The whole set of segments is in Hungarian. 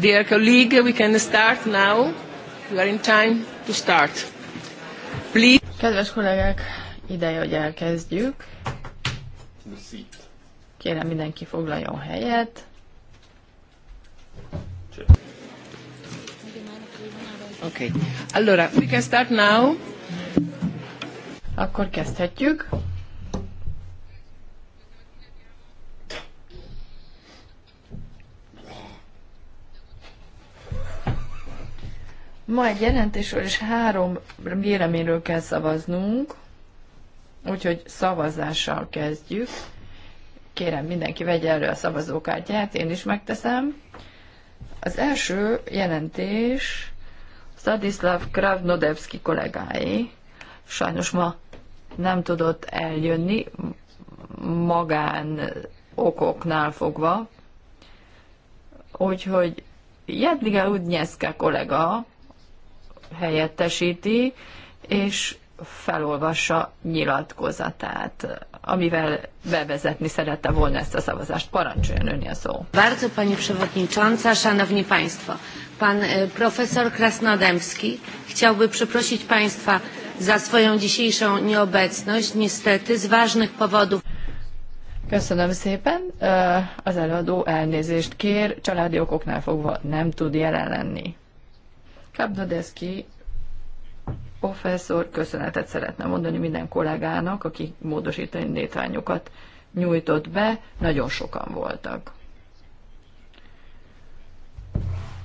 Dear colleague, we can start now. We are in time to start. Please. Kedves kollégák, ideje, hogy elkezdjük. Kérem mindenki foglaljon helyet. Okay. Allora, we can start now. Akkor kezdhetjük. Ma egy jelentésről és három véleményről kell szavaznunk, úgyhogy szavazással kezdjük. Kérem, mindenki vegye elő a szavazókártyát, én is megteszem. Az első jelentés Stadislav Kravnodevski kollégái. Sajnos ma nem tudott eljönni, magán okoknál fogva. Úgyhogy Jadliga Udnyeszka kollega helyettesíti, és felolvassa nyilatkozatát, amivel bevezetni szerette volna ezt a szavazást. Parancsoljon önni a szó. Bardzo pani przewodnicząca, szanowni państwo. Pan e, profesor Krasnodemski chciałby przeprosić państwa za swoją dzisiejszą nieobecność, niestety z ważnych powodów. Köszönöm szépen. E, az előadó elnézést kér, családi okoknál fogva nem tud jelen lenni. Kapdadeszki professzor köszönetet szeretne mondani minden kollégának, aki módosítani indítványokat nyújtott be, nagyon sokan voltak.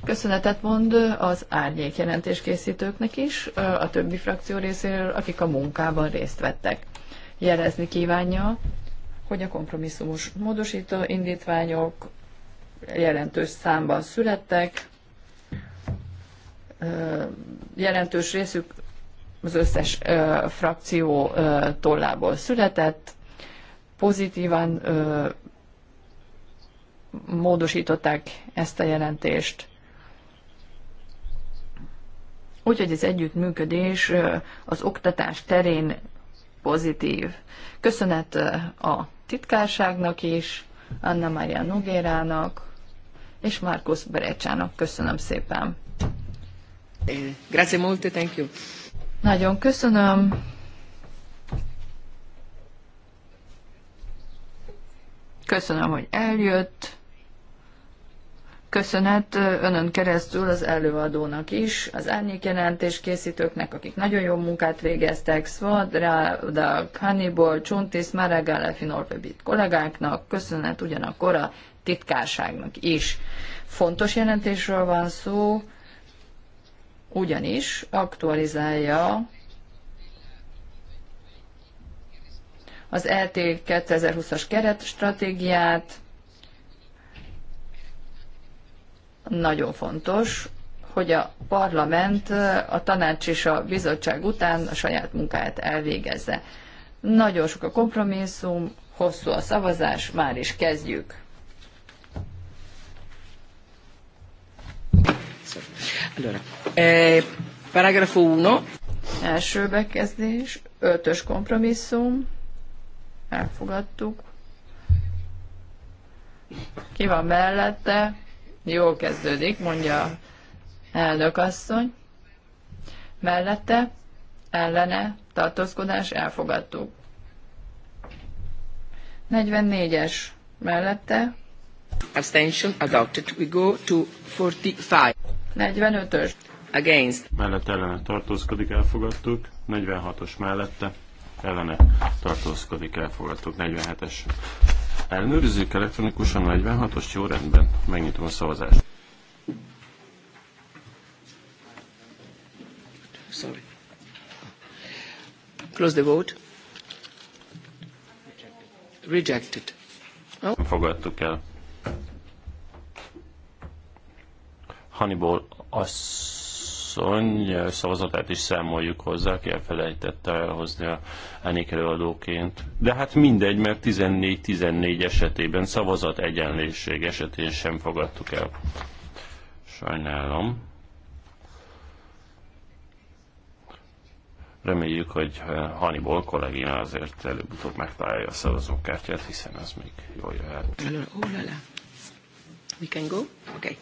Köszönetet mond az árnyék jelentéskészítőknek is, a többi frakció részéről, akik a munkában részt vettek. Jelezni kívánja, hogy a kompromisszumos módosító indítványok jelentős számban születtek, jelentős részük az összes frakció tollából született, pozitívan módosították ezt a jelentést. Úgyhogy az együttműködés az oktatás terén pozitív. Köszönet a titkárságnak is, Anna Maria Nogérának és Markus Berecsának. Köszönöm szépen! Eh, grazie thank you. Nagyon köszönöm. Köszönöm, hogy eljött. Köszönet eh, önön keresztül az előadónak is, az árnyékjelentés készítőknek, akik nagyon jó munkát végeztek, Svadra, Dag, Hannibal, Csuntis, Maragale, Finolfebit kollégáknak, köszönet ugyanakkor a titkárságnak is. Fontos jelentésről van szó, ugyanis aktualizálja az LT e 2020-as keretstratégiát. Nagyon fontos, hogy a parlament, a tanács és a bizottság után a saját munkáját elvégezze. Nagyon sok a kompromisszum, hosszú a szavazás, már is kezdjük. sorry. Allora, eh, paragrafo 1. Első bekezdés, ötös kompromisszum. Elfogadtuk. Ki van mellette? Jól kezdődik, mondja elnök asszony. Mellette, ellene, tartózkodás, elfogadtuk. 44-es mellette. Abstention adopted. We go to 45. 45-ös. Against. Mellett ellene tartózkodik, elfogadtuk. 46-os mellette ellene tartózkodik, elfogadtuk. 47-es. Elnőrizzük elektronikusan 46-os, jó rendben. Megnyitom a szavazást. Sorry. Close the vote. Rejected. Oh. Fogadtuk el. Hannibal asszony szavazatát is számoljuk hozzá, aki elfelejtette elhozni a Enik előadóként. De hát mindegy, mert 14-14 esetében szavazat egyenlésség esetén sem fogadtuk el. Sajnálom. Reméljük, hogy Hannibal kollégina azért előbb-utóbb megtalálja a szavazókártyát, hiszen az még jól jöhet. oh, la, la. We can go? Okay.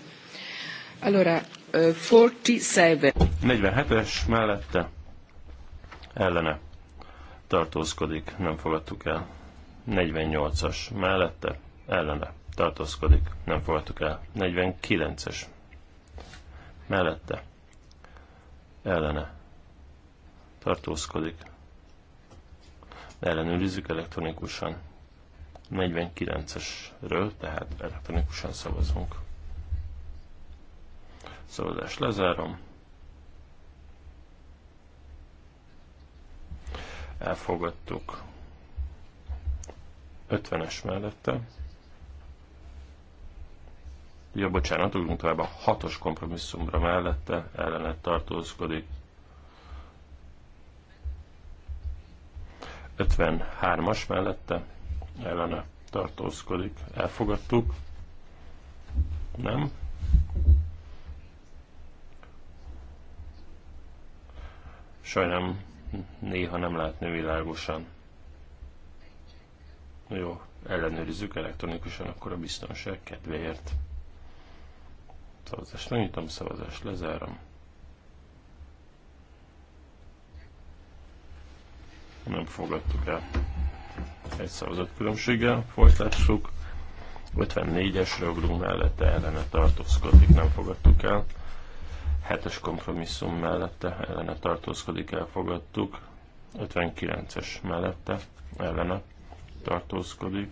Allora, 47. Eh, 47-es mellette ellene tartózkodik, nem fogadtuk el. 48-as mellette ellene tartózkodik, nem fogadtuk el. 49-es mellette ellene tartózkodik. Ellenőrizzük elektronikusan. 49-esről, tehát elektronikusan szavazunk. Szavazást lezárom. Elfogadtuk. 50-es mellette. Ja, bocsánat, ugrunk tovább a hatos kompromisszumra mellette, ellenet tartózkodik. 53-as mellette, ellene tartózkodik. Elfogadtuk. Nem? Sajnálom, néha nem látni világosan. Jó, ellenőrizzük elektronikusan akkor a biztonság kedvéért. Szavazást megnyitom, szavazást lezárom. Nem fogadtuk el. Egy szavazat különbséggel folytassuk. 54-esre ugrunk mellette ellene tartózkodik, nem fogadtuk el hetes kompromisszum mellette ellene tartózkodik, elfogadtuk. 59-es mellette ellene tartózkodik,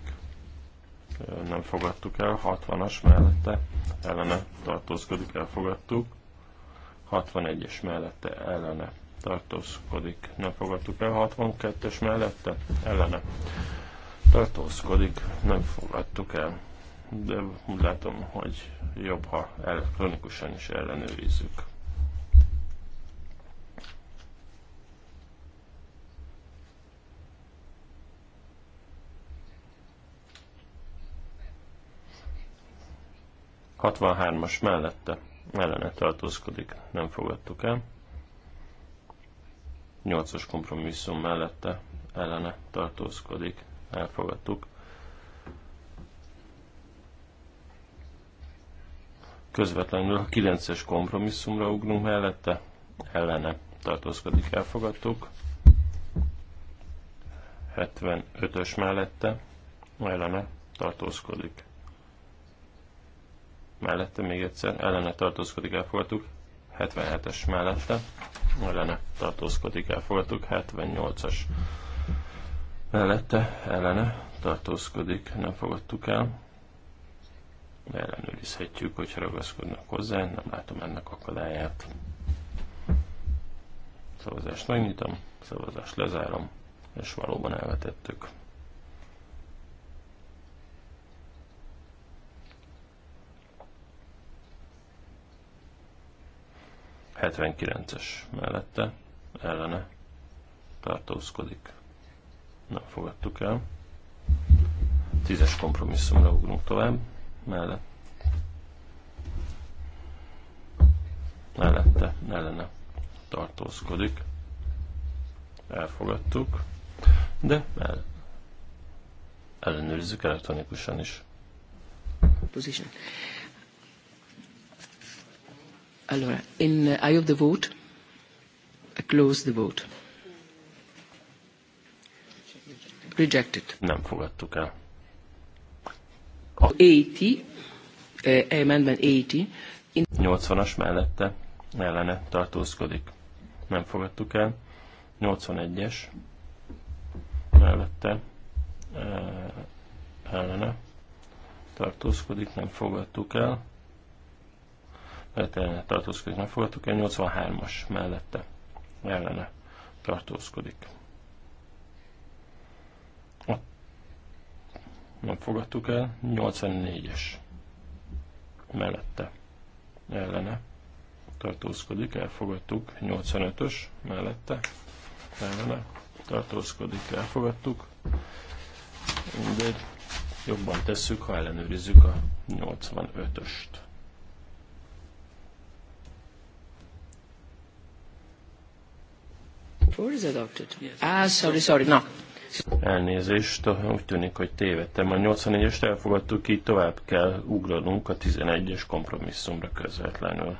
nem fogadtuk el. 60-as mellette ellene tartózkodik, elfogadtuk. 61-es mellette ellene tartózkodik, nem fogadtuk el. 62-es mellette ellene tartózkodik, nem fogadtuk el de úgy látom, hogy jobb, ha elektronikusan is ellenőrizzük. 63-as mellette ellene tartózkodik, nem fogadtuk el. 8-as kompromisszum mellette ellene tartózkodik, elfogadtuk. Közvetlenül a 9-es kompromisszumra ugrunk mellette, ellene tartózkodik, elfogadtuk. 75-ös mellette ellene tartózkodik, mellette még egyszer, ellene tartózkodik, elfogadtuk, 77-es mellette, ellene tartózkodik, elfogadtuk, 78-as mellette, ellene tartózkodik, nem fogadtuk el, ellenőrizhetjük, hogyha ragaszkodnak hozzá, nem látom ennek akadályát. Szavazást megnyitom, szavazást lezárom, és valóban elvetettük. 79-es mellette ellene tartózkodik. Nem fogadtuk el. 10-es kompromisszumra ugrunk tovább. Mellett. Mellette, ellene tartózkodik. Elfogadtuk. De el, ellenőrizzük elektronikusan is. Position. Allora, in eye of the vote, close the vote. Rejected. Nem fogadtuk el. 80, eh, amendment 80. In... 80-as mellette ellene tartózkodik. Nem fogadtuk el. 81-es mellette eh, ellene tartózkodik, nem fogadtuk el tartózkodik, megfogadtuk el, 83-as mellette ellene tartózkodik. Nem fogadtuk el, 84-es mellette ellene tartózkodik, elfogadtuk, 85-ös mellette ellene tartózkodik, elfogadtuk, de jobban tesszük, ha ellenőrizzük a 85-öst. Ah, sorry, sorry, Elnézést, úgy tűnik, hogy tévedtem. A 84-est elfogadtuk, így tovább kell ugranunk a 11-es kompromisszumra közvetlenül.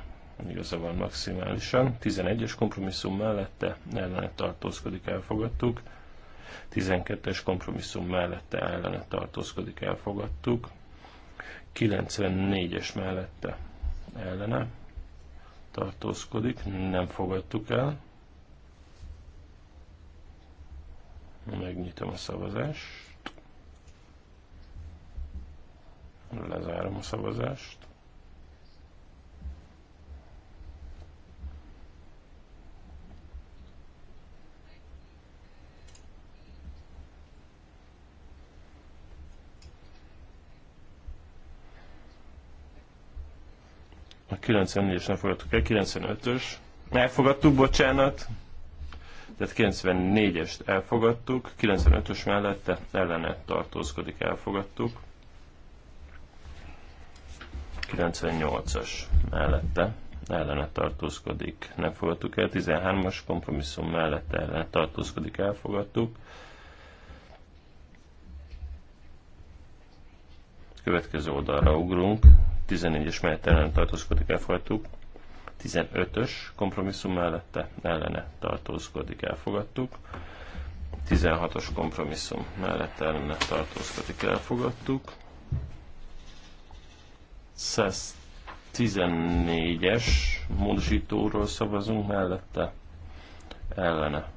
Igaza van maximálisan. 11-es kompromisszum mellette ellene tartózkodik, elfogadtuk. 12-es kompromisszum mellette ellene tartózkodik, elfogadtuk. 94-es mellette ellene tartózkodik, nem fogadtuk el. Megnyitom a szavazást. Lezárom a szavazást. A 94-es nem fogadtuk el, 95-ös. Elfogadtuk, bocsánat. Tehát 94-est elfogadtuk, 95-ös mellette ellene tartózkodik, elfogadtuk. 98-as mellette ellene tartózkodik, nem fogadtuk el. 13-as kompromisszum mellette ellene tartózkodik, elfogadtuk. Következő oldalra ugrunk. 14-es mellette ellene tartózkodik, elfogadtuk. 15-ös kompromisszum mellette ellene tartózkodik, elfogadtuk. 16-os kompromisszum mellette ellene tartózkodik, elfogadtuk. 114-es módosítóról szavazunk mellette ellene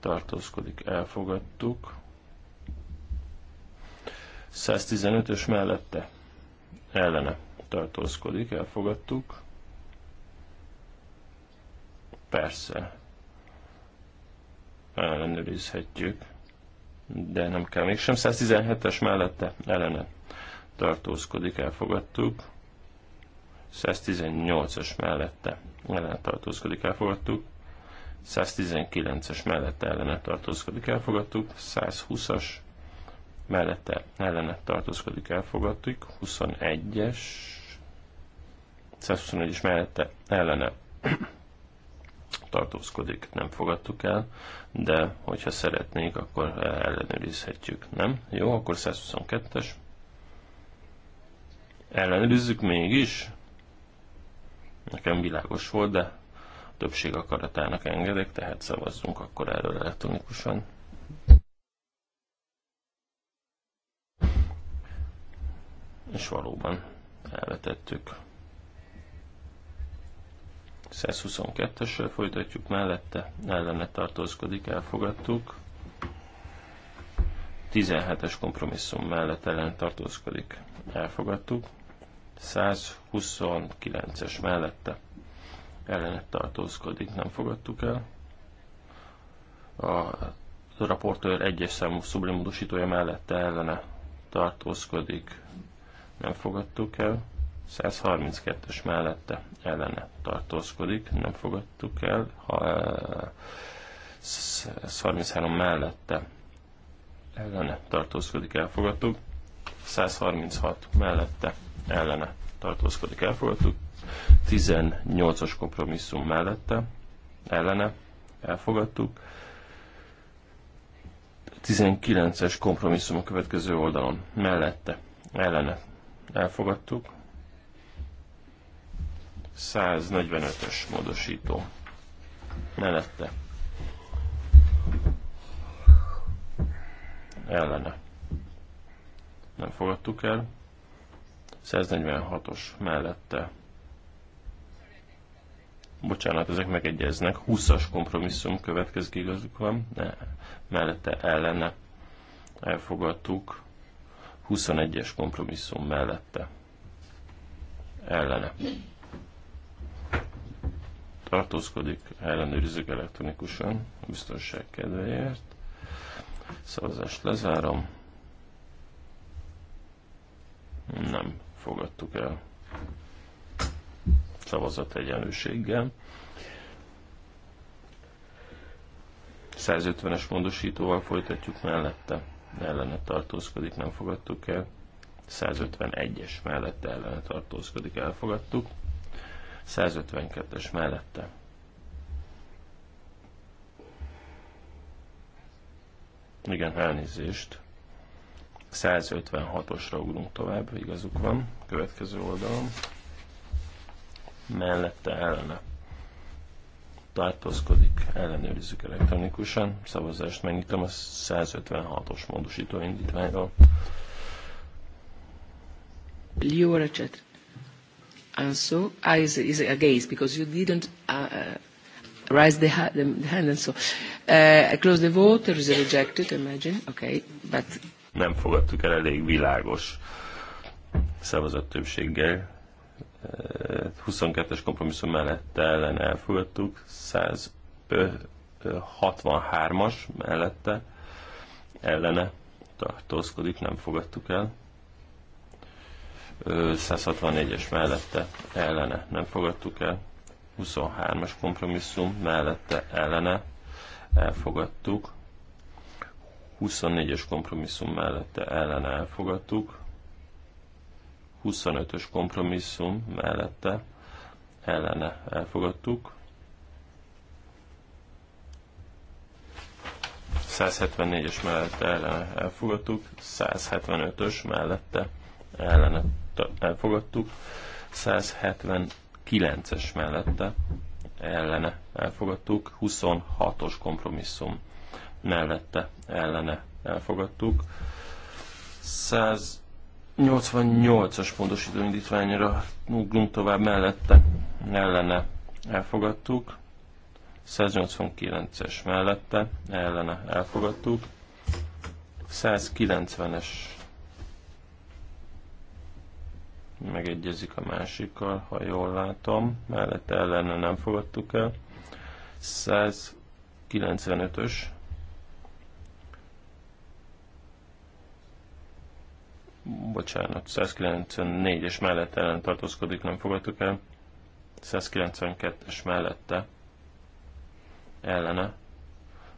tartózkodik, elfogadtuk. 115-ös mellette ellene tartózkodik, elfogadtuk persze ellenőrizhetjük, de nem kell. Mégsem 117-es mellette ellene tartózkodik, elfogadtuk. 118 es mellette ellene tartózkodik, elfogadtuk. 119-es mellette ellene tartózkodik, elfogadtuk. 120-as mellette ellene tartózkodik, elfogadtuk. 21-es 121-es mellette ellene tartózkodik, nem fogadtuk el, de hogyha szeretnék, akkor ellenőrizhetjük, nem? Jó, akkor 122-es. Ellenőrizzük mégis. Nekem világos volt, de a többség akaratának engedek, tehát szavazzunk akkor erről elektronikusan. És valóban elvetettük. 122-essel folytatjuk mellette, ellene tartózkodik, elfogadtuk. 17-es kompromisszum mellett ellen tartózkodik, elfogadtuk. 129-es mellette ellenet tartózkodik, nem fogadtuk el. A raportőr egyes számú szublimodosítója mellette ellene tartózkodik, nem fogadtuk el. 132-es mellette ellene tartózkodik, nem fogadtuk el, ha 133 e, mellette ellene tartózkodik, elfogadtuk, 136 mellette ellene tartózkodik, elfogadtuk, 18-as kompromisszum mellette ellene elfogadtuk, 19-es kompromisszum a következő oldalon mellette ellene elfogadtuk, 145-ös módosító. Mellette. Ellene. Nem fogadtuk el. 146-os mellette. Bocsánat, ezek megegyeznek. 20-as kompromisszum következik, igazuk van. Ne. Mellette ellene. Elfogadtuk. 21-es kompromisszum mellette. Ellene tartózkodik, ellenőrizzük elektronikusan, a biztonság kedvéért. Szavazást lezárom. Nem fogadtuk el szavazat egyenlőséggel. 150-es módosítóval folytatjuk mellette. Ellene tartózkodik, nem fogadtuk el. 151-es mellette ellene tartózkodik, elfogadtuk. 152-es mellette. Igen, elnézést. 156-osra ugrunk tovább, igazuk van. Következő oldalon. Mellette ellene. Tartózkodik, ellenőrizzük elektronikusan. Szavazást megnyitom a 156-os módosító indítványról. Jó recset. And so I is, is against because you didn't uh, uh raise the, ha- the hand. And so uh, I close the vote. is rejected, imagine. Okay, but... Nem fogadtuk el elég világos szavazat többséggel. 22-es uh, kompromisszum mellett ellen elfogadtuk, 163-as mellette ellene tartózkodik, nem fogadtuk el. 164-es mellette ellene nem fogadtuk el, 23-as kompromisszum mellette ellene elfogadtuk, 24-es kompromisszum mellette ellene elfogadtuk, 25-ös kompromisszum mellette ellene elfogadtuk, 174-es mellette ellene elfogadtuk, 175-ös mellette ellene elfogadtuk, 179-es mellette ellene elfogadtuk, 26-os kompromisszum mellette ellene elfogadtuk, 188-as pontosító indítványra ugrunk tovább mellette ellene elfogadtuk, 189-es mellette ellene elfogadtuk, 190-es megegyezik a másikkal, ha jól látom, Mellett ellene nem fogadtuk el. 195-ös bocsánat, 194-es mellett ellen tartózkodik, nem fogadtuk el. 192-es mellette ellene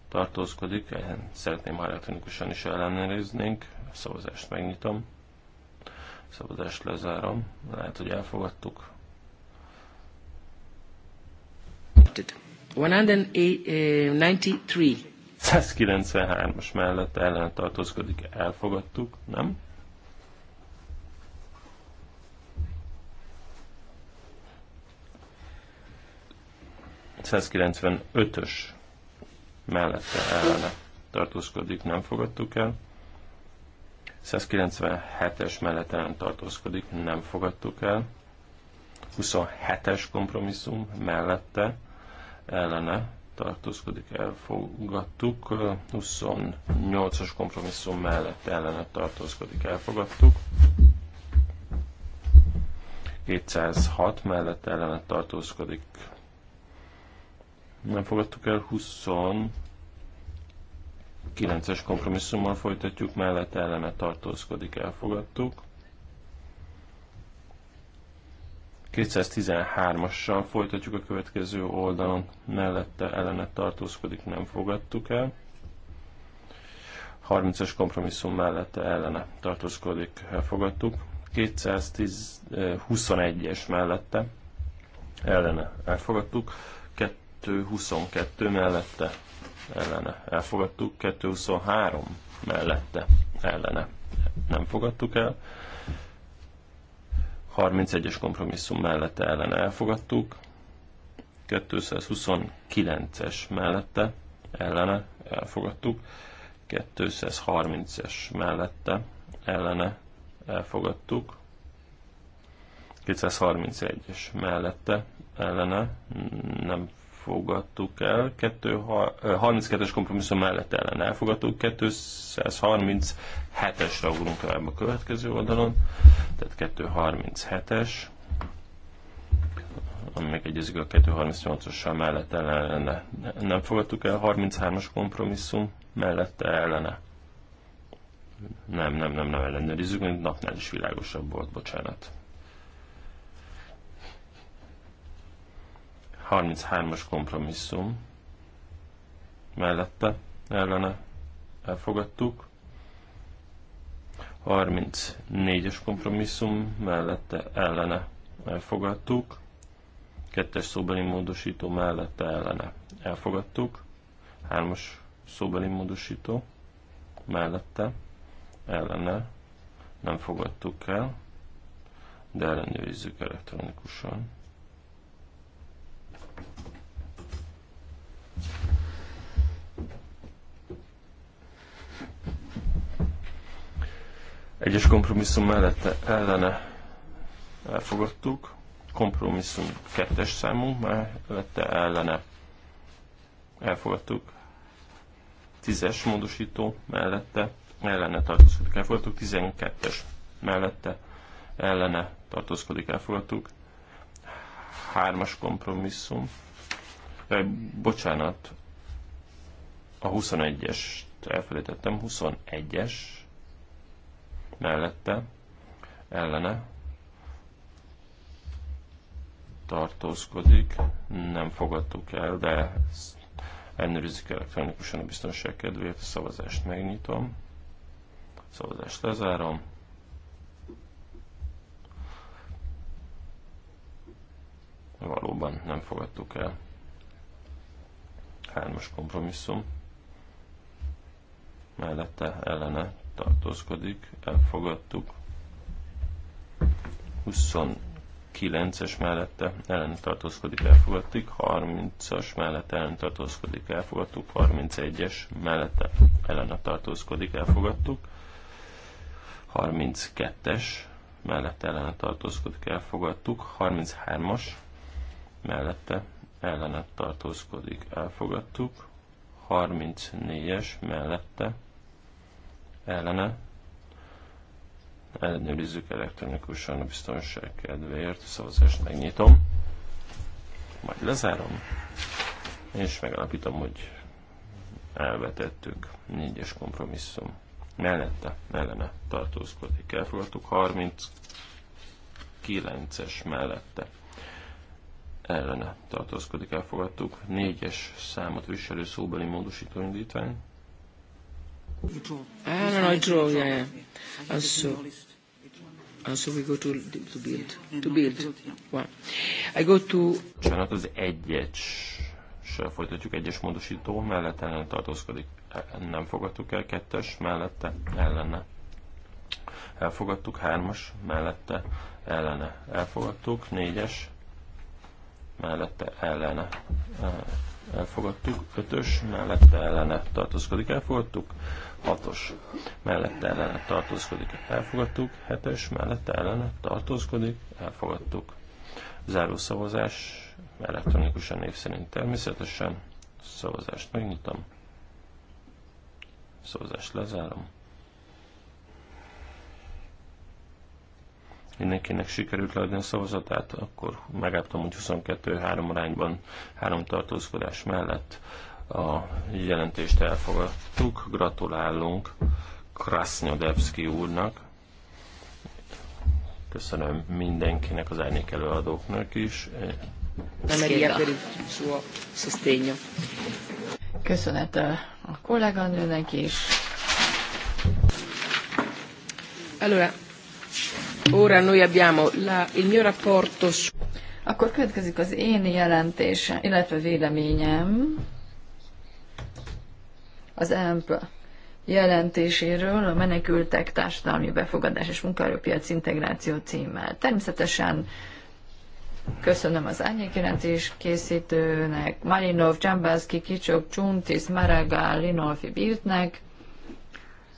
tartózkodik, szeretném, ha is ellenőriznénk, a szavazást megnyitom. Szabadást lezárom. Lehet, hogy elfogadtuk. 193. 193-as eh, mellett ellen tartózkodik, elfogadtuk, nem? ös mellette ellene tartózkodik, nem fogadtuk el. 197-es mellett ellen tartózkodik, nem fogadtuk el. 27-es kompromisszum mellette ellene tartózkodik, elfogadtuk. 28-as kompromisszum mellett ellene tartózkodik, elfogadtuk. 206 mellett ellene tartózkodik, nem fogadtuk el. 20 9-es kompromisszummal folytatjuk, mellette ellene tartózkodik, elfogadtuk. 213-assal folytatjuk a következő oldalon, mellette ellene tartózkodik, nem fogadtuk el. 30-as kompromisszum mellette ellene tartózkodik, elfogadtuk. 221-es mellette ellene elfogadtuk. 222 mellette ellene elfogadtuk, 223 mellette ellene nem fogadtuk el, 31-es kompromisszum mellette ellene elfogadtuk, 229-es mellette ellene elfogadtuk, 230-es mellette ellene elfogadtuk, 231-es mellette ellene nem fogadtuk el, 32-es kompromisszum mellett ellen elfogadtuk, 237-esre ugrunk el a következő oldalon, tehát 237-es, ami megegyezik a 238-ossal mellett ellene. Nem fogadtuk el 33-as kompromisszum mellette ellene. Nem, nem, nem, nem ellenőrizzük, mint napnál is világosabb volt, bocsánat. 33-as kompromisszum mellette ellene elfogadtuk. 34-es kompromisszum mellette ellene elfogadtuk. Kettes szóbeli módosító mellette ellene elfogadtuk. Hármas szóbeli módosító mellette ellene nem fogadtuk el, de ellenőrizzük elektronikusan. Egyes kompromisszum mellette ellene elfogadtuk. Kompromisszum kettes számú mellette ellene elfogadtuk. Tízes módosító mellette ellene tartózkodik, elfogadtuk. Tizenkettes mellette ellene tartózkodik, elfogadtuk. Hármas kompromisszum Ö, bocsánat, a 21 es elfelejtettem, 21-es mellette, ellene tartózkodik, nem fogadtuk el, de ezt ellenőrizik elektronikusan a biztonság kedvéért, a szavazást megnyitom, a szavazást lezárom, valóban nem fogadtuk el hármas kompromisszum mellette ellene tartózkodik, elfogadtuk. 29-es mellette ellen tartózkodik, elfogadtuk. 30-as mellette ellen tartózkodik, elfogadtuk. 31-es mellette ellene tartózkodik, elfogadtuk. 32-es mellette ellene tartózkodik, elfogadtuk. 33-as mellette ellenet tartózkodik, elfogadtuk. 34-es mellette ellene ellenőrizzük elektronikusan a biztonság kedvéért, a szavazást megnyitom, majd lezárom, és megalapítom, hogy elvetettük négyes kompromisszum. Mellette, ellene tartózkodik, elfogadtuk, 9 es mellette ellene tartózkodik, elfogadtuk. Négyes számot viselő szóbeli módosító indítvány. Csánat I az egyes se folytatjuk, egyes módosító, mellett ellen tartózkodik, nem fogadtuk el, kettes, mellette, ellene. Elfogadtuk, hármas, mellette, ellene. Elfogadtuk, négyes, mellette ellene elfogadtuk, ötös. mellette ellene tartózkodik, elfogadtuk, hatos, mellette ellene tartózkodik, elfogadtuk, hetes, mellette ellene tartózkodik, elfogadtuk. Zárószavazás elektronikusan név szerint természetesen. Szavazást megnyitom. Szavazást lezárom. mindenkinek sikerült leadni a szavazatát, akkor megálltam, hogy 22-3 arányban három tartózkodás mellett a jelentést elfogadtuk. Gratulálunk Krasznyodebszki úrnak. Köszönöm mindenkinek, az árnyék előadóknak is. Köszönet a kolléganőnek is. Előre. Ora noi abbiamo la, il mio rapporto su... Akkor következik az én jelentésem, illetve véleményem az EMP jelentéséről a menekültek társadalmi befogadás és munkaerőpiac integráció címmel. Természetesen köszönöm az jelentés készítőnek, Marinov, Csambászki, Kicsok, Csuntis, Maragá, Linolfi Birtnek,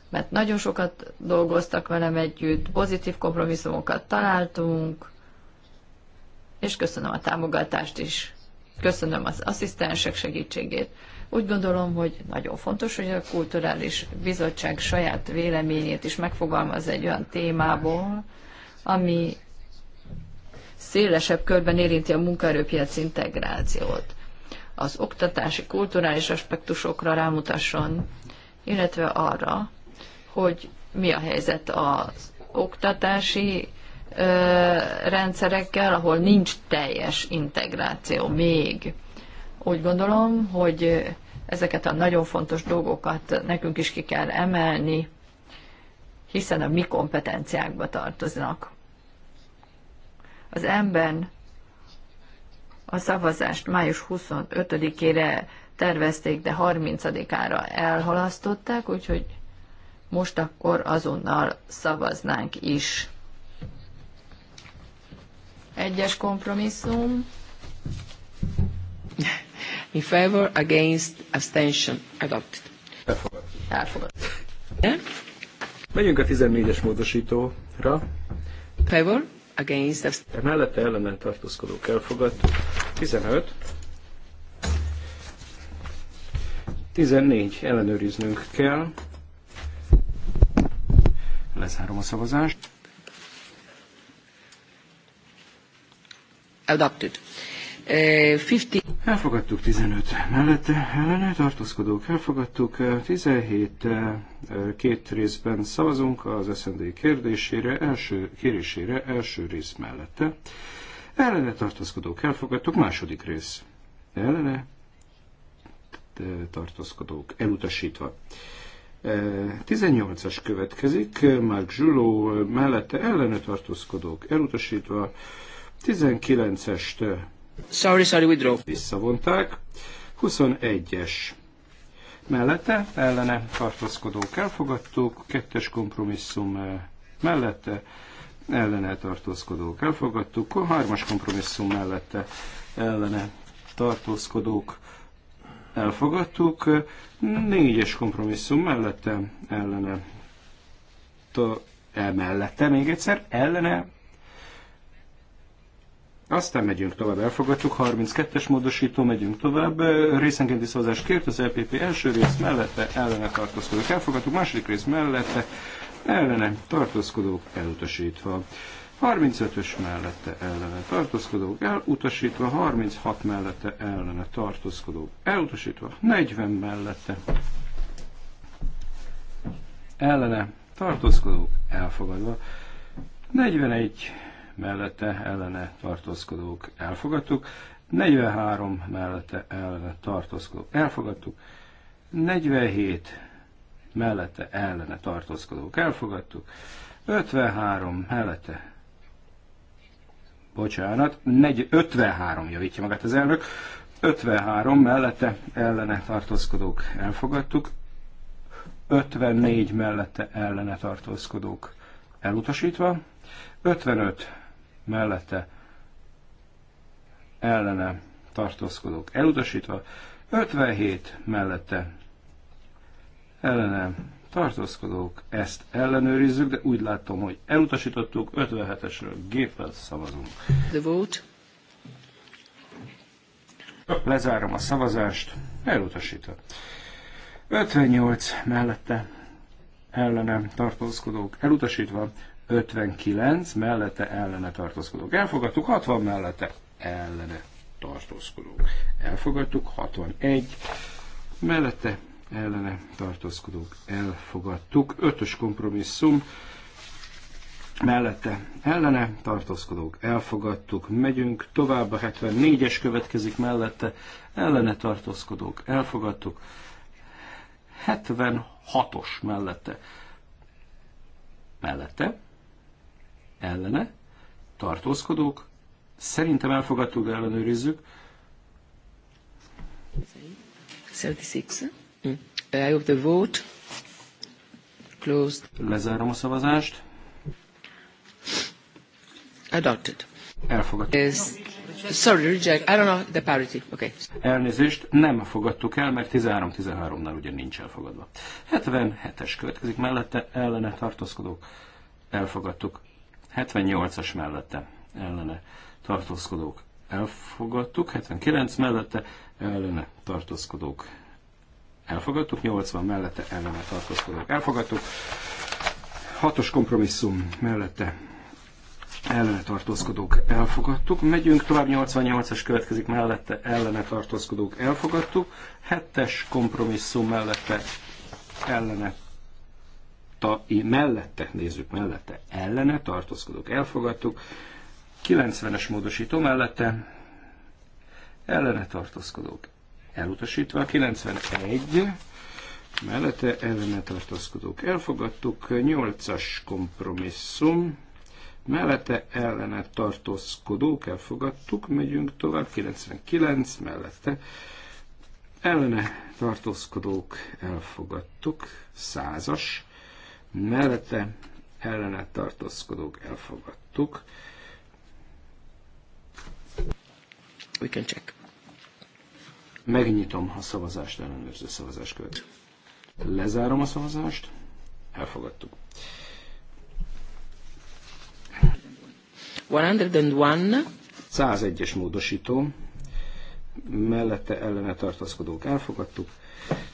mert nagyon sokat dolgoztak velem együtt, pozitív kompromisszumokat találtunk, és köszönöm a támogatást is. Köszönöm az asszisztensek segítségét. Úgy gondolom, hogy nagyon fontos, hogy a Kulturális Bizottság saját véleményét is megfogalmaz egy olyan témából, ami szélesebb körben érinti a munkaerőpiac integrációt. Az oktatási, kulturális aspektusokra rámutasson, illetve arra, hogy mi a helyzet az oktatási rendszerekkel, ahol nincs teljes integráció még. Úgy gondolom, hogy ezeket a nagyon fontos dolgokat nekünk is ki kell emelni, hiszen a mi kompetenciákba tartoznak. Az ember, a szavazást május 25-ére tervezték, de 30-ára elhalasztották, úgyhogy most akkor azonnal szavaznánk is. Egyes kompromisszum. In favor, against, abstention, adopted. Elfogadott. Elfogadott. Yeah? Megyünk a 14-es módosítóra. Favor, against, abstention. Mellette ellenen tartózkodók elfogadtuk. 15. 14. Ellenőriznünk kell. Lezárom a szavazást. Adopted. Uh, elfogadtuk 15 mellette, ellene tartózkodók elfogadtuk, 17 uh, uh, két részben szavazunk az SZND kérdésére, első, kérésére első rész mellette. Ellene tartózkodók elfogadtuk, második rész ellene tartózkodók elutasítva. 18-as következik, Mark Zsuló mellette ellene tartózkodók elutasítva, 19-est sorry, sorry, withdraw. visszavonták, 21-es mellette ellene tartózkodók elfogadtuk, 2-es eh, kompromisszum mellette ellene tartózkodók elfogadtuk, a 3-as kompromisszum mellette ellene tartózkodók elfogadtuk. Négyes kompromisszum mellette, ellene, e, mellette még egyszer, ellene. Aztán megyünk tovább, elfogadtuk, 32-es módosító, megyünk tovább, részenkénti szavazást kért, az LPP e első rész mellette, ellene tartózkodók elfogadtuk, második rész mellette, ellene tartózkodók elutasítva. 35-ös mellette ellene tartózkodók elutasítva, 36 mellette ellene tartózkodók elutasítva, 40 mellette ellene tartózkodók elfogadva, 41 mellette ellene tartózkodók elfogadtuk, 43 mellette ellene tartózkodók elfogadtuk, 47 mellette ellene tartózkodók elfogadtuk, 53 mellette bocsánat, 53 javítja magát az elnök, 53 mellette ellene tartózkodók elfogadtuk, 54 mellette ellene tartózkodók elutasítva, 55 mellette ellene tartózkodók elutasítva, 57 mellette ellene tartózkodók, ezt ellenőrizzük, de úgy látom, hogy elutasítottuk, 57-esről géppel szavazunk. The vote. Lezárom a szavazást, Elutasított. 58 mellette ellene tartózkodók elutasítva, 59 mellette ellene tartózkodók elfogadtuk, 60 mellette ellene tartózkodók elfogadtuk, 61 mellette ellene tartózkodók elfogadtuk. Ötös kompromisszum mellette ellene tartózkodók elfogadtuk. Megyünk tovább, a 74-es következik mellette ellene tartózkodók elfogadtuk. 76-os mellette mellette ellene tartózkodók szerintem elfogadtuk, de ellenőrizzük. 76. Mm. I open the vote. Closed. Lezárom a szavazást. Adopted. Elfogadtuk. Sorry, reject. I don't know the parity. Okay. Elnézést, nem fogadtuk el, mert 13-13-nál ugye nincs elfogadva. 77-es következik mellette, ellene tartózkodók. Elfogadtuk. 78-as mellette, ellene tartózkodók. Elfogadtuk. 79 mellette, ellene tartózkodók elfogadtuk, 80 mellette ellene tartózkodók elfogadtuk, 6-os kompromisszum mellette ellene tartózkodók elfogadtuk, megyünk tovább, 88-as következik mellette ellene tartózkodók elfogadtuk, 7-es kompromisszum mellette ellene ta, mellette, nézzük mellette, ellene tartózkodók elfogadtuk, 90-es módosító mellette ellene tartózkodók elutasítva, 91 mellette ellene tartózkodók elfogadtuk, 8-as kompromisszum, mellette ellene tartózkodók elfogadtuk, megyünk tovább, 99 mellette ellene tartózkodók elfogadtuk, 100-as, mellette ellene tartózkodók elfogadtuk. We can check. Megnyitom a szavazást, ellenőrző szavazás követ. Lezárom a szavazást. Elfogadtuk. 101. 101-es módosító. Mellette ellene tartózkodók elfogadtuk.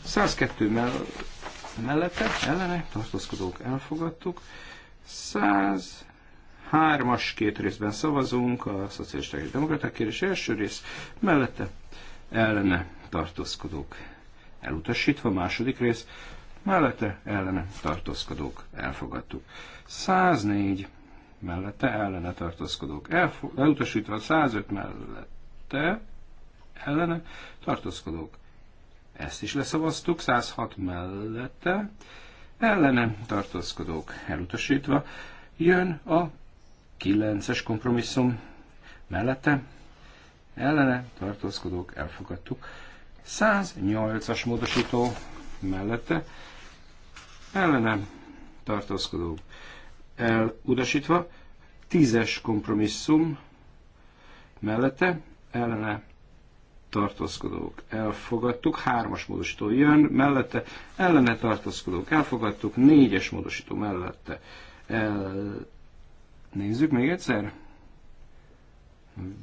102 mell mellette ellene tartózkodók elfogadtuk. 100 hármas két részben szavazunk, a szociális és demokraták kérdés első rész, mellette ellene tartózkodók elutasítva, második rész mellette ellene tartózkodók elfogadtuk. 104 mellette ellene tartózkodók elutasítva, 105 mellette ellene tartózkodók. Ezt is leszavaztuk, 106 mellette ellene tartózkodók elutasítva. Jön a 9-es kompromisszum mellette ellene tartózkodók elfogadtuk. 108-as módosító mellette ellene tartózkodók elutasítva, 10-es kompromisszum mellette ellene tartózkodók elfogadtuk, 3-as módosító jön mellette, ellene tartózkodók elfogadtuk, 4-es módosító mellette el... Nézzük még egyszer.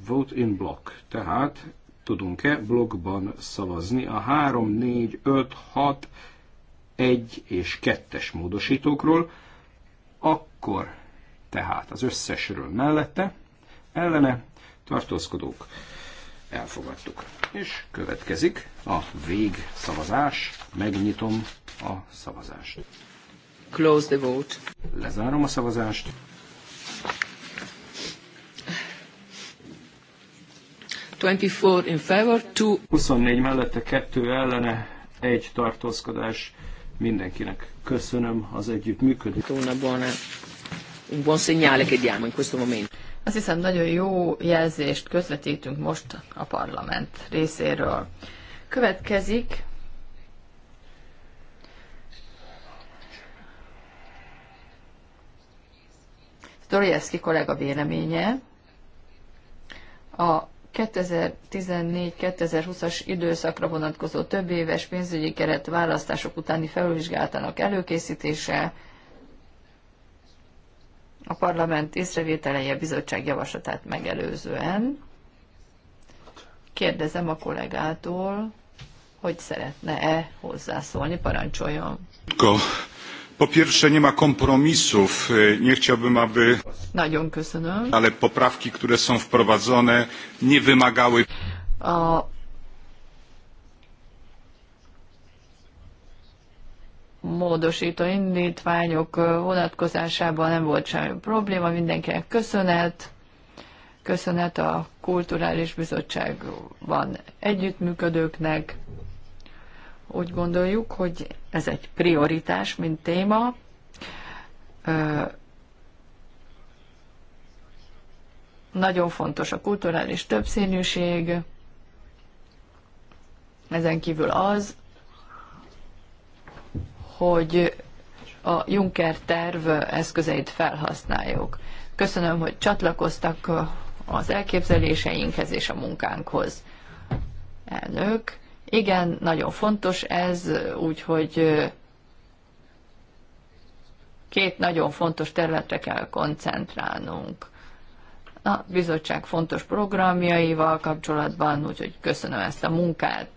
Vote in block. Tehát tudunk-e blokkban szavazni a 3, 4, 5, 6, 1 és 2-es módosítókról, akkor tehát az összesről mellette, ellene tartózkodók elfogadtuk. És következik a végszavazás. Megnyitom a szavazást. Close the vote. Lezárom a szavazást. 24 in favor, 2... 24 mellette, 2 ellene, egy tartózkodás mindenkinek. Köszönöm az együttműködést. Una buona, un buon segnale che diamo in questo momento. Azt hiszem, nagyon jó jelzést közvetítünk most a parlament részéről. Következik Dorjeszki kollega véleménye a 2014-2020-as időszakra vonatkozó több éves pénzügyi keret választások utáni felvizsgálatának előkészítése, a parlament a bizottság javaslatát megelőzően. Kérdezem a kollégától, hogy szeretne-e hozzászólni, parancsoljon. Go. Po pierwsze, nie ma kompromisów. Nie chciałbym, aby... Nagyon köszönöm. Ale poprawki, które są wprowadzone, nie wymagały... A... módosító indítványok vonatkozásában nem volt semmi probléma, mindenkinek köszönet, köszönet a Kulturális Bizottságban együttműködőknek, úgy gondoljuk, hogy ez egy prioritás, mint téma. Nagyon fontos a kulturális többszínűség, ezen kívül az, hogy a Juncker terv eszközeit felhasználjuk. Köszönöm, hogy csatlakoztak az elképzeléseinkhez és a munkánkhoz. Elnök, igen, nagyon fontos ez, úgyhogy két nagyon fontos területre kell koncentrálnunk. A bizottság fontos programjaival kapcsolatban, úgyhogy köszönöm ezt a munkát.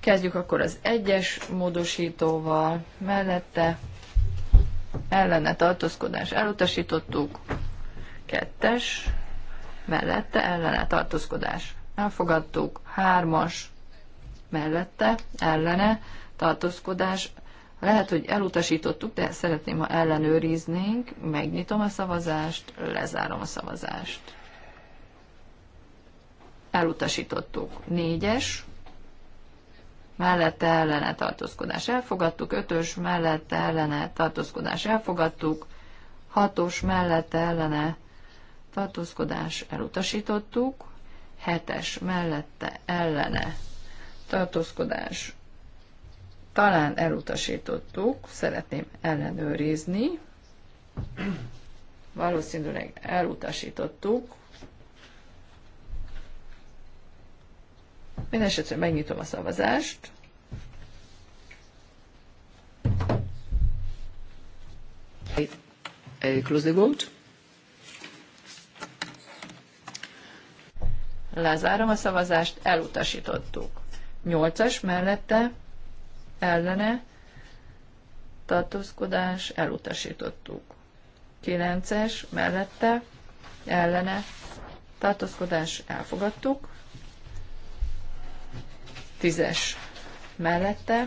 Kezdjük akkor az egyes módosítóval, mellette ellene tartózkodás elutasítottuk, kettes, mellette ellene tartózkodás elfogadtuk, hármas, mellette, ellene, tartózkodás. Lehet, hogy elutasítottuk, de szeretném, ha ellenőriznénk. Megnyitom a szavazást, lezárom a szavazást. Elutasítottuk. Négyes, mellette ellene tartózkodás elfogadtuk, ötös mellette ellene tartózkodás elfogadtuk, hatos mellette ellene tartózkodás elutasítottuk, hetes mellette ellene tartózkodás talán elutasítottuk, szeretném ellenőrizni. Valószínűleg elutasítottuk. Mindenesetre megnyitom a szavazást. close the vote. Lezárom a szavazást, elutasítottuk. Nyolcas mellette ellene tartózkodás elutasítottuk. Kilences mellette ellene tartózkodás elfogadtuk. Tízes mellette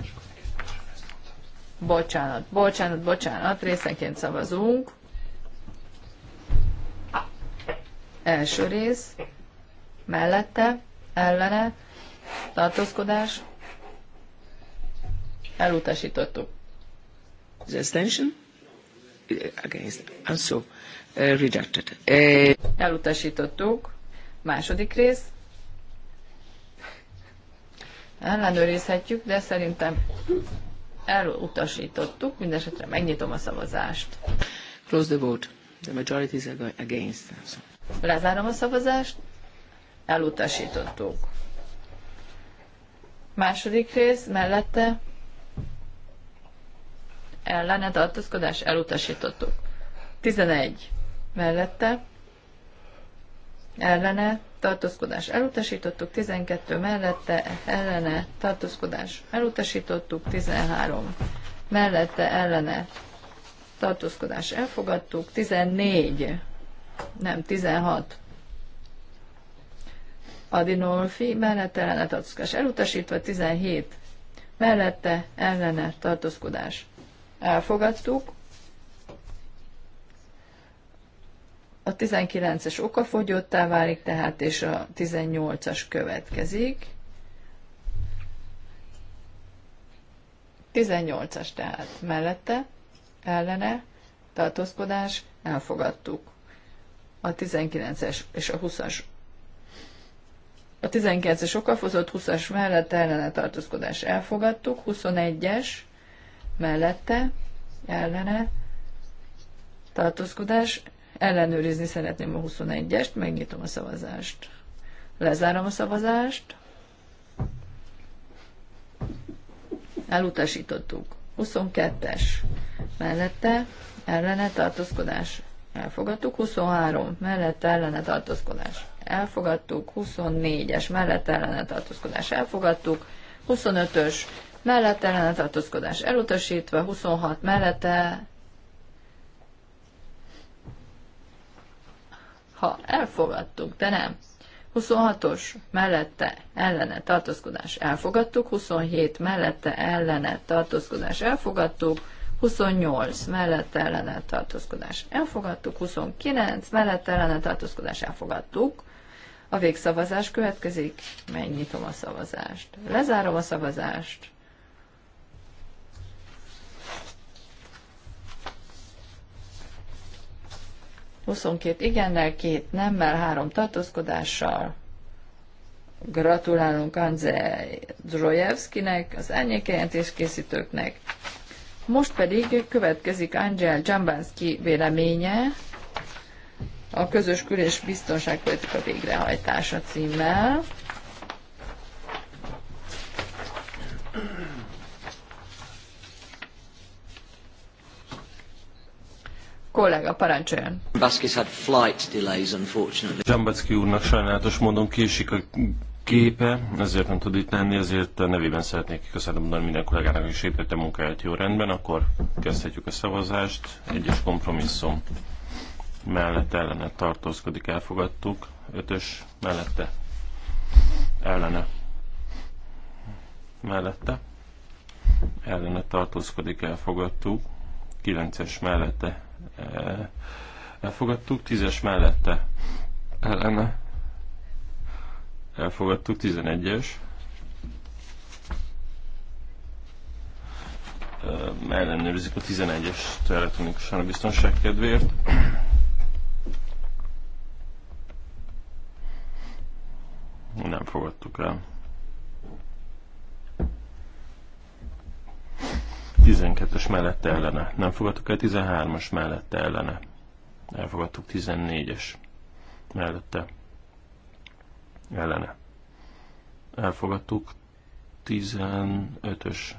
bocsánat, bocsánat, bocsánat, részenként szavazunk. Első rész mellette ellene tartózkodás, elutasítottuk. The extension? Against. And so, uh, rejected. Uh... Elutasítottuk. Második rész. Ellenőrizhetjük, de szerintem elutasítottuk. Mindenesetre megnyitom a szavazást. Close the vote. The majority is against. Lezárom a szavazást. Elutasítottuk. Második rész mellette ellene tartózkodás elutasítottuk. 11 mellette ellene tartózkodás elutasítottuk, 12 mellette ellene tartózkodás elutasítottuk, 13 mellette ellene tartózkodás elfogadtuk, 14 nem 16 Adinolfi mellette ellene tartózkodás elutasítva, 17 mellette ellene tartózkodás elfogadtuk. A 19-es oka fogyottá válik tehát, és a 18-as következik. 18-as tehát mellette, ellene, tartózkodás, elfogadtuk. A 19-es és a 20-as a 19-es okafozott, 20-as mellette ellene tartózkodás elfogadtuk, 21-es mellette ellene tartózkodás. Ellenőrizni szeretném a 21-est, megnyitom a szavazást. Lezárom a szavazást. Elutasítottuk. 22-es mellette ellene tartózkodás elfogadtuk, 23 mellette ellene tartózkodás elfogadtuk, 24-es mellett ellene tartózkodás elfogadtuk, 25-ös mellett ellene tartózkodás elutasítva, 26 mellette ha elfogadtuk, de nem. 26-os mellette ellene tartózkodás elfogadtuk, 27 mellette ellene tartózkodás elfogadtuk, 28 mellette ellene tartózkodás elfogadtuk, 29 mellette ellene tartózkodás elfogadtuk, a végszavazás következik. Megnyitom a szavazást. Lezárom a szavazást. Huszonkét igennel, két nemmel, három tartózkodással. Gratulálunk Anze Drojevskinek, az elnyékjelentés készítőknek. Most pedig következik Angel Jambanski véleménye, a közös kül- és biztonságpolitika végrehajtása címmel. Kollega, parancsoljon. Baskis had flight delays, unfortunately. Zsambacki úrnak sajnálatos módon késik a képe, ezért nem tud itt lenni, ezért a nevében szeretnék köszönöm mondani minden kollégának, hogy segítette munkáját jó rendben, akkor kezdhetjük a szavazást. Egyes kompromisszum mellett ellene tartózkodik, elfogadtuk. ötös mellette ellene mellette ellene tartózkodik, elfogadtuk. kilences mellette e, elfogadtuk, tízes mellette ellene elfogadtuk, tizenegyes es ellenőrizik a 11-est elektronikusan a biztonság kedvéért. nem fogadtuk el. 12-es mellette ellene. Nem fogadtuk el 13-as mellette ellene. Elfogadtuk 14-es mellette ellene. Elfogadtuk 15-ös.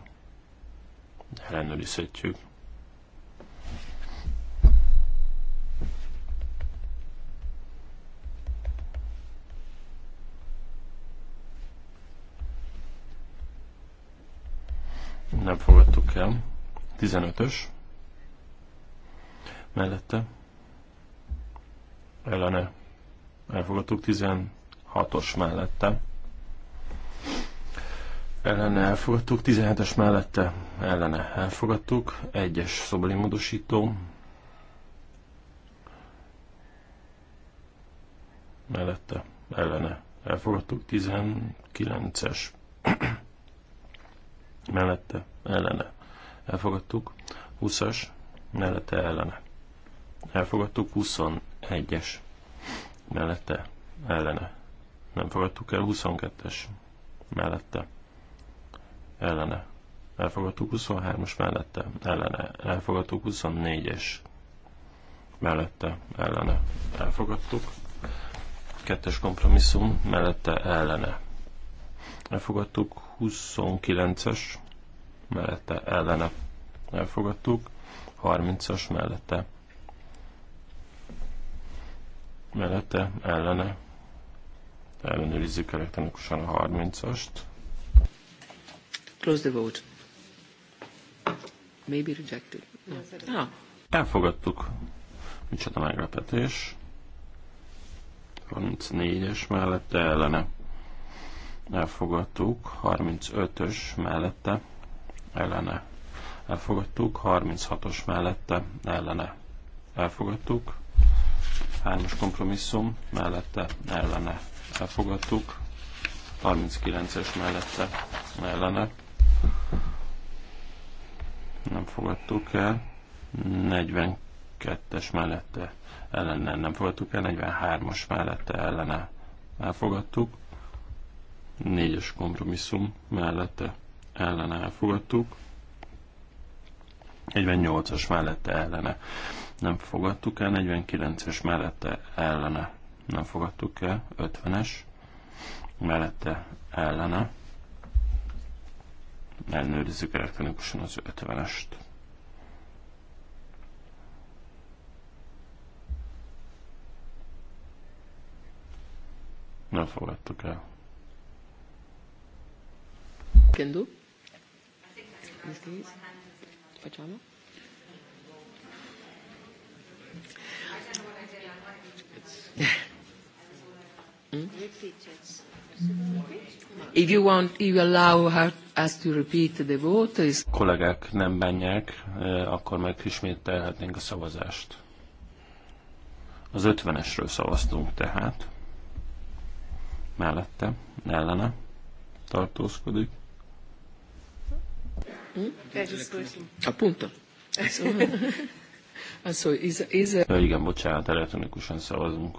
Ellenőrizhetjük. nem fogadtuk el. 15-ös mellette ellene elfogadtuk 16-os mellette ellene elfogadtuk 17-es mellette ellene elfogadtuk 1-es szobali módosító mellette ellene elfogadtuk 19-es mellette ellene elfogadtuk, 20-as mellette ellene elfogadtuk, 21-es mellette ellene nem fogadtuk el, 22-es mellette ellene elfogadtuk, 23-as mellette ellene elfogadtuk, 24-es mellette ellene elfogadtuk, kettes kompromisszum mellette ellene elfogadtuk, 29-es mellette ellene elfogadtuk, 30-as mellette mellette ellene ellenőrizzük elektronikusan a 30-ast. Close the vote. Maybe rejected. Yeah. Ah. Elfogadtuk. Micsoda meglepetés. 34-es mellette ellene elfogadtuk, 35-ös mellette ellene elfogadtuk, 36-os mellette ellene elfogadtuk, 3-as kompromisszum mellette ellene elfogadtuk, 39-es mellette ellene nem fogadtuk el, 42-es mellette ellene nem fogadtuk el, 43-as mellette ellene elfogadtuk, négyes kompromisszum mellette ellene elfogadtuk, 48-as mellette ellene nem fogadtuk el, 49-es mellette ellene nem fogadtuk el, 50-es mellette ellene ellenőrizzük elektronikusan az 50-est. Nem fogadtuk el can do? Hmm? If you want, you allow her, us to repeat the vote. Is... Kollégák nem bánják, akkor megismételhetnénk a szavazást. Az ötvenesről szavaztunk tehát. Mellette, ellene tartózkodik. Hm? Appunto. Also, is, is a... Igen, bocsánat, elektronikusan szavazunk.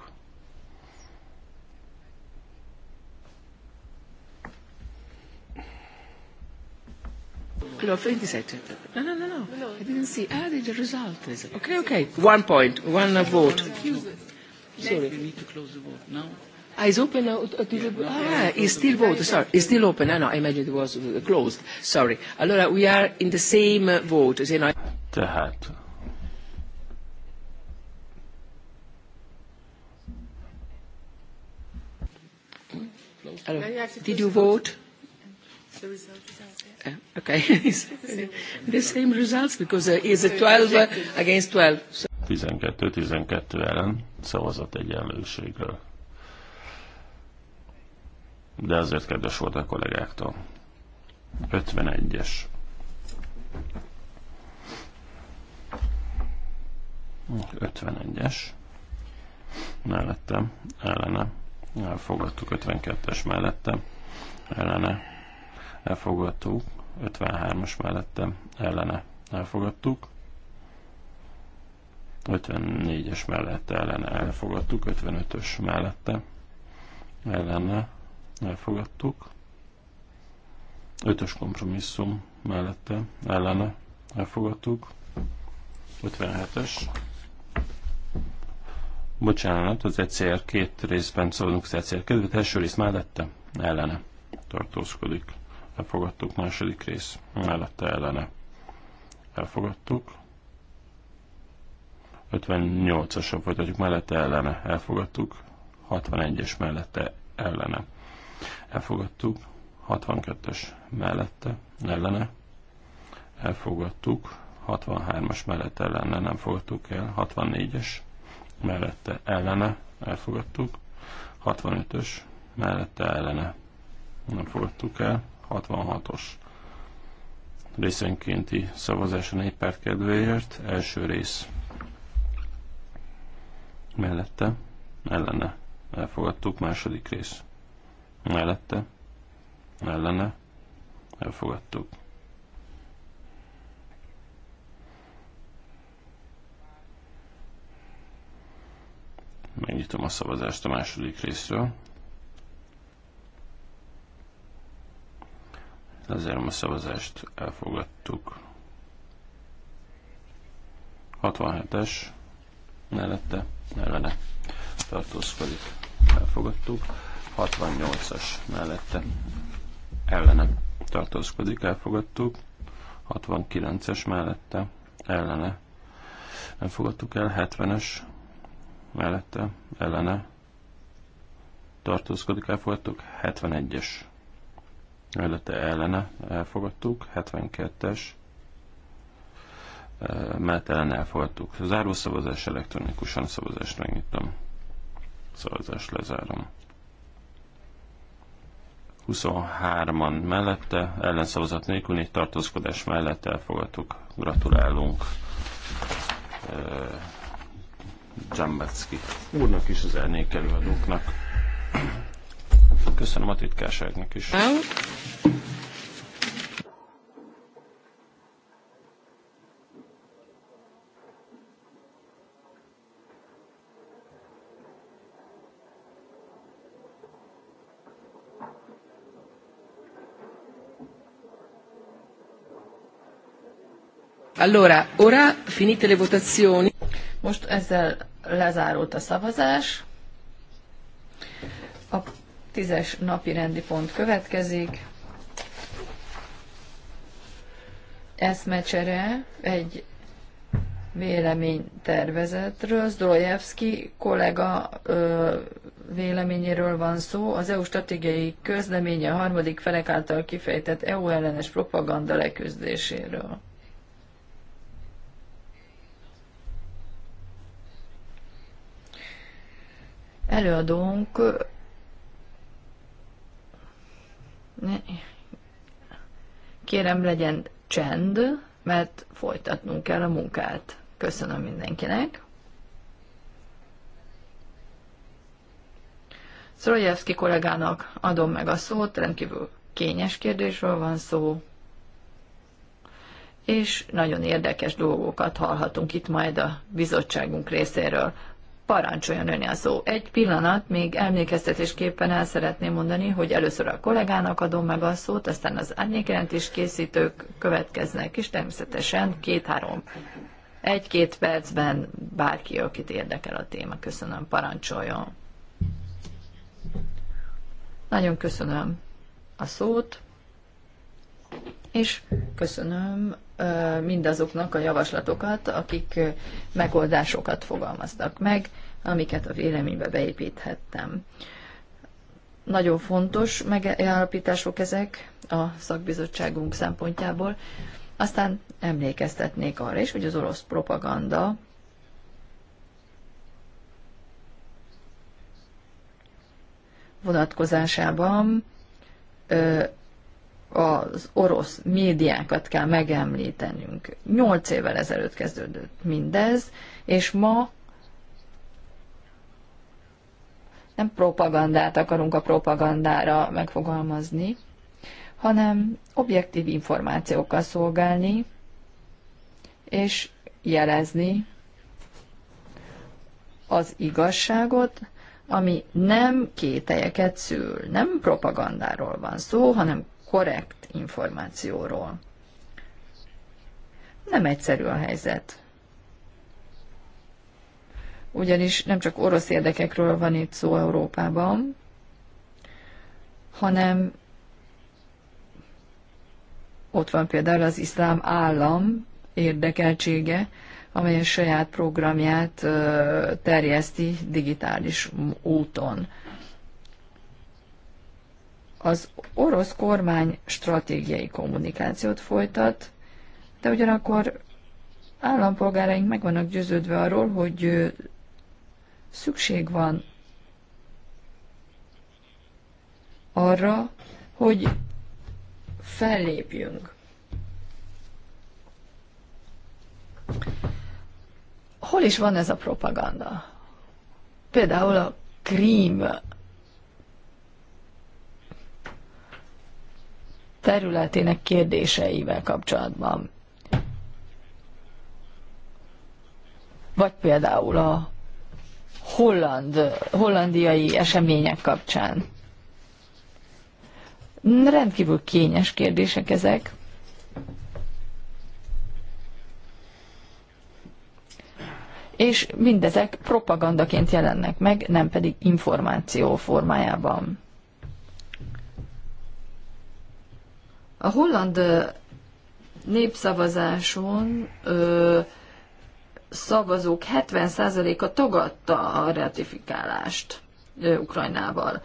No, 27. No, no, no, no. I didn't see. Ah, the result is. Okay, okay. One point, one vote. Sorry. We need to close the vote now. Eyes open now? Uh, uh, to the, ah, it's still vote. Sorry, it's still open. No, ah, no, I imagine it was uh, closed. Sorry. Allora, we are in the same uh, vote. Tehát. Allora, did you vote? Uh, Okay. the same results because uh, it's a 12 uh, against 12. So. 12-12 ellen szavazat egyenlőségről de azért kedves volt a kollégáktól. 51-es. 51 es mellettem, ellene, elfogadtuk 52-es mellettem, ellene, elfogadtuk, 53-as mellettem, ellene, elfogadtuk, 54-es mellette ellene elfogadtuk, 55-ös mellette ellene elfogadtuk. Ötös kompromisszum mellette, ellene elfogadtuk. 57-es. Bocsánat, az ECR két részben szólunk az egyszer kedvet. Első rész mellette, ellene tartózkodik. Elfogadtuk második rész, mellette ellene. Elfogadtuk. 58-asra folytatjuk, mellette ellene. Elfogadtuk. 61-es mellette ellene elfogadtuk, 62-es mellette, ellene, elfogadtuk, 63-as mellette ellene nem fogadtuk el, 64-es mellette ellene elfogadtuk, 65-ös mellette ellene nem fogadtuk el, 66-os részenkénti szavazás a párt kedvéért, első rész mellette ellene elfogadtuk, második rész mellette, ellene, elfogadtuk. Megnyitom a szavazást a második részről. Lezárom a szavazást, elfogadtuk. 67-es, mellette, ellene tartózkodik. Elfogadtuk. 68-as mellette ellene tartózkodik, elfogadtuk. 69-es mellette ellene nem fogadtuk el, 70-es mellette ellene tartózkodik, elfogadtuk. 71-es mellette ellene elfogadtuk. 72-es eh, mellette ellen elfogadtuk. Zárószavazás elektronikusan szavazást megnyitom. Szavazást lezárom. 23-an mellette, ellenszavazat nélkül, négy tartózkodás mellett elfogadtuk. Gratulálunk Dzsambacki úrnak is, az elnékelőadóknak. Köszönöm a titkárságnak is. Allora, ora finite le votazioni. Most ezzel lezárult a szavazás. A tízes napi rendi pont következik. Eszmecsere egy véleménytervezetről. Zdrojevski kollega ö, véleményéről van szó. Az EU stratégiai közleménye a harmadik felek által kifejtett EU ellenes propaganda leküzdéséről. előadónk kérem legyen csend, mert folytatnunk kell a munkát. Köszönöm mindenkinek. Szrojevszki kollégának adom meg a szót, rendkívül kényes kérdésről van szó, és nagyon érdekes dolgokat hallhatunk itt majd a bizottságunk részéről. Parancsoljon ön a szó. Egy pillanat, még emlékeztetésképpen el szeretném mondani, hogy először a kollégának adom meg a szót, aztán az árnyékjelentés készítők következnek, és természetesen két-három, egy-két percben bárki, akit érdekel a téma. Köszönöm, parancsoljon. Nagyon köszönöm a szót, és köszönöm mindazoknak a javaslatokat, akik megoldásokat fogalmaztak meg, amiket a véleménybe beépíthettem. Nagyon fontos megállapítások ezek a szakbizottságunk szempontjából. Aztán emlékeztetnék arra is, hogy az orosz propaganda vonatkozásában az orosz médiákat kell megemlítenünk. Nyolc évvel ezelőtt kezdődött mindez, és ma nem propagandát akarunk a propagandára megfogalmazni, hanem objektív információkkal szolgálni, és jelezni az igazságot, ami nem kételyeket szül, nem propagandáról van szó, hanem korrekt információról. Nem egyszerű a helyzet. Ugyanis nem csak orosz érdekekről van itt szó Európában, hanem ott van például az iszlám állam érdekeltsége, amely a saját programját terjeszti digitális úton az orosz kormány stratégiai kommunikációt folytat, de ugyanakkor állampolgáraink meg vannak győződve arról, hogy szükség van arra, hogy fellépjünk. Hol is van ez a propaganda? Például a krím területének kérdéseivel kapcsolatban. Vagy például a holland, hollandiai események kapcsán. Rendkívül kényes kérdések ezek. És mindezek propagandaként jelennek meg, nem pedig információ formájában. A holland népszavazáson ö, szavazók 70%-a tagadta a ratifikálást ö, Ukrajnával.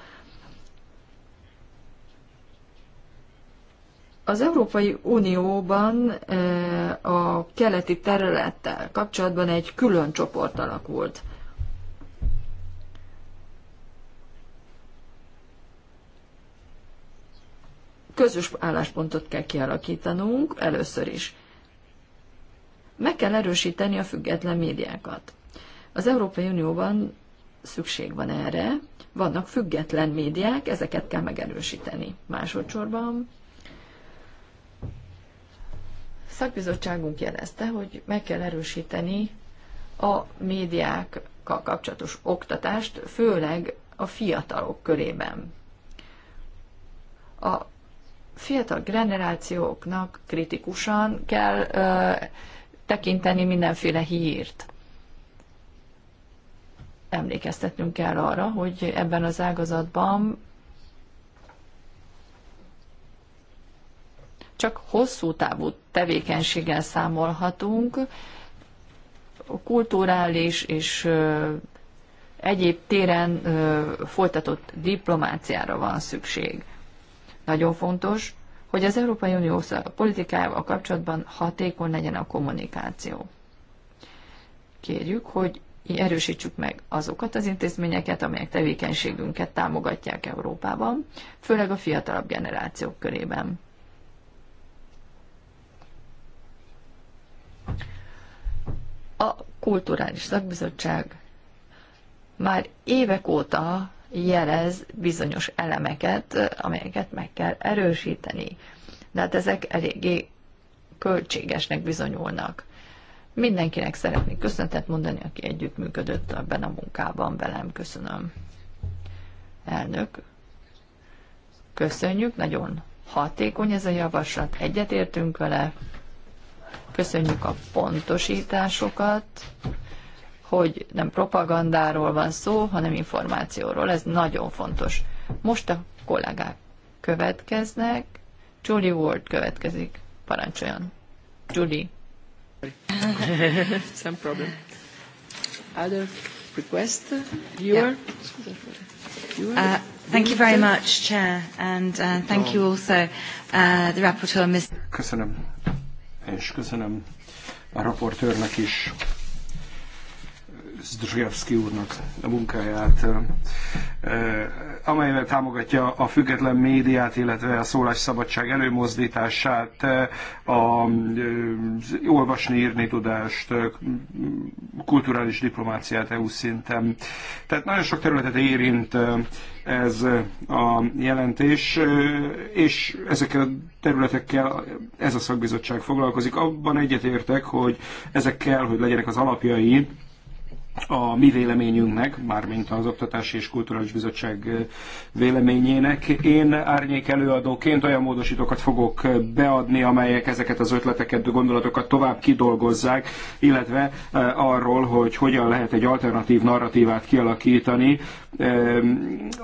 Az Európai Unióban ö, a keleti területtel kapcsolatban egy külön csoport alakult. közös álláspontot kell kialakítanunk először is. Meg kell erősíteni a független médiákat. Az Európai Unióban szükség van erre, vannak független médiák, ezeket kell megerősíteni. Másodszorban szakbizottságunk jelezte, hogy meg kell erősíteni a médiákkal kapcsolatos oktatást, főleg a fiatalok körében. A fiatal generációknak kritikusan kell ö, tekinteni mindenféle hírt. Emlékeztetnünk kell arra, hogy ebben az ágazatban csak hosszú távú tevékenységgel számolhatunk, kulturális és egyéb téren folytatott diplomáciára van szükség. Nagyon fontos, hogy az Európai Unió politikájával kapcsolatban hatékony legyen a kommunikáció. Kérjük, hogy erősítsük meg azokat az intézményeket, amelyek tevékenységünket támogatják Európában, főleg a fiatalabb generációk körében. A Kulturális Szakbizottság már évek óta jelez bizonyos elemeket, amelyeket meg kell erősíteni. De hát ezek eléggé költségesnek bizonyulnak. Mindenkinek szeretnék köszöntet mondani, aki együttműködött ebben a munkában velem. Köszönöm. Elnök, köszönjük, nagyon hatékony ez a javaslat, egyetértünk vele, köszönjük a pontosításokat, hogy nem propagandáról van szó, hanem információról. Ez nagyon fontos. Most a kollégák következnek. Julie Ward következik. Parancsoljon. Julie. Some problem. Other request? Viewer? Yeah. Uh, thank you very much, Chair, and uh, thank you also uh, the rapporteur, Ms. Köszönöm, és köszönöm a raportőrnek is Zdrzejewski úrnak a munkáját, amelyben támogatja a független médiát, illetve a szólásszabadság előmozdítását, a olvasni, írni tudást, kulturális diplomáciát EU szinten. Tehát nagyon sok területet érint ez a jelentés, és ezekkel a területekkel ez a szakbizottság foglalkozik. Abban egyetértek, hogy ezek kell, hogy legyenek az alapjai a mi véleményünknek, mármint az Oktatási és Kulturális Bizottság véleményének. Én árnyék előadóként olyan módosítókat fogok beadni, amelyek ezeket az ötleteket, gondolatokat tovább kidolgozzák, illetve arról, hogy hogyan lehet egy alternatív narratívát kialakítani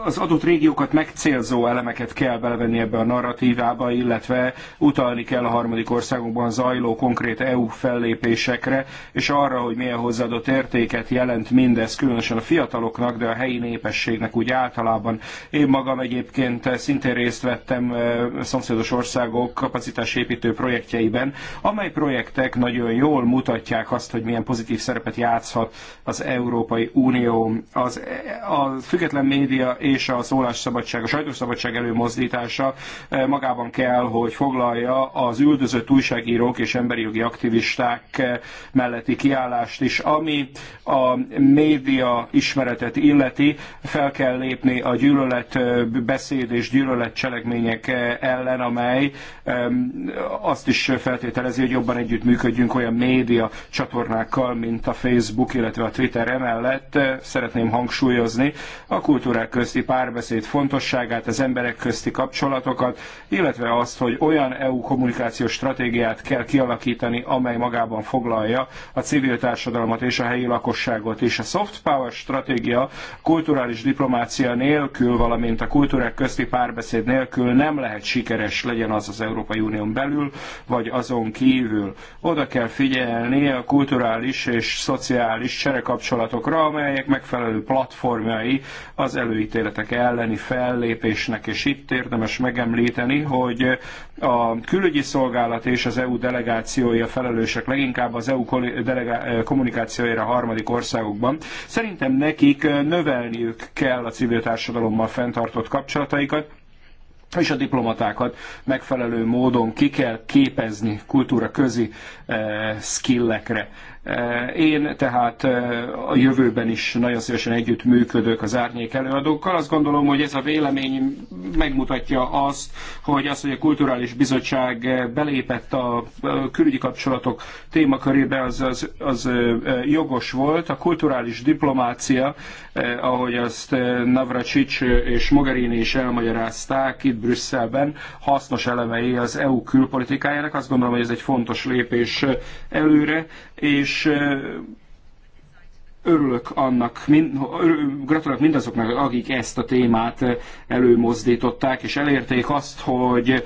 az adott régiókat megcélzó elemeket kell belevenni ebbe a narratívába, illetve utalni kell a harmadik országokban zajló konkrét EU fellépésekre, és arra, hogy milyen hozzáadott értéket jelent mindez, különösen a fiataloknak, de a helyi népességnek úgy általában. Én magam egyébként szintén részt vettem szomszédos országok kapacitásépítő projektjeiben, amely projektek nagyon jól mutatják azt, hogy milyen pozitív szerepet játszhat az Európai Unió az, az a független média és a szólásszabadság, a sajtószabadság előmozdítása eh, magában kell, hogy foglalja az üldözött újságírók és emberi jogi aktivisták eh, melletti kiállást is. Ami a média ismeretet illeti, fel kell lépni a gyűlölet eh, beszéd és gyűlölet cselekmények ellen, amely azt is feltételezi, hogy jobban együttműködjünk olyan média csatornákkal, mint a Facebook, illetve a Twitter emellett. Szeretném hangsúlyozni, a kultúrák közti párbeszéd fontosságát, az emberek közti kapcsolatokat, illetve azt, hogy olyan EU kommunikációs stratégiát kell kialakítani, amely magában foglalja a civil társadalmat és a helyi lakosságot is. A soft power stratégia kulturális diplomácia nélkül, valamint a kultúrák közti párbeszéd nélkül nem lehet sikeres, legyen az az Európai Unión belül, vagy azon kívül. Oda kell figyelni a kulturális és szociális cserekapcsolatokra, amelyek megfelelő platformjai az előítéletek elleni fellépésnek, és itt érdemes megemlíteni, hogy a külügyi szolgálat és az EU delegációja felelősek leginkább az EU kommunikációjára harmadik országokban. Szerintem nekik növelniük kell a civil társadalommal fenntartott kapcsolataikat, és a diplomatákat megfelelő módon ki kell képezni kultúra közi eh, skillekre. Eh, én tehát eh, a jövőben is nagyon szívesen együtt működök az árnyék előadókkal. Azt gondolom, hogy ez a vélemény megmutatja azt, hogy az, hogy a Kulturális Bizottság eh, belépett a külügyi kapcsolatok témakörébe, az, az, az jogos volt. A kulturális diplomácia, ahogy azt Navracsics és Mogherini is elmagyarázták itt Brüsszelben, hasznos elemei az EU külpolitikájának. Azt gondolom, hogy ez egy fontos lépés előre, és és örülök annak, mind, gratulálok mindazoknak, akik ezt a témát előmozdították, és elérték azt, hogy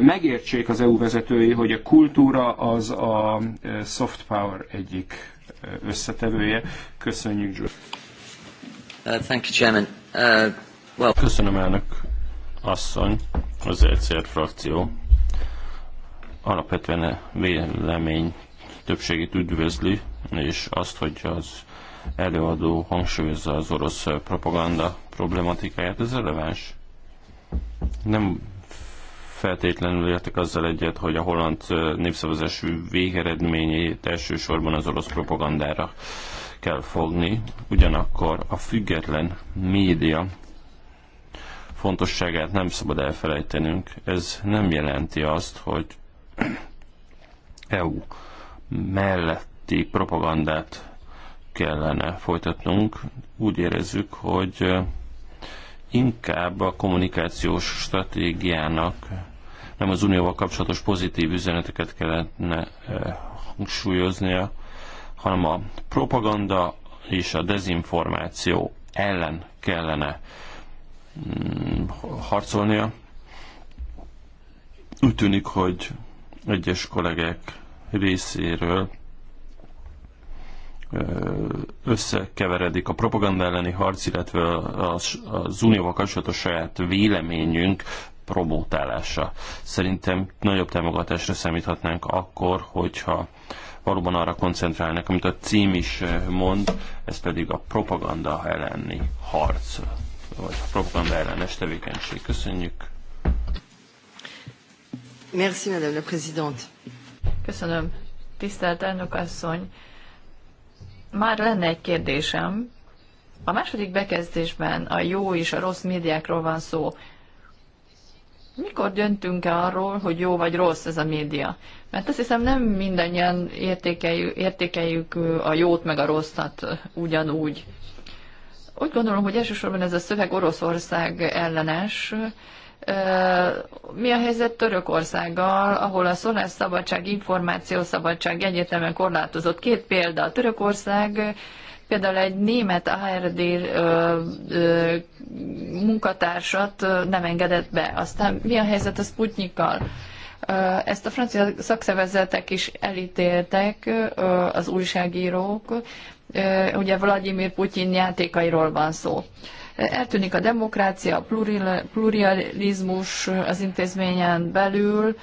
megértsék az EU vezetői, hogy a kultúra az a soft power egyik összetevője. Köszönjük, Jules. Uh, thank you, Chairman. Uh, well... Köszönöm, elnök asszony, az ECR frakció alapvetően vélemény többségét üdvözli, és azt, hogy az előadó hangsúlyozza az orosz propaganda problematikáját, ez releváns. Nem feltétlenül értek azzal egyet, hogy a holland népszavazás végeredményét elsősorban az orosz propagandára kell fogni, ugyanakkor a független média fontosságát nem szabad elfelejtenünk. Ez nem jelenti azt, hogy EU melletti propagandát kellene folytatnunk. Úgy érezzük, hogy inkább a kommunikációs stratégiának nem az unióval kapcsolatos pozitív üzeneteket kellene hangsúlyoznia, hanem a propaganda és a dezinformáció ellen kellene mm, harcolnia. Úgy tűnik, hogy egyes kollégek részéről összekeveredik a propaganda elleni harc, illetve az, az unióval kapcsolatos saját véleményünk promótálása. Szerintem nagyobb támogatásra számíthatnánk akkor, hogyha valóban arra koncentrálnak, amit a cím is mond, ez pedig a propaganda elleni harc, vagy a propaganda ellenes tevékenység. Köszönjük! Merci, Madame la Présidente. Köszönöm, tisztelt elnök asszony. Már lenne egy kérdésem. A második bekezdésben a jó és a rossz médiákról van szó. Mikor döntünk -e arról, hogy jó vagy rossz ez a média? Mert azt hiszem nem mindannyian értékeljük, értékeljük a jót meg a rosszat ugyanúgy. Úgy gondolom, hogy elsősorban ez a szöveg Oroszország ellenes, mi a helyzet Törökországgal, ahol a szólásszabadság, információszabadság egyetemen korlátozott? Két példa. Törökország például egy német ARD munkatársat nem engedett be. Aztán mi a helyzet a Sputnikkal? Ezt a francia szakszervezetek is elítéltek, az újságírók. Ugye Vladimir Putyin játékairól van szó. Eltűnik a demokrácia, a pluralizmus az intézményen belül.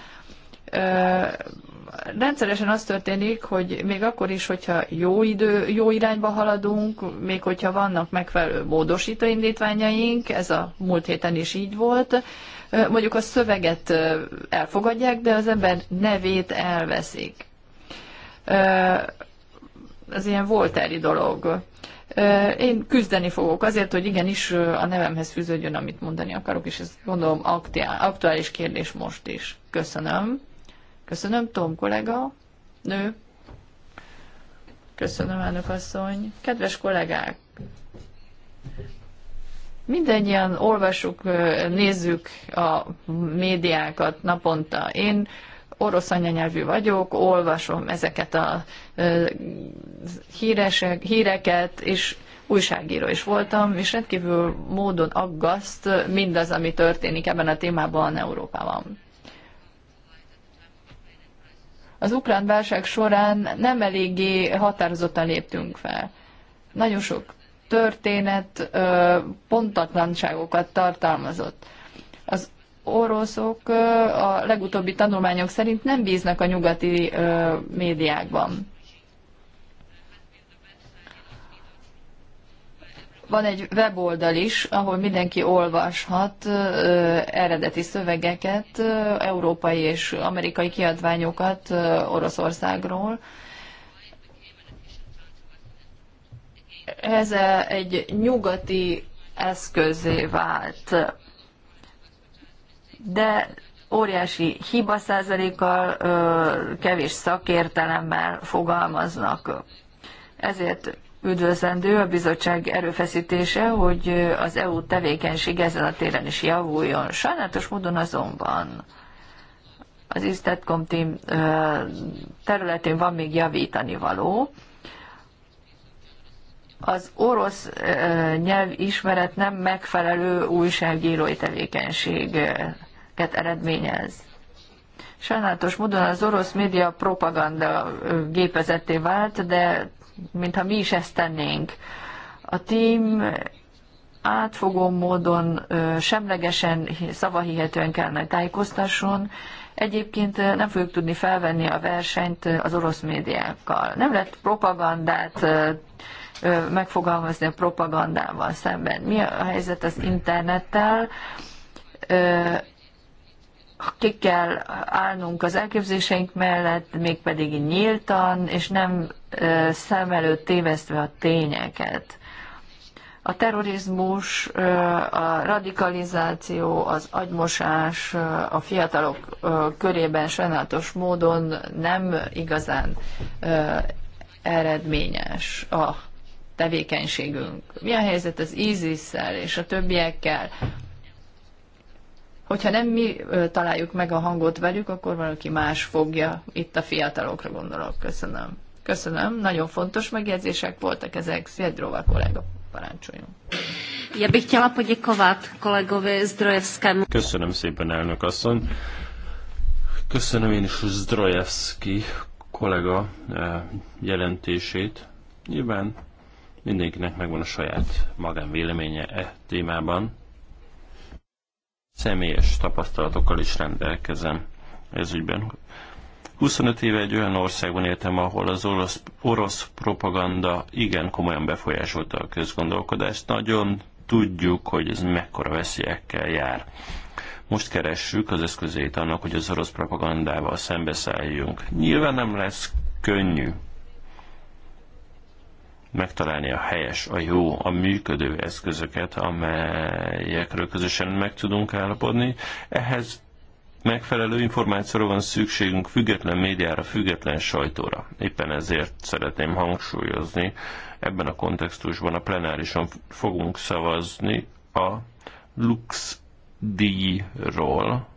Rendszeresen az történik, hogy még akkor is, hogyha jó idő, jó irányba haladunk, még hogyha vannak megfelelő módosító indítványaink, ez a múlt héten is így volt, mondjuk a szöveget elfogadják, de az ember nevét elveszik. Ez ilyen volteri dolog. Én küzdeni fogok azért, hogy igenis a nevemhez fűződjön, amit mondani akarok, és ez gondolom aktuális kérdés most is. Köszönöm. Köszönöm, Tom kollega, nő. Köszönöm, elnök asszony. Kedves kollégák, mindannyian olvasuk, nézzük a médiákat naponta. Én orosz anyanyelvű vagyok, olvasom ezeket a híresek, híreket, és újságíró is voltam, és rendkívül módon aggaszt mindaz, ami történik ebben a témában Európában. Az ukrán válság során nem eléggé határozottan léptünk fel. Nagyon sok történet pontatlanságokat tartalmazott. Az oroszok a legutóbbi tanulmányok szerint nem bíznak a nyugati médiákban. Van egy weboldal is, ahol mindenki olvashat eredeti szövegeket, európai és amerikai kiadványokat Oroszországról. Ez egy nyugati eszközé vált de óriási hiba százalékkal, kevés szakértelemmel fogalmaznak. Ezért üdvözlendő a bizottság erőfeszítése, hogy az EU tevékenység ezen a téren is javuljon. Sajnálatos módon azonban az Istatcom team területén van még javítani való. Az orosz nyelv ismeret nem megfelelő újságírói tevékenység ket eredményez. Sajnálatos módon az orosz média propaganda gépezetté vált, de mintha mi is ezt tennénk. A tím átfogó módon semlegesen, szavahihetően kellene tájékoztasson, Egyébként nem fogjuk tudni felvenni a versenyt az orosz médiákkal. Nem lehet propagandát megfogalmazni a propagandával szemben. Mi a helyzet az internettel? ki kell állnunk az elképzéseink mellett, mégpedig nyíltan, és nem szem előtt tévesztve a tényeket. A terrorizmus, a radikalizáció, az agymosás a fiatalok körében sajnálatos módon nem igazán eredményes a tevékenységünk. Mi a helyzet az ISIS-szel és a többiekkel? hogyha nem mi találjuk meg a hangot velük, akkor valaki más fogja, itt a fiatalokra gondolok. Köszönöm. Köszönöm, nagyon fontos megjegyzések voltak ezek. Szjedrova kollega, parancsoljon. Ja bych chtěla poděkovat kolegovi Zdrojevskému. Köszönöm szépen, elnök asszony. Köszönöm én is Zdrojevski kollega e, jelentését. Nyilván mindenkinek megvan a saját magánvéleménye e témában. Személyes tapasztalatokkal is rendelkezem ez ügyben. 25 éve egy olyan országban éltem, ahol az orosz, orosz propaganda igen komolyan befolyásolta a közgondolkodást. Nagyon tudjuk, hogy ez mekkora veszélyekkel jár. Most keressük az eszközét annak, hogy az orosz propagandával szembeszálljunk. Nyilván nem lesz könnyű megtalálni a helyes, a jó, a működő eszközöket, amelyekről közösen meg tudunk állapodni. Ehhez megfelelő információra van szükségünk független médiára, független sajtóra. Éppen ezért szeretném hangsúlyozni, ebben a kontextusban a plenárison fogunk szavazni a Lux díjról,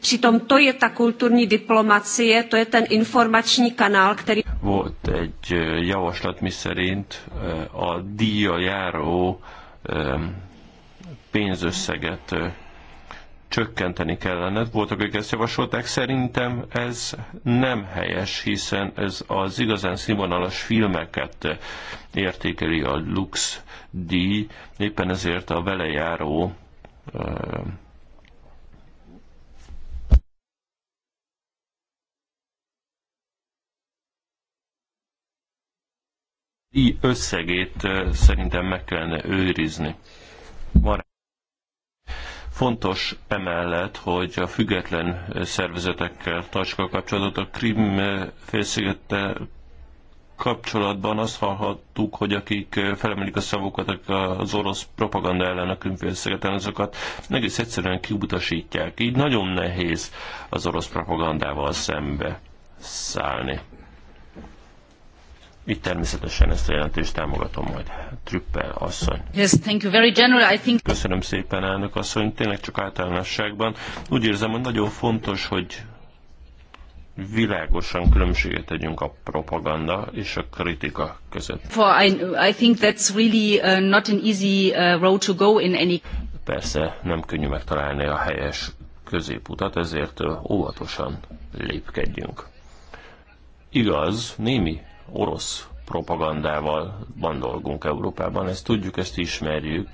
Přitom to je ta kulturní diplomacie, to je ten informační kanál, který... Volt egy eh, javaslat, miszerint eh, a díja járó eh, pénzösszeget csökkenteni kellene. Voltak, akik ezt javasolták. Szerintem ez nem helyes, hiszen ez az igazán színvonalas filmeket értékeli a Lux díj, éppen ezért a vele járó díj összegét szerintem meg kellene őrizni. Fontos emellett, hogy a független szervezetekkel tartsuk a kapcsolatot. A Krim félszigettel kapcsolatban azt hallhattuk, hogy akik felemelik a szavukat az orosz propaganda ellen a félszigeten, azokat egész egyszerűen kiutasítják. Így nagyon nehéz az orosz propagandával szembe szállni. Itt természetesen ezt a jelentést támogatom majd Trüppel asszony. Yes, thank you. Very general, I think... Köszönöm szépen, elnök asszony. Tényleg csak általánosságban. Úgy érzem, hogy nagyon fontos, hogy világosan különbséget tegyünk a propaganda és a kritika között. For I, I think that's really uh, not an easy uh, road to go in any... Persze nem könnyű megtalálni a helyes középutat, ezért uh, óvatosan lépkedjünk. Igaz, némi orosz propagandával van dolgunk Európában, ezt tudjuk, ezt ismerjük,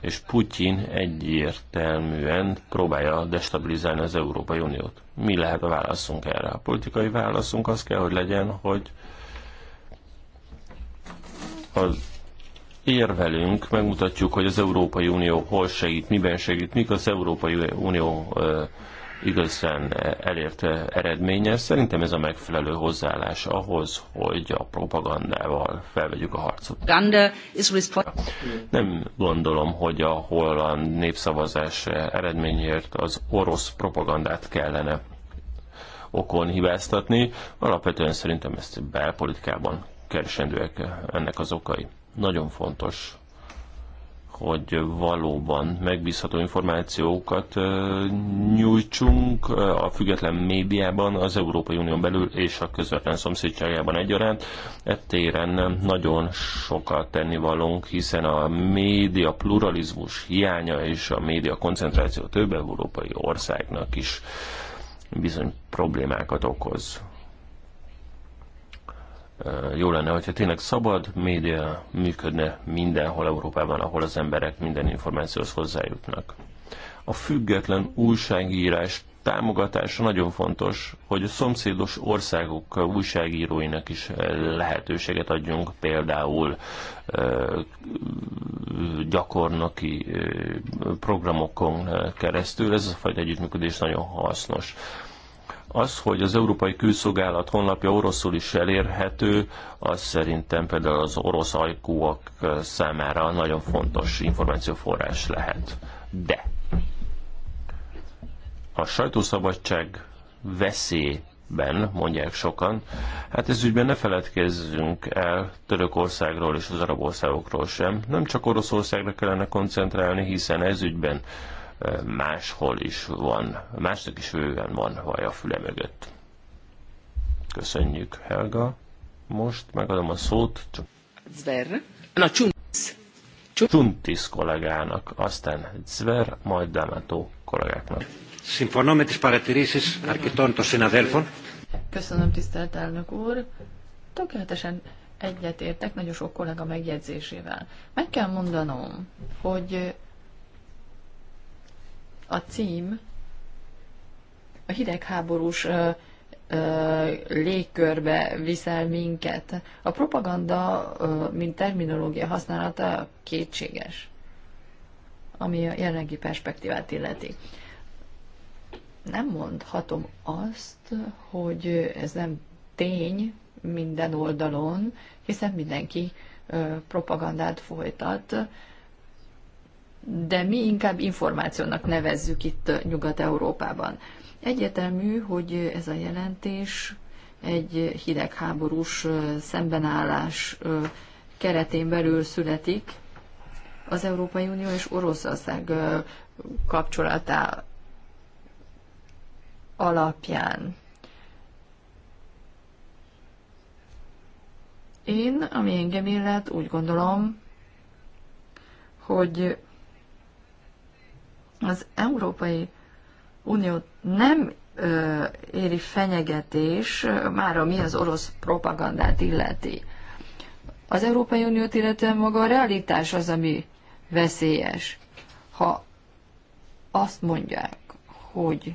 és Putyin egyértelműen próbálja destabilizálni az Európai Uniót. Mi lehet a válaszunk erre? A politikai válaszunk az kell, hogy legyen, hogy az érvelünk, megmutatjuk, hogy az Európai Unió hol segít, miben segít, mik az Európai Unió igazán elért eredménye. Szerintem ez a megfelelő hozzáállás ahhoz, hogy a propagandával felvegyük a harcot. Nem gondolom, hogy a holland népszavazás eredményért az orosz propagandát kellene okon hibáztatni. Alapvetően szerintem ezt belpolitikában keresendőek ennek az okai. Nagyon fontos hogy valóban megbízható információkat nyújtsunk a független médiában, az Európai Unió belül és a közvetlen szomszédságában egyaránt. Ettéren nagyon sokat valunk, hiszen a média pluralizmus hiánya és a média koncentráció több európai országnak is bizony problémákat okoz jó lenne, hogyha tényleg szabad média működne mindenhol Európában, ahol az emberek minden információhoz hozzájutnak. A független újságírás támogatása nagyon fontos, hogy a szomszédos országok újságíróinak is lehetőséget adjunk, például gyakornoki programokon keresztül. Ez a fajta együttműködés nagyon hasznos. Az, hogy az Európai Külszolgálat honlapja oroszul is elérhető, az szerintem például az orosz ajkúak számára nagyon fontos információforrás lehet. De a sajtószabadság veszélyben, mondják sokan, hát ez ügyben ne feledkezzünk el Törökországról és az arab országokról sem. Nem csak Oroszországra kellene koncentrálni, hiszen ez ügyben máshol is van, másnak is bőven van vaj a füle mögött. Köszönjük, Helga. Most megadom a szót. Zver. Na, Csuntis. Csuntis kollégának, aztán Zver, majd Damato kollégáknak. Συμφωνώ με τις παρατηρήσεις αρκετών των Köszönöm, tisztelt elnök úr. Tökéletesen egyetértek nagyon sok kollega megjegyzésével. Meg kell mondanom, hogy a cím a hidegháborús ö, ö, légkörbe viszel minket. A propaganda, ö, mint terminológia használata kétséges, ami a jelenlegi perspektívát illeti. Nem mondhatom azt, hogy ez nem tény minden oldalon, hiszen mindenki ö, propagandát folytat, de mi inkább információnak nevezzük itt Nyugat-Európában. Egyetemű, hogy ez a jelentés egy hidegháborús szembenállás keretén belül születik az Európai Unió és Oroszország kapcsolatá alapján. Én, ami engem illet, úgy gondolom, hogy az Európai Unió nem ö, éri fenyegetés, már ami az orosz propagandát illeti. Az Európai Uniót illetően maga a realitás az, ami veszélyes. Ha azt mondják, hogy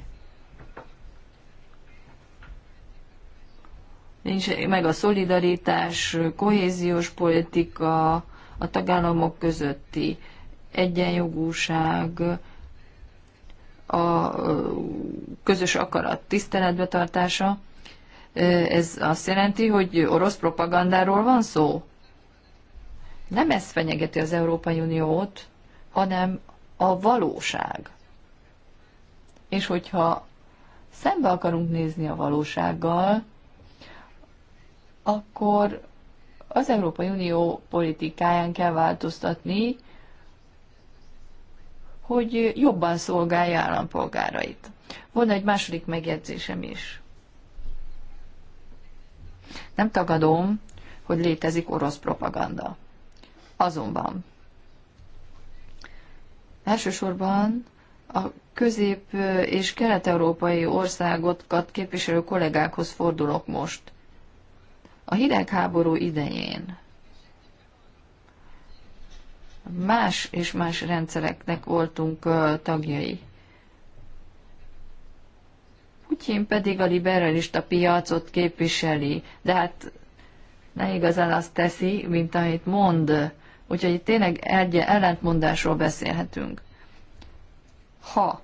nincs meg a szolidaritás, kohéziós politika, a tagállamok közötti egyenjogúság, a közös akarat tiszteletbe tartása, ez azt jelenti, hogy orosz propagandáról van szó? Nem ez fenyegeti az Európai Uniót, hanem a valóság. És hogyha szembe akarunk nézni a valósággal, akkor az Európai Unió politikáján kell változtatni, hogy jobban szolgálja állampolgárait. Van egy második megjegyzésem is. Nem tagadom, hogy létezik orosz propaganda. Azonban elsősorban a közép- és kelet-európai országokat képviselő kollégákhoz fordulok most. A hidegháború idején más és más rendszereknek voltunk tagjai. Putyin pedig a liberalista piacot képviseli, de hát ne igazán azt teszi, mint amit mond. Úgyhogy itt tényleg egy ellentmondásról beszélhetünk. Ha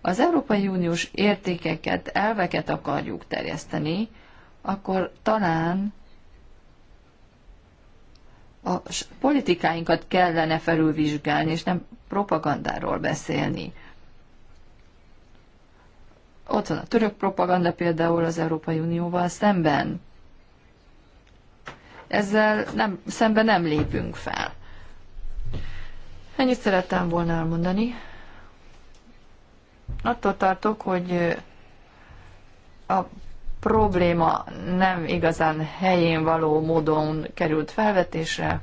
az Európai Uniós értékeket, elveket akarjuk terjeszteni, akkor talán a politikáinkat kellene felülvizsgálni, és nem propagandáról beszélni. Ott van a török propaganda például az Európai Unióval szemben. Ezzel nem, szemben nem lépünk fel. Ennyit szerettem volna elmondani. Attól tartok, hogy a probléma nem igazán helyén való módon került felvetésre.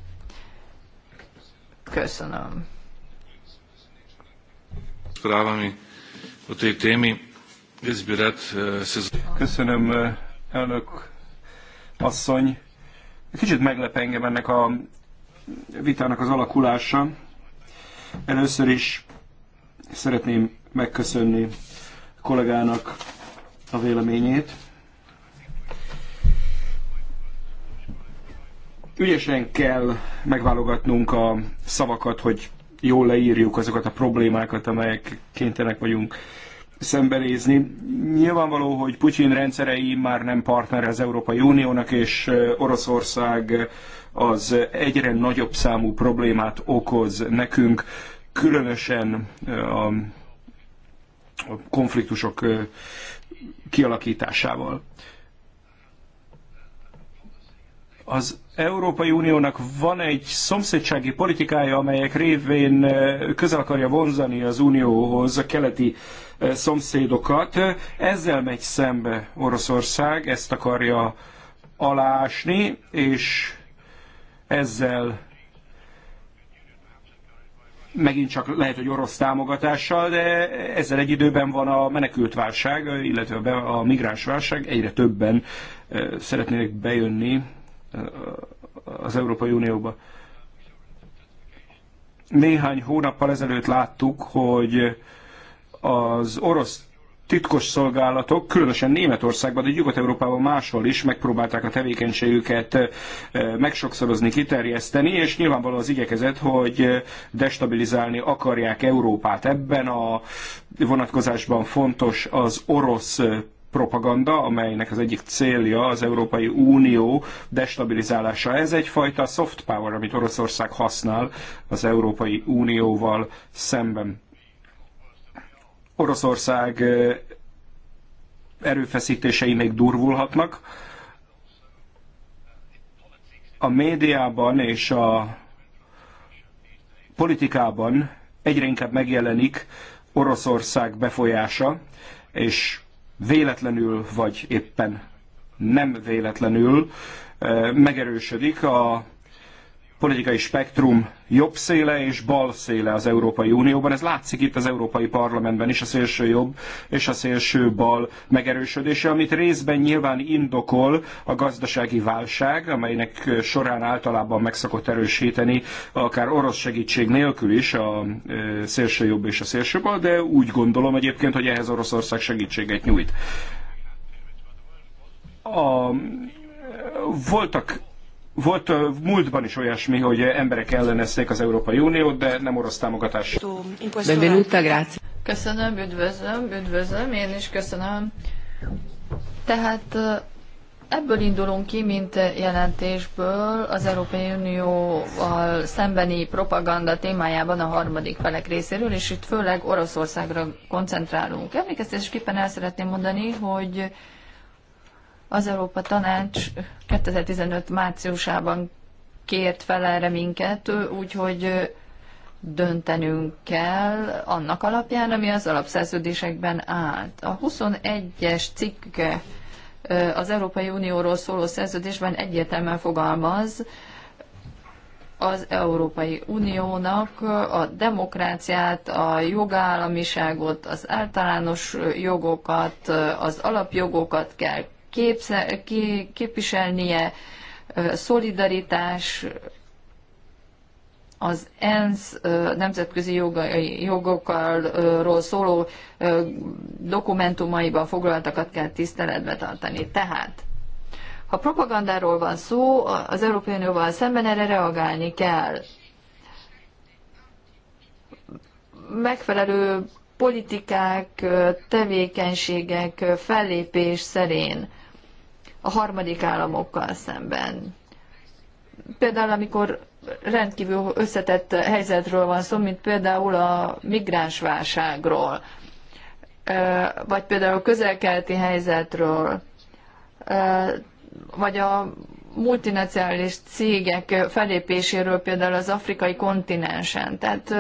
Köszönöm. E, Köszönöm, e, elnök asszony. Kicsit meglep engem ennek a vitának az alakulása. Először is szeretném megköszönni kollégának a véleményét. ügyesen kell megválogatnunk a szavakat, hogy jól leírjuk azokat a problémákat, amelyek kénytelenek vagyunk szembenézni. Nyilvánvaló, hogy Putyin rendszerei már nem partner az Európai Uniónak, és Oroszország az egyre nagyobb számú problémát okoz nekünk, különösen a konfliktusok kialakításával az Európai Uniónak van egy szomszédsági politikája, amelyek révén közel akarja vonzani az Unióhoz a keleti szomszédokat. Ezzel megy szembe Oroszország, ezt akarja alásni, és ezzel megint csak lehet, hogy orosz támogatással, de ezzel egy időben van a menekültválság, illetve a migránsválság, egyre többen szeretnének bejönni az Európai Unióba. Néhány hónappal ezelőtt láttuk, hogy az orosz titkos szolgálatok, különösen Németországban, de Nyugat-Európában máshol is megpróbálták a tevékenységüket eh, megsokszorozni, kiterjeszteni, és nyilvánvaló az igyekezet, hogy destabilizálni akarják Európát. Ebben a vonatkozásban fontos az orosz propaganda, amelynek az egyik célja az Európai Unió destabilizálása. Ez egyfajta soft power, amit Oroszország használ az Európai Unióval szemben. Oroszország erőfeszítései még durvulhatnak. A médiában és a politikában egyre inkább megjelenik Oroszország befolyása, és véletlenül vagy éppen nem véletlenül eh, megerősödik a politikai spektrum jobb széle és bal széle az Európai Unióban. Ez látszik itt az Európai Parlamentben is, a szélső jobb és a szélső bal megerősödése, amit részben nyilván indokol a gazdasági válság, amelynek során általában meg szokott erősíteni akár orosz segítség nélkül is a szélső jobb és a szélső bal, de úgy gondolom egyébként, hogy ehhez Oroszország segítséget nyújt. A, voltak volt múltban is olyasmi, hogy emberek ellenezték az Európai Uniót, de nem orosz támogatás. Benvenuta, grazie. Köszönöm, üdvözlöm, üdvözlöm, én is köszönöm. Tehát ebből indulunk ki, mint jelentésből az Európai Unióval szembeni propaganda témájában a harmadik felek részéről, és itt főleg Oroszországra koncentrálunk. Emlékeztésképpen el szeretném mondani, hogy az Európa Tanács 2015 márciusában kért fel erre minket, úgyhogy döntenünk kell annak alapján, ami az alapszerződésekben állt. A 21-es cikke az Európai Unióról szóló szerződésben egyértelműen fogalmaz, az Európai Uniónak a demokráciát, a jogállamiságot, az általános jogokat, az alapjogokat kell képze, ki, képviselnie, szolidaritás, az ENSZ nemzetközi jogokról szóló dokumentumaiban foglaltakat kell tiszteletbe tartani. Tehát, ha propagandáról van szó, az Európai Unióval szemben erre reagálni kell. Megfelelő politikák, tevékenységek, fellépés szerint a harmadik államokkal szemben. Például, amikor rendkívül összetett helyzetről van szó, mint például a migránsválságról, vagy például a közelkelti helyzetről, vagy a multinacionális cégek felépéséről például az afrikai kontinensen. Tehát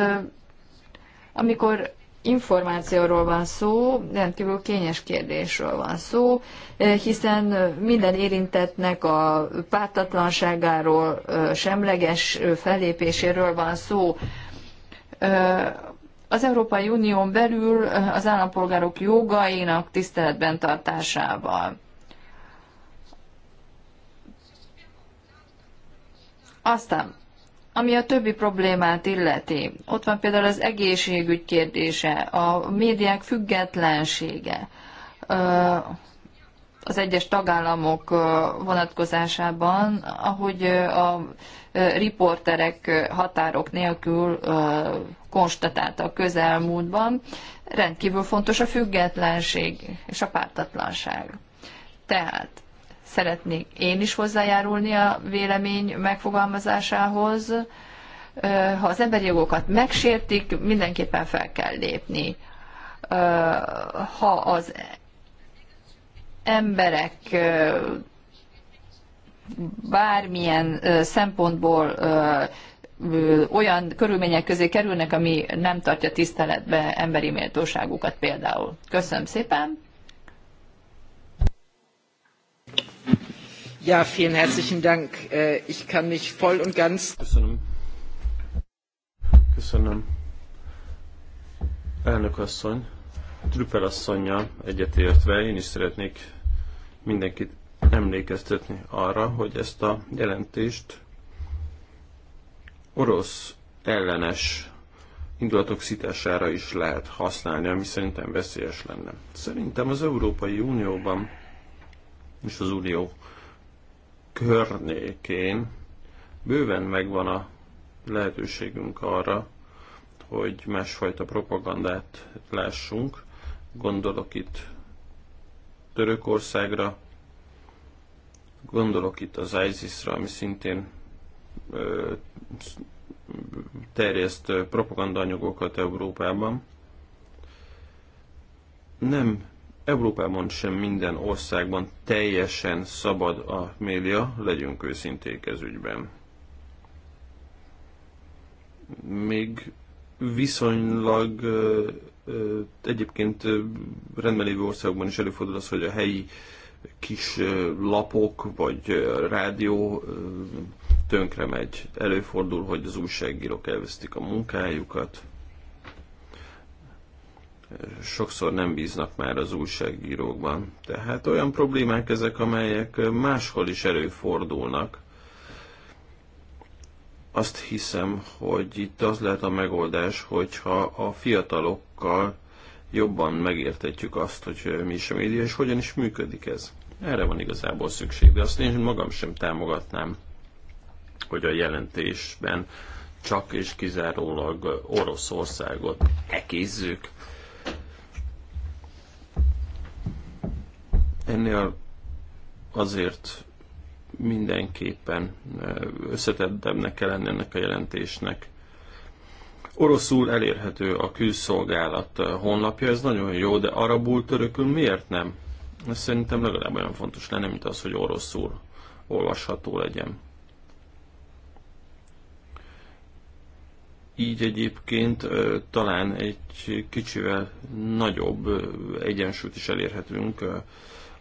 amikor információról van szó, rendkívül kényes kérdésről van szó, eh, hiszen eh, minden érintettnek a pártatlanságáról, eh, semleges fellépéséről van szó. Az Európai Unión belül az állampolgárok jogainak tiszteletben tartásával. Aztán ami a többi problémát illeti, ott van például az egészségügy kérdése, a médiák függetlensége, az egyes tagállamok vonatkozásában, ahogy a riporterek határok nélkül konstatálta a közelmúltban, rendkívül fontos a függetlenség és a pártatlanság. Tehát Szeretnék én is hozzájárulni a vélemény megfogalmazásához. Ha az emberi jogokat megsértik, mindenképpen fel kell lépni. Ha az emberek bármilyen szempontból olyan körülmények közé kerülnek, ami nem tartja tiszteletbe emberi méltóságukat például. Köszönöm szépen! Ja, vielen herzlichen Dank. Äh, ich kann mich voll und ganz. Köszönöm. Köszönöm. Elnök asszony, Trüppel asszonynal egyetértve én is szeretnék mindenkit emlékeztetni arra, hogy ezt a jelentést orosz ellenes indulatok szitására is lehet használni, ami szerintem veszélyes lenne. Szerintem az Európai Unióban és az Unió környékén bőven megvan a lehetőségünk arra, hogy másfajta propagandát lássunk. Gondolok itt Törökországra, gondolok itt az ISIS-ra, ami szintén ö, terjeszt propagandanyagokat Európában. Nem Európában sem minden országban teljesen szabad a média, legyünk őszinték ez ügyben. Még viszonylag egyébként rendben lévő országokban is előfordul az, hogy a helyi kis lapok vagy rádió tönkre megy. Előfordul, hogy az újságírók elvesztik a munkájukat sokszor nem bíznak már az újságírókban. Tehát olyan problémák ezek, amelyek máshol is előfordulnak. Azt hiszem, hogy itt az lehet a megoldás, hogyha a fiatalokkal jobban megértetjük azt, hogy mi is a média, és hogyan is működik ez. Erre van igazából szükség, de azt én magam sem támogatnám, hogy a jelentésben csak és kizárólag Oroszországot ekézzük Ennél azért mindenképpen eh, összetettebbnek kell lenni ennek a jelentésnek. Oroszul elérhető a külszolgálat eh, honlapja, ez nagyon jó, de arabul, törökül miért nem? Ez szerintem legalább olyan fontos lenne, mint az, hogy oroszul olvasható legyen. Így egyébként eh, talán egy kicsivel nagyobb egyensúlyt is elérhetünk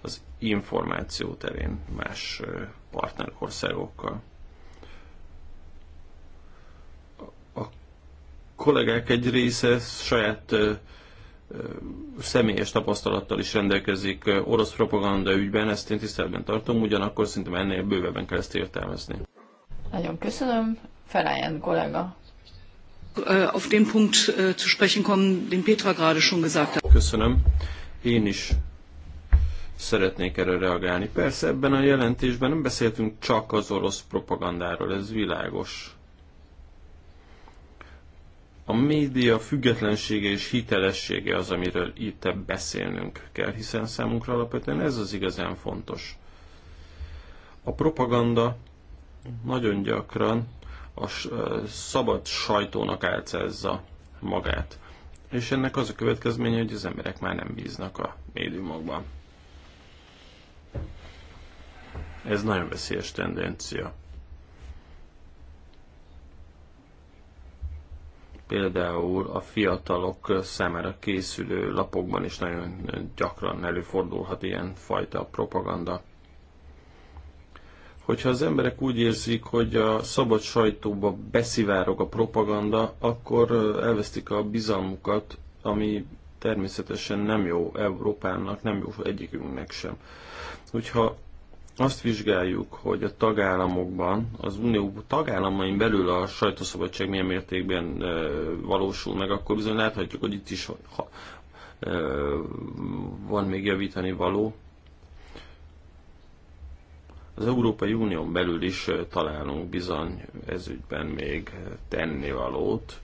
az információ terén más partnerországokkal. A kollégák egy része saját személyes tapasztalattal is rendelkezik orosz propaganda ügyben, ezt én tiszteletben tartom, ugyanakkor szerintem ennél bővebben kell ezt értelmezni. Nagyon köszönöm, Feláján kollega. Auf den Punkt zu sprechen kommen, den Petra gerade schon gesagt hat. Köszönöm. Én is szeretnék erre reagálni. Persze ebben a jelentésben nem beszéltünk csak az orosz propagandáról, ez világos. A média függetlensége és hitelessége az, amiről itt beszélnünk kell, hiszen számunkra alapvetően ez az igazán fontos. A propaganda nagyon gyakran a szabad sajtónak álcázza magát. És ennek az a következménye, hogy az emberek már nem bíznak a médiumokban. Ez nagyon veszélyes tendencia. Például a fiatalok számára készülő lapokban is nagyon gyakran előfordulhat ilyen fajta propaganda hogyha az emberek úgy érzik, hogy a szabad sajtóba beszivárog a propaganda, akkor elvesztik a bizalmukat, ami természetesen nem jó Európának, nem jó egyikünknek sem. Hogyha azt vizsgáljuk, hogy a tagállamokban, az unió tagállamain belül a sajtószabadság milyen mértékben valósul meg, akkor bizony láthatjuk, hogy itt is ha, van még javítani való. Az Európai Unión belül is találunk bizony ezügyben még tennivalót,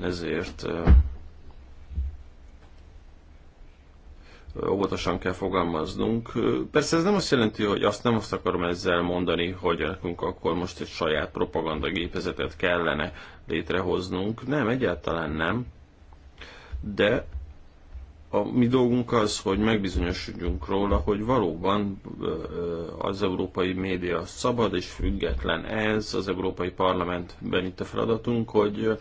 ezért óvatosan kell fogalmaznunk. Persze ez nem azt jelenti, hogy azt nem azt akarom ezzel mondani, hogy nekünk akkor most egy saját propagandagépezetet kellene létrehoznunk. Nem, egyáltalán nem. De a mi dolgunk az, hogy megbizonyosodjunk róla, hogy valóban az európai média szabad és független. Ez az Európai Parlamentben itt a feladatunk, hogy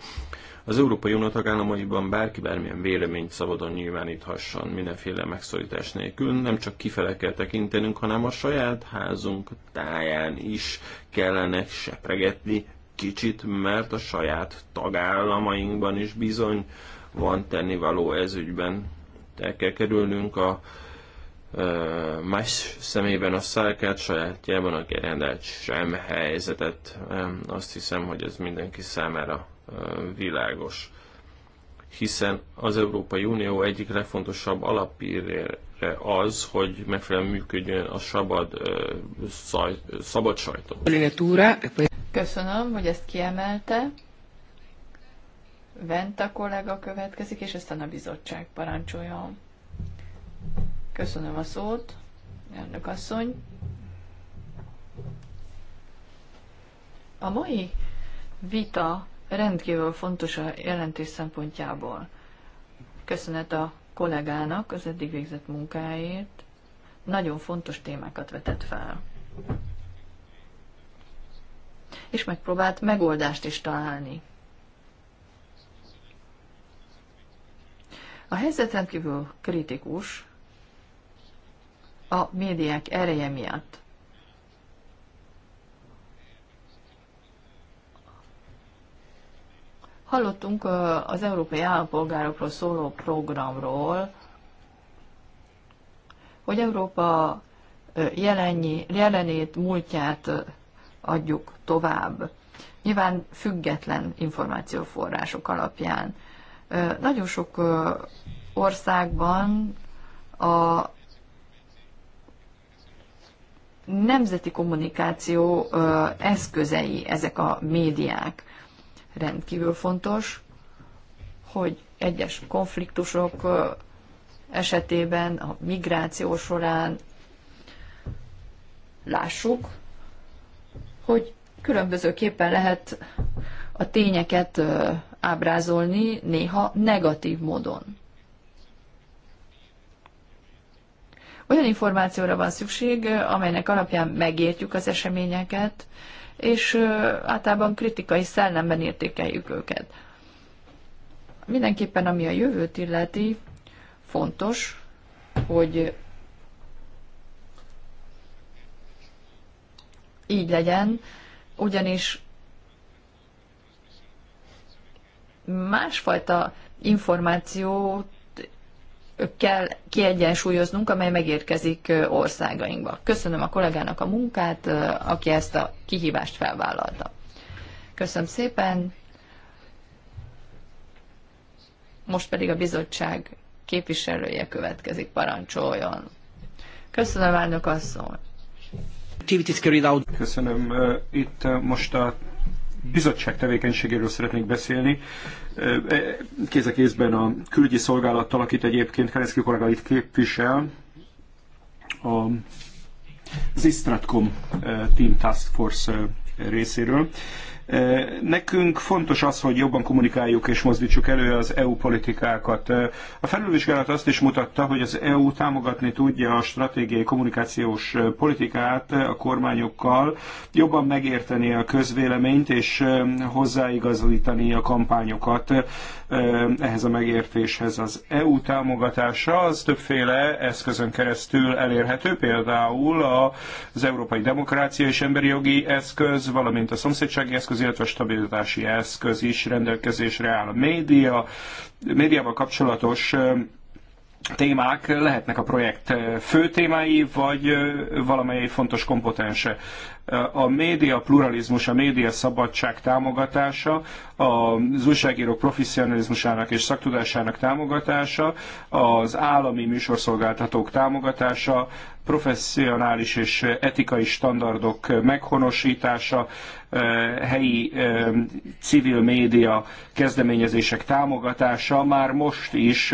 az Európai Unió tagállamaiban bárki bármilyen véleményt szabadon nyilváníthasson mindenféle megszorítás nélkül. Nem csak kifele kell tekintenünk, hanem a saját házunk táján is kellene sepregetni kicsit, mert a saját tagállamainkban is bizony van tennivaló ezügyben. El kell kerülnünk a más szemében a szálkát, sajátjában a gerendelt sem helyzetet. Azt hiszem, hogy ez mindenki számára világos. Hiszen az Európai Unió egyik legfontosabb alapírére az, hogy megfelelően működjön a szabad, szaj, szabad sajtó. Köszönöm, hogy ezt kiemelte. Venta kollega következik, és aztán a bizottság parancsolja. Köszönöm a szót, elnök asszony. A mai vita rendkívül fontos a jelentés szempontjából. Köszönet a kollégának az eddig végzett munkáért. Nagyon fontos témákat vetett fel. És megpróbált megoldást is találni. A helyzet rendkívül kritikus a médiák ereje miatt. Hallottunk az európai állampolgárokról szóló programról, hogy Európa jelennyi, jelenét, múltját adjuk tovább. Nyilván független információforrások alapján. Nagyon sok országban a nemzeti kommunikáció eszközei ezek a médiák rendkívül fontos, hogy egyes konfliktusok esetében a migráció során lássuk, hogy különbözőképpen lehet a tényeket ábrázolni, néha negatív módon. Olyan információra van szükség, amelynek alapján megértjük az eseményeket, és általában kritikai szellemben értékeljük őket. Mindenképpen, ami a jövőt illeti, fontos, hogy így legyen, ugyanis másfajta információt kell kiegyensúlyoznunk, amely megérkezik országainkba. Köszönöm a kollégának a munkát, aki ezt a kihívást felvállalta. Köszönöm szépen. Most pedig a bizottság képviselője következik, parancsoljon. Köszönöm, elnök asszony. Köszönöm. Itt most a bizottság tevékenységéről szeretnék beszélni. E, kéz a kézben a külügyi szolgálattal, akit egyébként Kereszki kollega itt képvisel, a, az Team Task Force részéről. Nekünk fontos az, hogy jobban kommunikáljuk és mozdítsuk elő az EU politikákat. A felülvizsgálat azt is mutatta, hogy az EU támogatni tudja a stratégiai kommunikációs politikát a kormányokkal, jobban megérteni a közvéleményt és hozzáigazolítani a kampányokat ehhez a megértéshez. Az EU támogatása az többféle eszközön keresztül elérhető, például az Európai Demokrácia és Emberi Jogi Eszköz, valamint a szomszédsági eszköz, illetve a stabilitási eszköz is rendelkezésre áll. A média, médiával kapcsolatos témák lehetnek a projekt fő témái, vagy valamely fontos kompetense a média pluralizmus, a média szabadság támogatása, az újságírók professzionalizmusának és szaktudásának támogatása, az állami műsorszolgáltatók támogatása, professzionális és etikai standardok meghonosítása, helyi civil média kezdeményezések támogatása már most is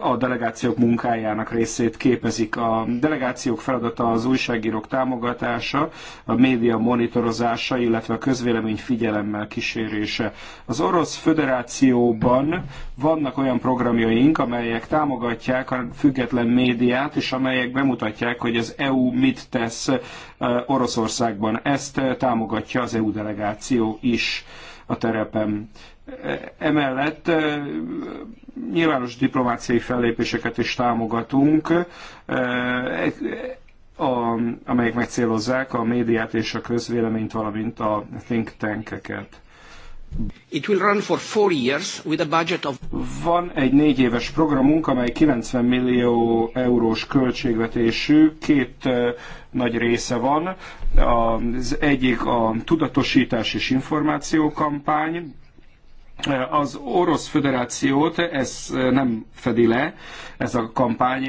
a delegációk munkájának részét képezik. A delegációk feladata az újságírók támogatása, a média monitorozása, illetve a közvélemény figyelemmel kísérése. Az Orosz Föderációban vannak olyan programjaink, amelyek támogatják a független médiát, és amely amelyek bemutatják, hogy az EU mit tesz Oroszországban. Ezt támogatja az EU delegáció is a terepen. Emellett nyilvános diplomáciai fellépéseket is támogatunk, amelyek megcélozzák a médiát és a közvéleményt, valamint a think tankeket. It will run for four years with a budget of... Van egy négy éves programunk, amely 90 millió eurós költségvetésű, két uh, nagy része van. Az egyik a tudatosítás és információ kampány. az Orosz Föderációt ez nem fedi le, ez a kampány,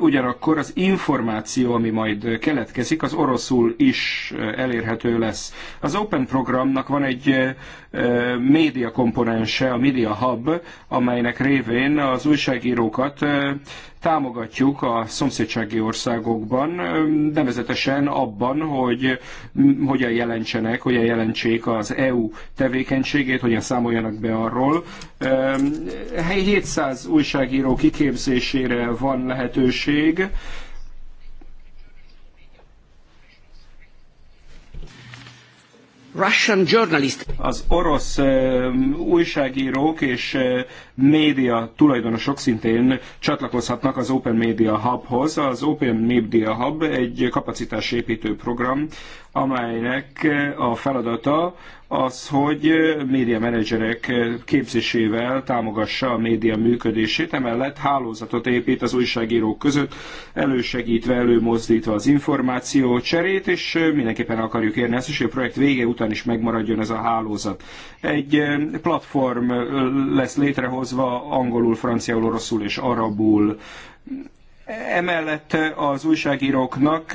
ugyanakkor az információ, ami majd keletkezik, az oroszul is elérhető lesz. Az Open programnak van egy média komponense, a Media Hub, amelynek révén az újságírókat támogatjuk a szomszédsági országokban, nevezetesen abban, hogy hogyan jelentsenek, hogyan jelentsék az EU tevékenységét, hogyan számoljanak be arról. 700 újságíró kiképzésére van lehetőség, Russian journalist. Az orosz eh, újságírók és eh, média tulajdonosok szintén csatlakozhatnak az Open Media Hubhoz. Az Open Media Hub egy kapacitásépítő program, amelynek eh, a feladata az, hogy eh, média menedzserek eh, képzésével támogassa a média működését, emellett hálózatot épít az újságírók között, elősegítve, előmozdítva az információ cserét, és mindenképpen akarjuk érni ezt, és a projekt vége után is megmaradjon ez a hálózat. Egy platform lesz létrehozva angolul, franciául, oroszul és arabul. Emellett az újságíróknak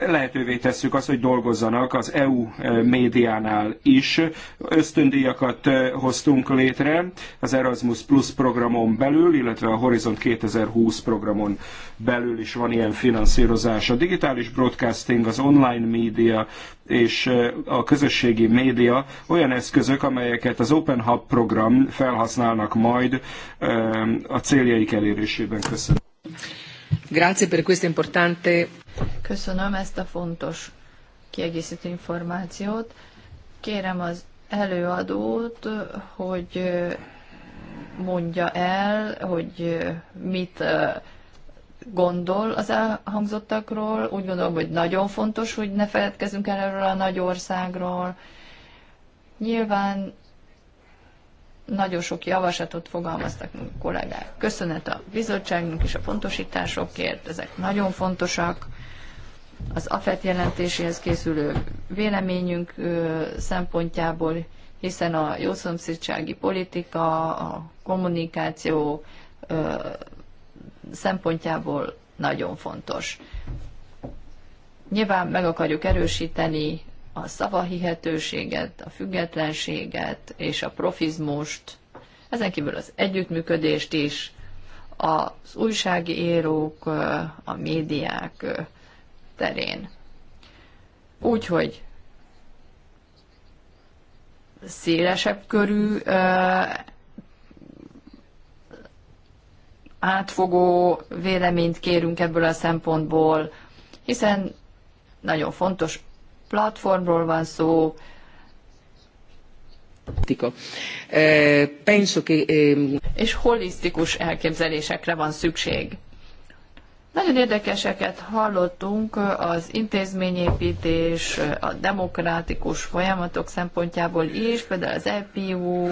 lehetővé tesszük azt, hogy dolgozzanak az EU e, médiánál is. Ösztöndíjakat e, hoztunk létre az Erasmus Plus programon belül, illetve a Horizont 2020 programon belül is van ilyen finanszírozás. A digitális broadcasting, az online média és e, a közösségi média olyan eszközök, amelyeket az Open Hub program felhasználnak majd a céljaik elérésében. Köszönöm. Grazie per questa importante... Köszönöm ezt a fontos kiegészítő információt. Kérem az előadót, hogy mondja el, hogy mit gondol az elhangzottakról. Úgy gondolom, hogy nagyon fontos, hogy ne feledkezzünk el erről a nagy országról. Nyilván nagyon sok javaslatot fogalmaztak meg a kollégák. Köszönet a bizottságnak és a pontosításokért, ezek nagyon fontosak. Az AFET jelentéséhez készülő véleményünk szempontjából, hiszen a jószomszédsági politika, a kommunikáció szempontjából nagyon fontos. Nyilván meg akarjuk erősíteni a szavahihetőséget, a függetlenséget és a profizmust, ezen kívül az együttműködést is, az újságírók, a médiák terén. Úgyhogy szélesebb körű átfogó véleményt kérünk ebből a szempontból, hiszen nagyon fontos platformról van szó. Eh, ehm, És holisztikus elképzelésekre van szükség. Nagyon érdekeseket hallottunk az intézményépítés, a demokratikus folyamatok szempontjából is, például az EPU,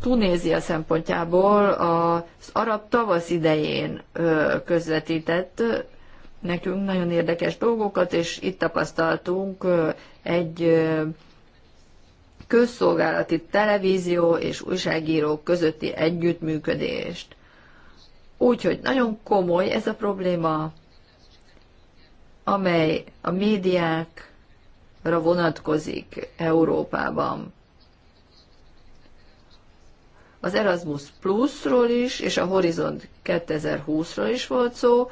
Tunézia szempontjából az arab tavasz idején közvetített nekünk nagyon érdekes dolgokat, és itt tapasztaltunk egy közszolgálati televízió és újságírók közötti együttműködést. Úgyhogy nagyon komoly ez a probléma, amely a médiákra vonatkozik Európában. Az Erasmus Plus-ról is, és a Horizont 2020-ról is volt szó,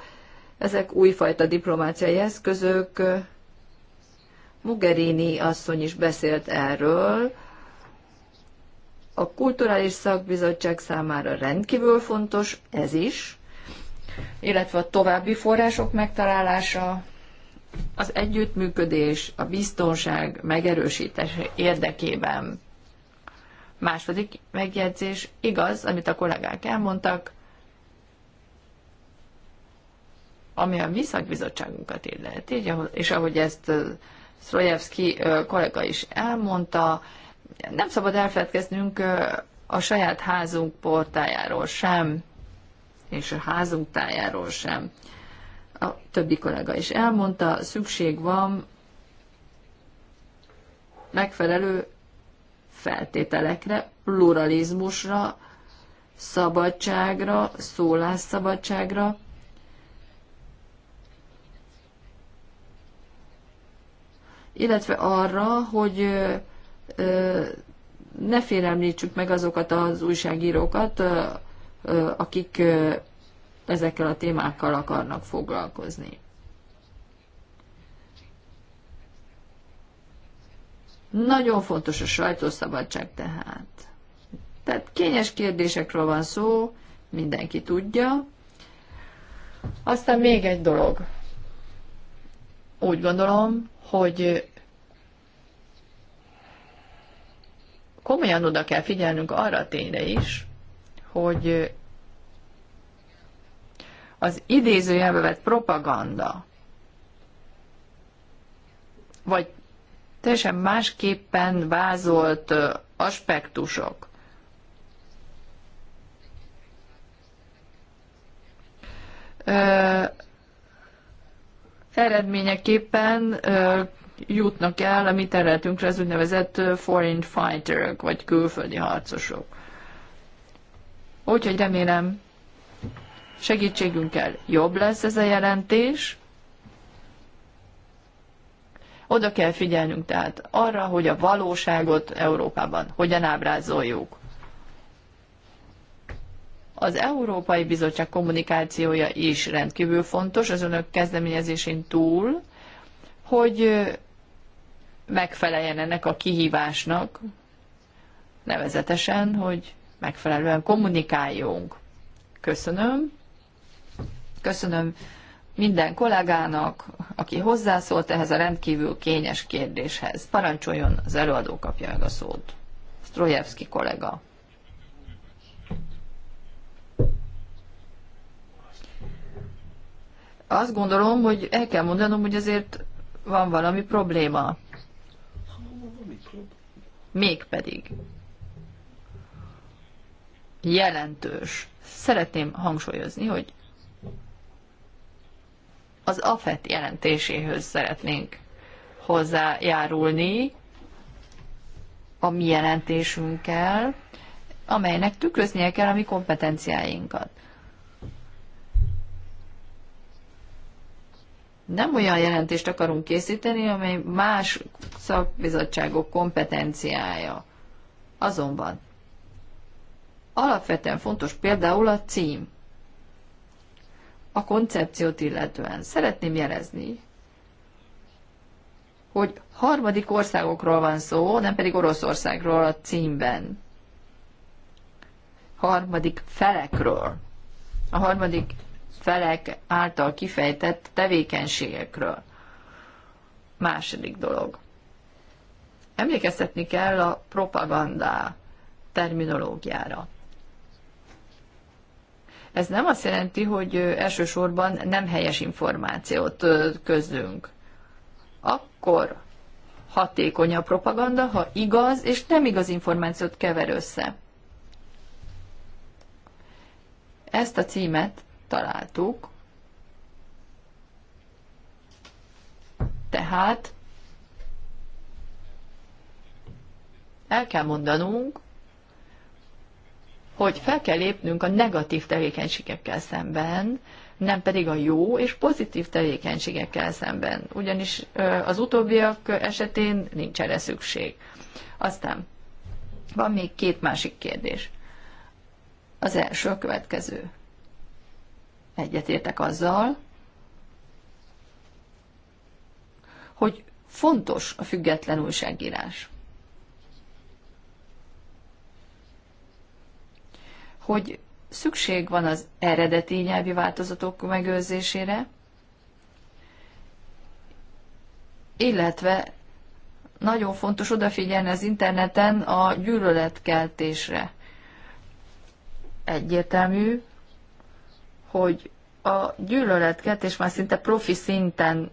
ezek újfajta diplomáciai eszközök. Mugerini asszony is beszélt erről. A Kulturális Szakbizottság számára rendkívül fontos ez is, illetve a további források megtalálása, az együttműködés, a biztonság megerősítése érdekében. Második megjegyzés, igaz, amit a kollégák elmondtak, ami a mi szakbizottságunkat illeti, és ahogy ezt Szrojevszki kollega is elmondta, nem szabad elfeledkeznünk a saját házunk portájáról sem, és a házunk tájáról sem. A többi kollega is elmondta, szükség van megfelelő feltételekre, pluralizmusra, szabadságra, szólásszabadságra, illetve arra, hogy ne félemlítsük meg azokat az újságírókat, akik ezekkel a témákkal akarnak foglalkozni. Nagyon fontos a sajtószabadság tehát. Tehát kényes kérdésekről van szó, mindenki tudja. Aztán még egy dolog. Úgy gondolom, hogy komolyan oda kell figyelnünk arra a tényre is, hogy az idézőjelbe vett propaganda, vagy teljesen másképpen vázolt aspektusok, eredményeképpen jutnak el a mi területünkre az úgynevezett foreign fighterök, vagy külföldi harcosok. Úgyhogy remélem segítségünkkel jobb lesz ez a jelentés. Oda kell figyelnünk tehát arra, hogy a valóságot Európában hogyan ábrázoljuk. Az Európai Bizottság kommunikációja is rendkívül fontos az önök kezdeményezésén túl, hogy megfeleljen ennek a kihívásnak, nevezetesen, hogy megfelelően kommunikáljunk. Köszönöm. Köszönöm minden kollégának, aki hozzászólt ehhez a rendkívül kényes kérdéshez. Parancsoljon, az előadó kapja meg a szót. Strojevski kollega. Azt gondolom, hogy el kell mondanom, hogy azért van valami probléma mégpedig jelentős. Szeretném hangsúlyozni, hogy az AFET jelentéséhöz szeretnénk hozzájárulni a mi jelentésünkkel, amelynek tükröznie kell a mi kompetenciáinkat. nem olyan jelentést akarunk készíteni, amely más szakbizottságok kompetenciája. Azonban alapvetően fontos például a cím. A koncepciót illetően szeretném jelezni, hogy harmadik országokról van szó, nem pedig Oroszországról a címben. Harmadik felekről. A harmadik felek által kifejtett tevékenységekről. Második dolog. Emlékeztetni kell a propaganda terminológiára. Ez nem azt jelenti, hogy elsősorban nem helyes információt közlünk. Akkor hatékony a propaganda, ha igaz és nem igaz információt kever össze. Ezt a címet találtuk. Tehát el kell mondanunk, hogy fel kell lépnünk a negatív tevékenységekkel szemben, nem pedig a jó és pozitív tevékenységekkel szemben, ugyanis az utóbbiak esetén nincs erre szükség. Aztán van még két másik kérdés. Az első a következő egyetértek azzal, hogy fontos a független újságírás. Hogy szükség van az eredeti nyelvi változatok megőrzésére, illetve nagyon fontos odafigyelni az interneten a gyűlöletkeltésre. Egyértelmű, hogy a gyűlöletket, és már szinte profi szinten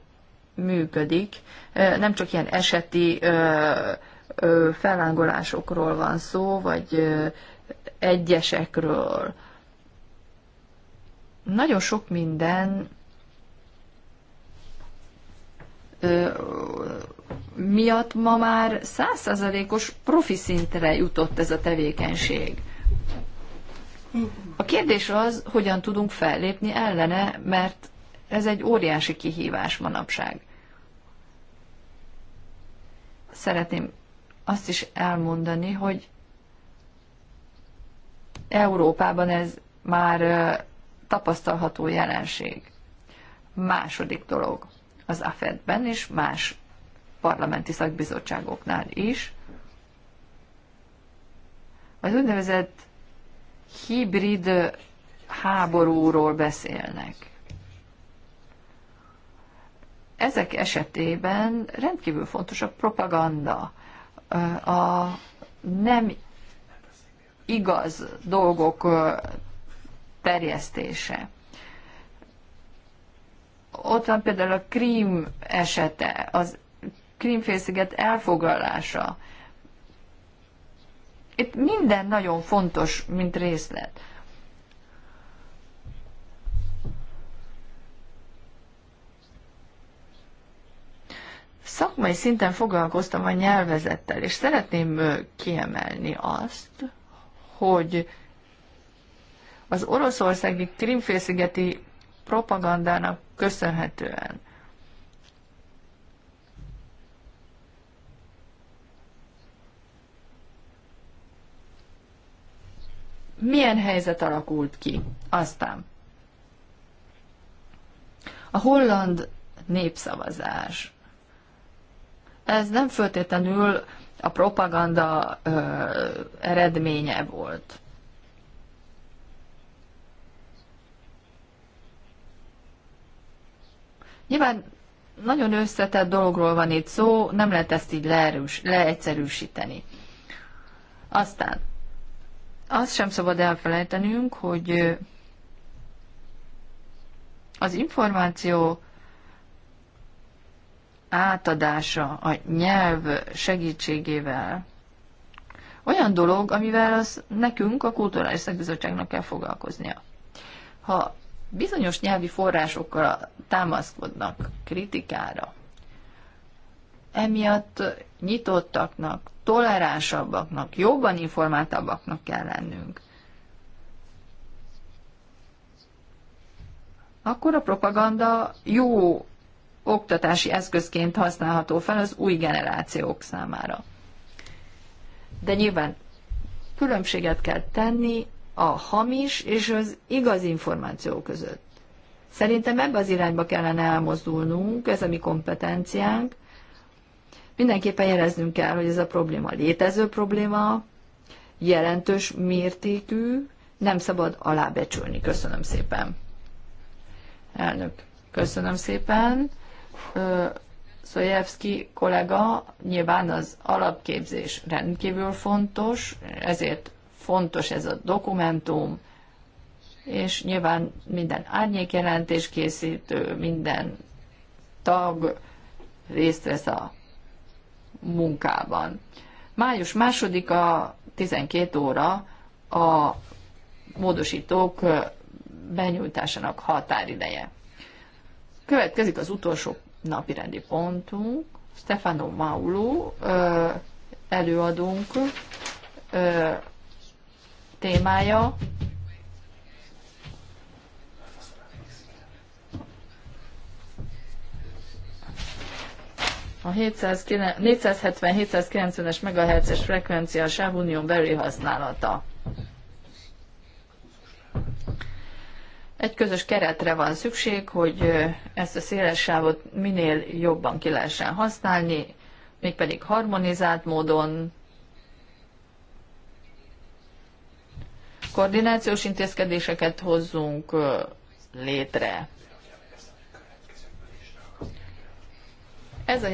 működik, nem csak ilyen eseti fellángolásokról van szó, vagy egyesekről. Nagyon sok minden miatt ma már százszerzalékos profi szintre jutott ez a tevékenység. A kérdés az, hogyan tudunk fellépni ellene, mert ez egy óriási kihívás manapság. Szeretném azt is elmondani, hogy Európában ez már tapasztalható jelenség. Második dolog az AFED-ben és más parlamenti szakbizottságoknál is. Az úgynevezett hibrid háborúról beszélnek. Ezek esetében rendkívül fontos a propaganda, a nem igaz dolgok terjesztése. Ott van például a Krím esete, az Krímfélsziget elfoglalása itt minden nagyon fontos, mint részlet. Szakmai szinten foglalkoztam a nyelvezettel, és szeretném kiemelni azt, hogy az oroszországi krimfélszigeti propagandának köszönhetően milyen helyzet alakult ki. Aztán a holland népszavazás. Ez nem föltétlenül a propaganda ö, eredménye volt. Nyilván nagyon összetett dologról van itt szó, nem lehet ezt így leerős, leegyszerűsíteni. Aztán azt sem szabad elfelejtenünk, hogy az információ átadása a nyelv segítségével olyan dolog, amivel az nekünk, a Kulturális Szakbizottságnak kell foglalkoznia. Ha bizonyos nyelvi forrásokkal támaszkodnak kritikára, emiatt nyitottaknak, toleránsabbaknak, jobban informáltabbaknak kell lennünk. Akkor a propaganda jó oktatási eszközként használható fel az új generációk számára. De nyilván különbséget kell tenni a hamis és az igaz információ között. Szerintem ebbe az irányba kellene elmozdulnunk, ez a mi kompetenciánk, Mindenképpen jeleznünk kell, hogy ez a probléma létező probléma, jelentős mértékű, nem szabad alábecsülni. Köszönöm szépen. Elnök, köszönöm szépen. Szojevski kollega, nyilván az alapképzés rendkívül fontos, ezért fontos ez a dokumentum, és nyilván minden árnyékjelentés készítő, minden tag részt vesz a munkában. Május a 12 óra a módosítók benyújtásának határideje. Következik az utolsó napirendi pontunk, Stefano Maulu előadónk témája a 470-790-es MHz-es frekvencia sávunión belüli használata. Egy közös keretre van szükség, hogy ezt a széles sávot minél jobban ki lehessen használni, mégpedig harmonizált módon, koordinációs intézkedéseket hozzunk létre. Ez a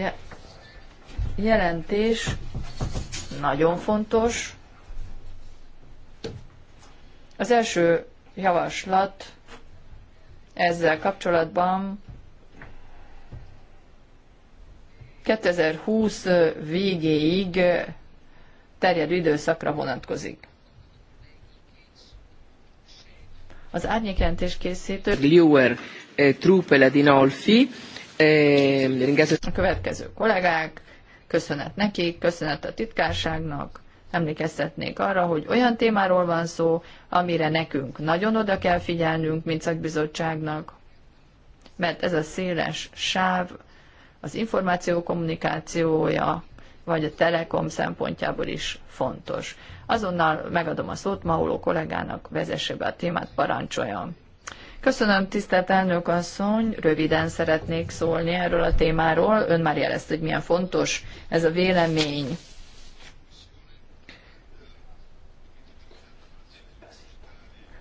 jelentés nagyon fontos. Az első javaslat ezzel kapcsolatban 2020 végéig terjedő időszakra vonatkozik. Az árnyékjelentés készítő Liuer eh, Trupele Dinolfi. Eh, A következő kollégák köszönet nekik, köszönet a titkárságnak, emlékeztetnék arra, hogy olyan témáról van szó, amire nekünk nagyon oda kell figyelnünk, mint szakbizottságnak, mert ez a széles sáv az információ kommunikációja, vagy a telekom szempontjából is fontos. Azonnal megadom a szót Mauló kollégának, vezesse be a témát, parancsoljon. Köszönöm, tisztelt elnök asszony. Röviden szeretnék szólni erről a témáról. Ön már jelezte, hogy milyen fontos ez a vélemény.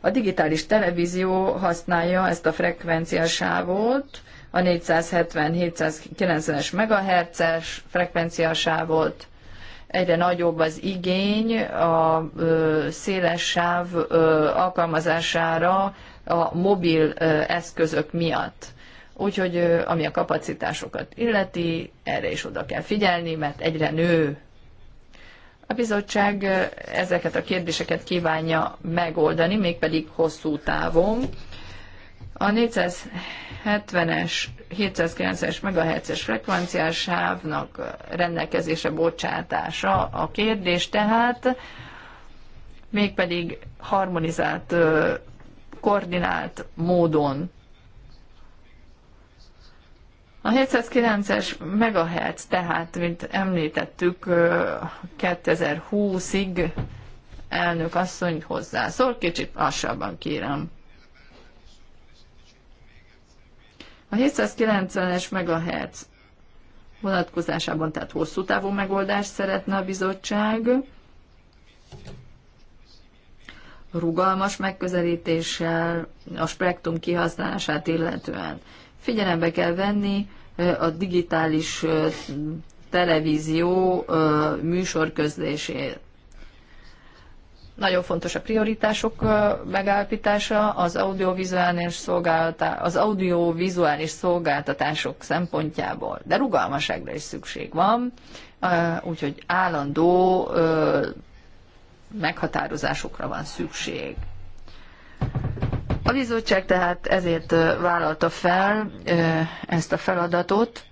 A digitális televízió használja ezt a frekvenciasávot, a 470-790-es megahertzes frekvenciasávot. Egyre nagyobb az igény a széles sáv alkalmazására a mobil eszközök miatt. Úgyhogy ami a kapacitásokat illeti, erre is oda kell figyelni, mert egyre nő. A bizottság ezeket a kérdéseket kívánja megoldani, mégpedig hosszú távon. A 470-es, 790 es MHz-es frekvenciás sávnak rendelkezése bocsátása a kérdés tehát, mégpedig harmonizált koordinált módon. A 709-es megahertz, tehát, mint említettük, 2020-ig elnök asszony hozzászól, kicsit lassabban kérem. A 790-es megahertz vonatkozásában, tehát hosszú távú megoldást szeretne a bizottság rugalmas megközelítéssel a spektrum kihasználását illetően. Figyelembe kell venni a digitális televízió műsorközlését. Nagyon fontos a prioritások megállapítása az audiovizuális, szolgáltatá- az audiovizuális szolgáltatások szempontjából, de rugalmaságra is szükség van, úgyhogy állandó meghatározásokra van szükség. A bizottság tehát ezért vállalta fel ezt a feladatot.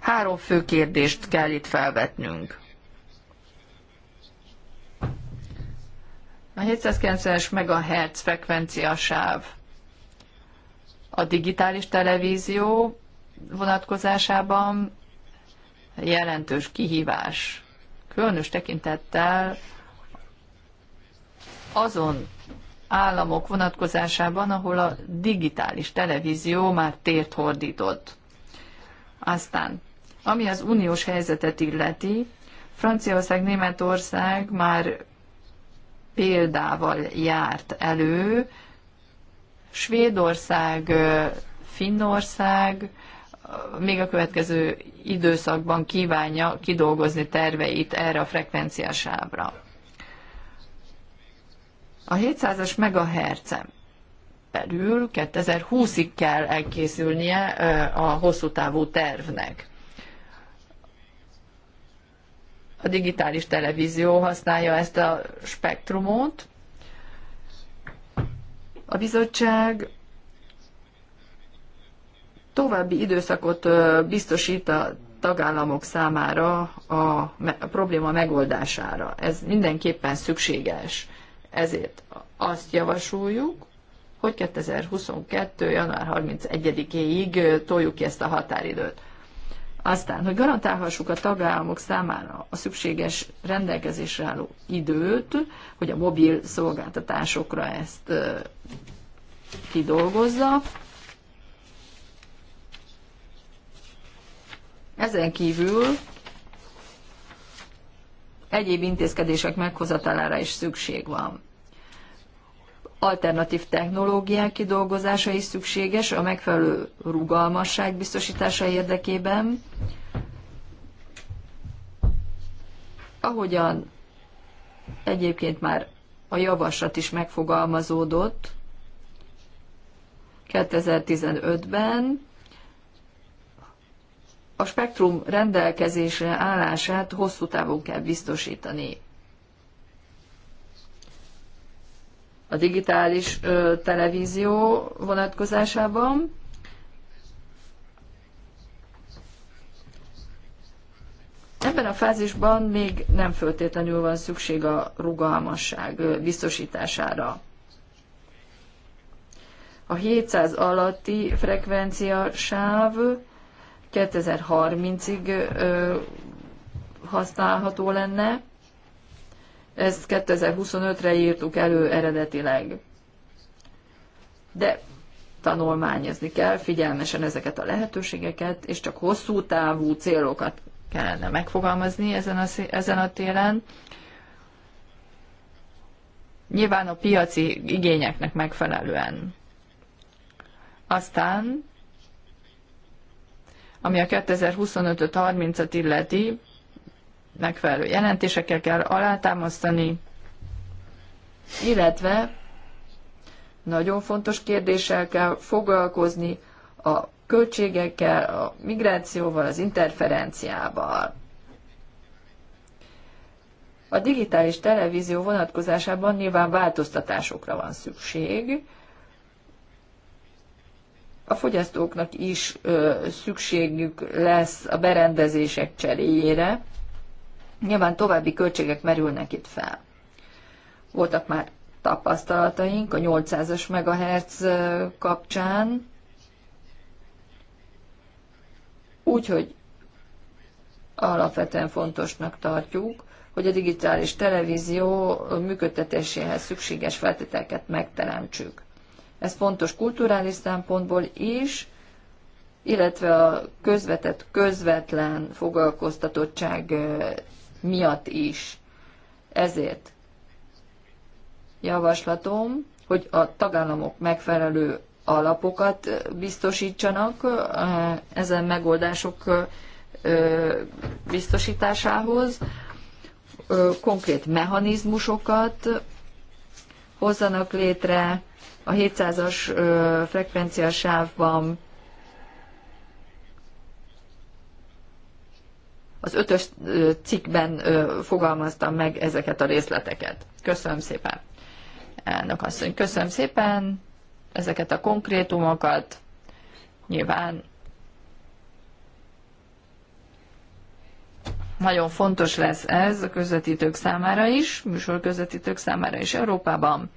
Három fő kérdést kell itt felvetnünk. A 790-es megahertz frekvenciasáv sáv a digitális televízió vonatkozásában jelentős kihívás, különös tekintettel azon államok vonatkozásában, ahol a digitális televízió már tért hordított. Aztán, ami az uniós helyzetet illeti, Franciaország, Németország már példával járt elő, Svédország, Finnország még a következő időszakban kívánja kidolgozni terveit erre a frekvenciás A 700-as MHz belül 2020-ig kell elkészülnie a hosszú távú tervnek. A digitális televízió használja ezt a spektrumot. A bizottság további időszakot biztosít a tagállamok számára a probléma megoldására. Ez mindenképpen szükséges. Ezért azt javasoljuk, hogy 2022. január 31-éig toljuk ki ezt a határidőt. Aztán, hogy garantálhassuk a tagállamok számára a szükséges rendelkezésre álló időt, hogy a mobil szolgáltatásokra ezt kidolgozza, Ezen kívül egyéb intézkedések meghozatalára is szükség van. Alternatív technológiák kidolgozása is szükséges a megfelelő rugalmasság biztosítása érdekében. Ahogyan egyébként már a javaslat is megfogalmazódott 2015-ben, a spektrum rendelkezésre állását hosszú távon kell biztosítani. A digitális ö, televízió vonatkozásában Ebben a fázisban még nem föltétlenül van szükség a rugalmasság biztosítására. A 700 alatti frekvencia sáv 2030-ig használható lenne. Ezt 2025-re írtuk elő eredetileg. De tanulmányozni kell figyelmesen ezeket a lehetőségeket, és csak hosszú távú célokat kellene megfogalmazni ezen a, ezen a téren. Nyilván a piaci igényeknek megfelelően. Aztán ami a 2025 30-at illeti, megfelelő jelentésekkel kell alátámasztani, illetve nagyon fontos kérdéssel kell foglalkozni a költségekkel, a migrációval, az interferenciával. A digitális televízió vonatkozásában nyilván változtatásokra van szükség, a fogyasztóknak is szükségük lesz a berendezések cseréjére. Nyilván további költségek merülnek itt fel. Voltak már tapasztalataink a 800-as MHz kapcsán, úgyhogy alapvetően fontosnak tartjuk, hogy a digitális televízió működtetéséhez szükséges feltételeket megteremtsük. Ez fontos kulturális szempontból is, illetve a közvetett, közvetlen foglalkoztatottság miatt is. Ezért javaslatom, hogy a tagállamok megfelelő alapokat biztosítsanak ezen megoldások biztosításához, konkrét mechanizmusokat hozzanak létre, a 700-as frekvenciás sávban az ötös cikkben fogalmaztam meg ezeket a részleteket. Köszönöm szépen. Elnök asszony, köszönöm szépen ezeket a konkrétumokat. Nyilván nagyon fontos lesz ez a közvetítők számára is, műsor közvetítők számára is Európában.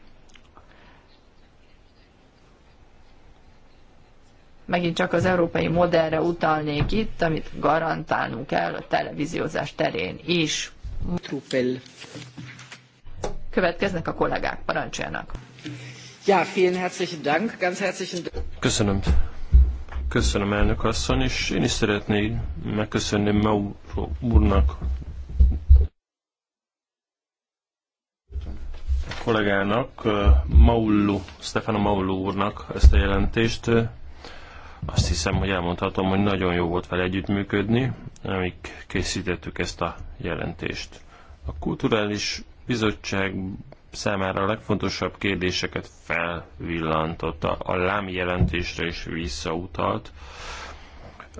megint csak az európai modellre utalnék itt, amit garantálnunk kell a televíziózás terén is. Következnek a kollégák, parancsoljanak. Ja, vielen herzlichen Dank, ganz herzlichen Dank. Köszönöm. Köszönöm elnök asszony, és én is szeretnék megköszönni Mau úrnak, kollégának, Maullu, Stefano Maullu úrnak ezt a jelentést. Azt hiszem, hogy elmondhatom, hogy nagyon jó volt vele együttműködni, amik készítettük ezt a jelentést. A Kulturális Bizottság számára a legfontosabb kérdéseket felvillantotta, a LÁM jelentésre is visszautalt,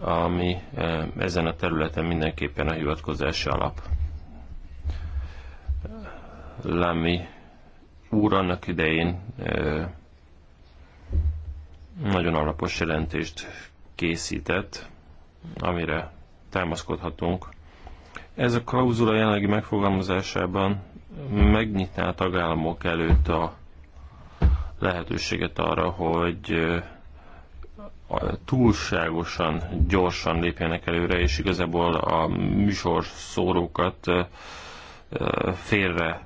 ami eh, ezen a területen mindenképpen a hivatkozási alap. Lami úr annak idején eh, nagyon alapos jelentést készített, amire támaszkodhatunk. Ez a klauzula jelenlegi megfogalmazásában megnyitná a tagállamok előtt a lehetőséget arra, hogy túlságosan gyorsan lépjenek előre, és igazából a műsor szórókat félre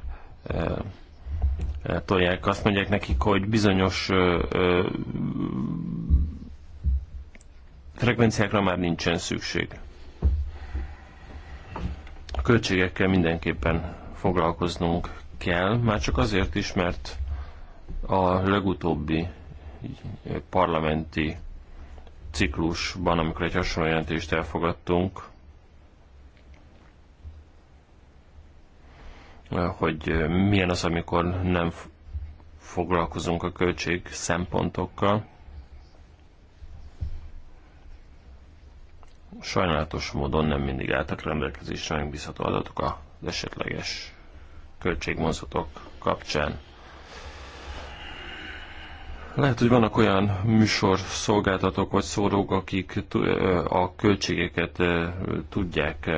tolják. Azt mondják nekik, hogy bizonyos ö, ö, frekvenciákra már nincsen szükség. A költségekkel mindenképpen foglalkoznunk kell, már csak azért is, mert a legutóbbi parlamenti ciklusban, amikor egy hasonló jelentést elfogadtunk, hogy milyen az, amikor nem foglalkozunk a költség szempontokkal. Sajnálatos módon nem mindig álltak rendelkezésre megbízható adatok az esetleges költségmozgatók kapcsán. Lehet, hogy vannak olyan műsor szolgáltatók, vagy szórók, akik a költségeket tudják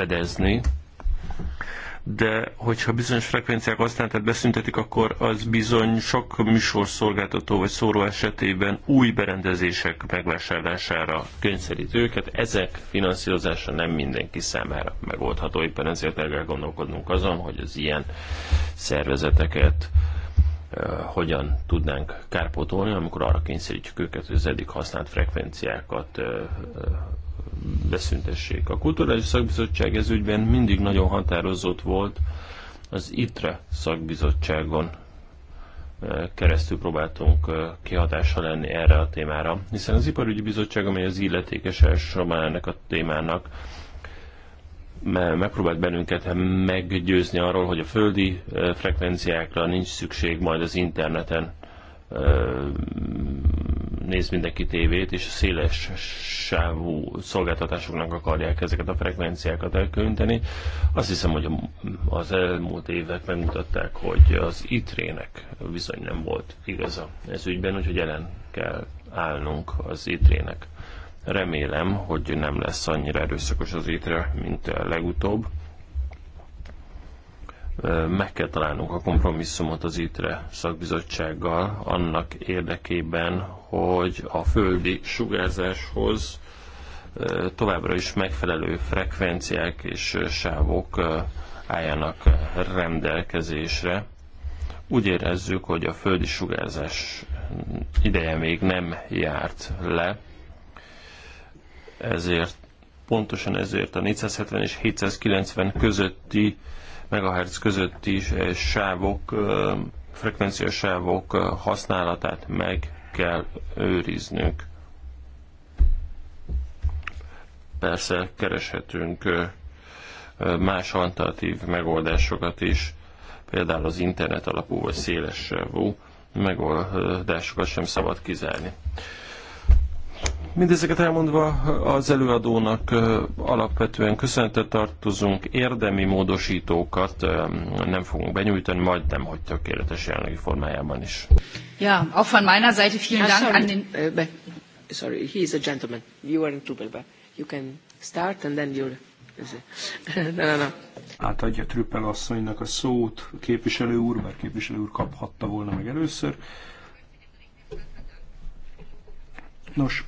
fedezni, de hogyha bizonyos frekvenciák használatát beszüntetik, akkor az bizony sok műsorszolgáltató vagy szóró esetében új berendezések megvásárlására kényszerít őket. Ezek finanszírozása nem mindenki számára megoldható, éppen ezért el kell gondolkodnunk azon, hogy az ilyen szervezeteket eh, hogyan tudnánk kárpótolni, amikor arra kényszerítjük őket, hogy az eddig használt frekvenciákat eh, eh, beszüntessék. A Kulturális Szakbizottság ez ügyben mindig nagyon határozott volt, az ITRE szakbizottságon eh, keresztül próbáltunk eh, kihatással lenni erre a témára, hiszen az Iparügyi Bizottság, amely az illetékes elsősorban ennek a témának, megpróbált bennünket meggyőzni arról, hogy a földi eh, frekvenciákra nincs szükség majd az interneten néz mindenki tévét, és széles sávú szolgáltatásoknak akarják ezeket a frekvenciákat elkönteni. Azt hiszem, hogy az elmúlt évek megmutatták, hogy az ITRE-nek bizony nem volt igaza ez ügyben, úgyhogy ellen kell állnunk az ITRE-nek. Remélem, hogy nem lesz annyira erőszakos az ITRE, mint a legutóbb meg kell találnunk a kompromisszumot az ITRE szakbizottsággal annak érdekében, hogy a földi sugárzáshoz továbbra is megfelelő frekvenciák és sávok álljanak rendelkezésre. Úgy érezzük, hogy a földi sugárzás ideje még nem járt le, ezért pontosan ezért a 470 és 790 közötti MHz közötti eh, sávok, eh, frekvenciás sávok eh, használatát meg kell őriznünk. Persze kereshetünk más alternatív megoldásokat is, például az internet alapú vagy széles sávú megoldásokat sem szabad kizárni. Mindezeket elmondva az előadónak alapvetően köszönetet tartozunk, érdemi módosítókat nem fogunk benyújtani, majd nem hogy tökéletes jelenlegi formájában is. Ja, auch von meiner Seite vielen Dank sorry. an den... Äh, sorry, he is a gentleman. You are in trouble, but You can start and then you'll... Átadja Trüppel asszonynak a szót, képviselő úr, mert képviselő úr kaphatta volna meg először. Nos,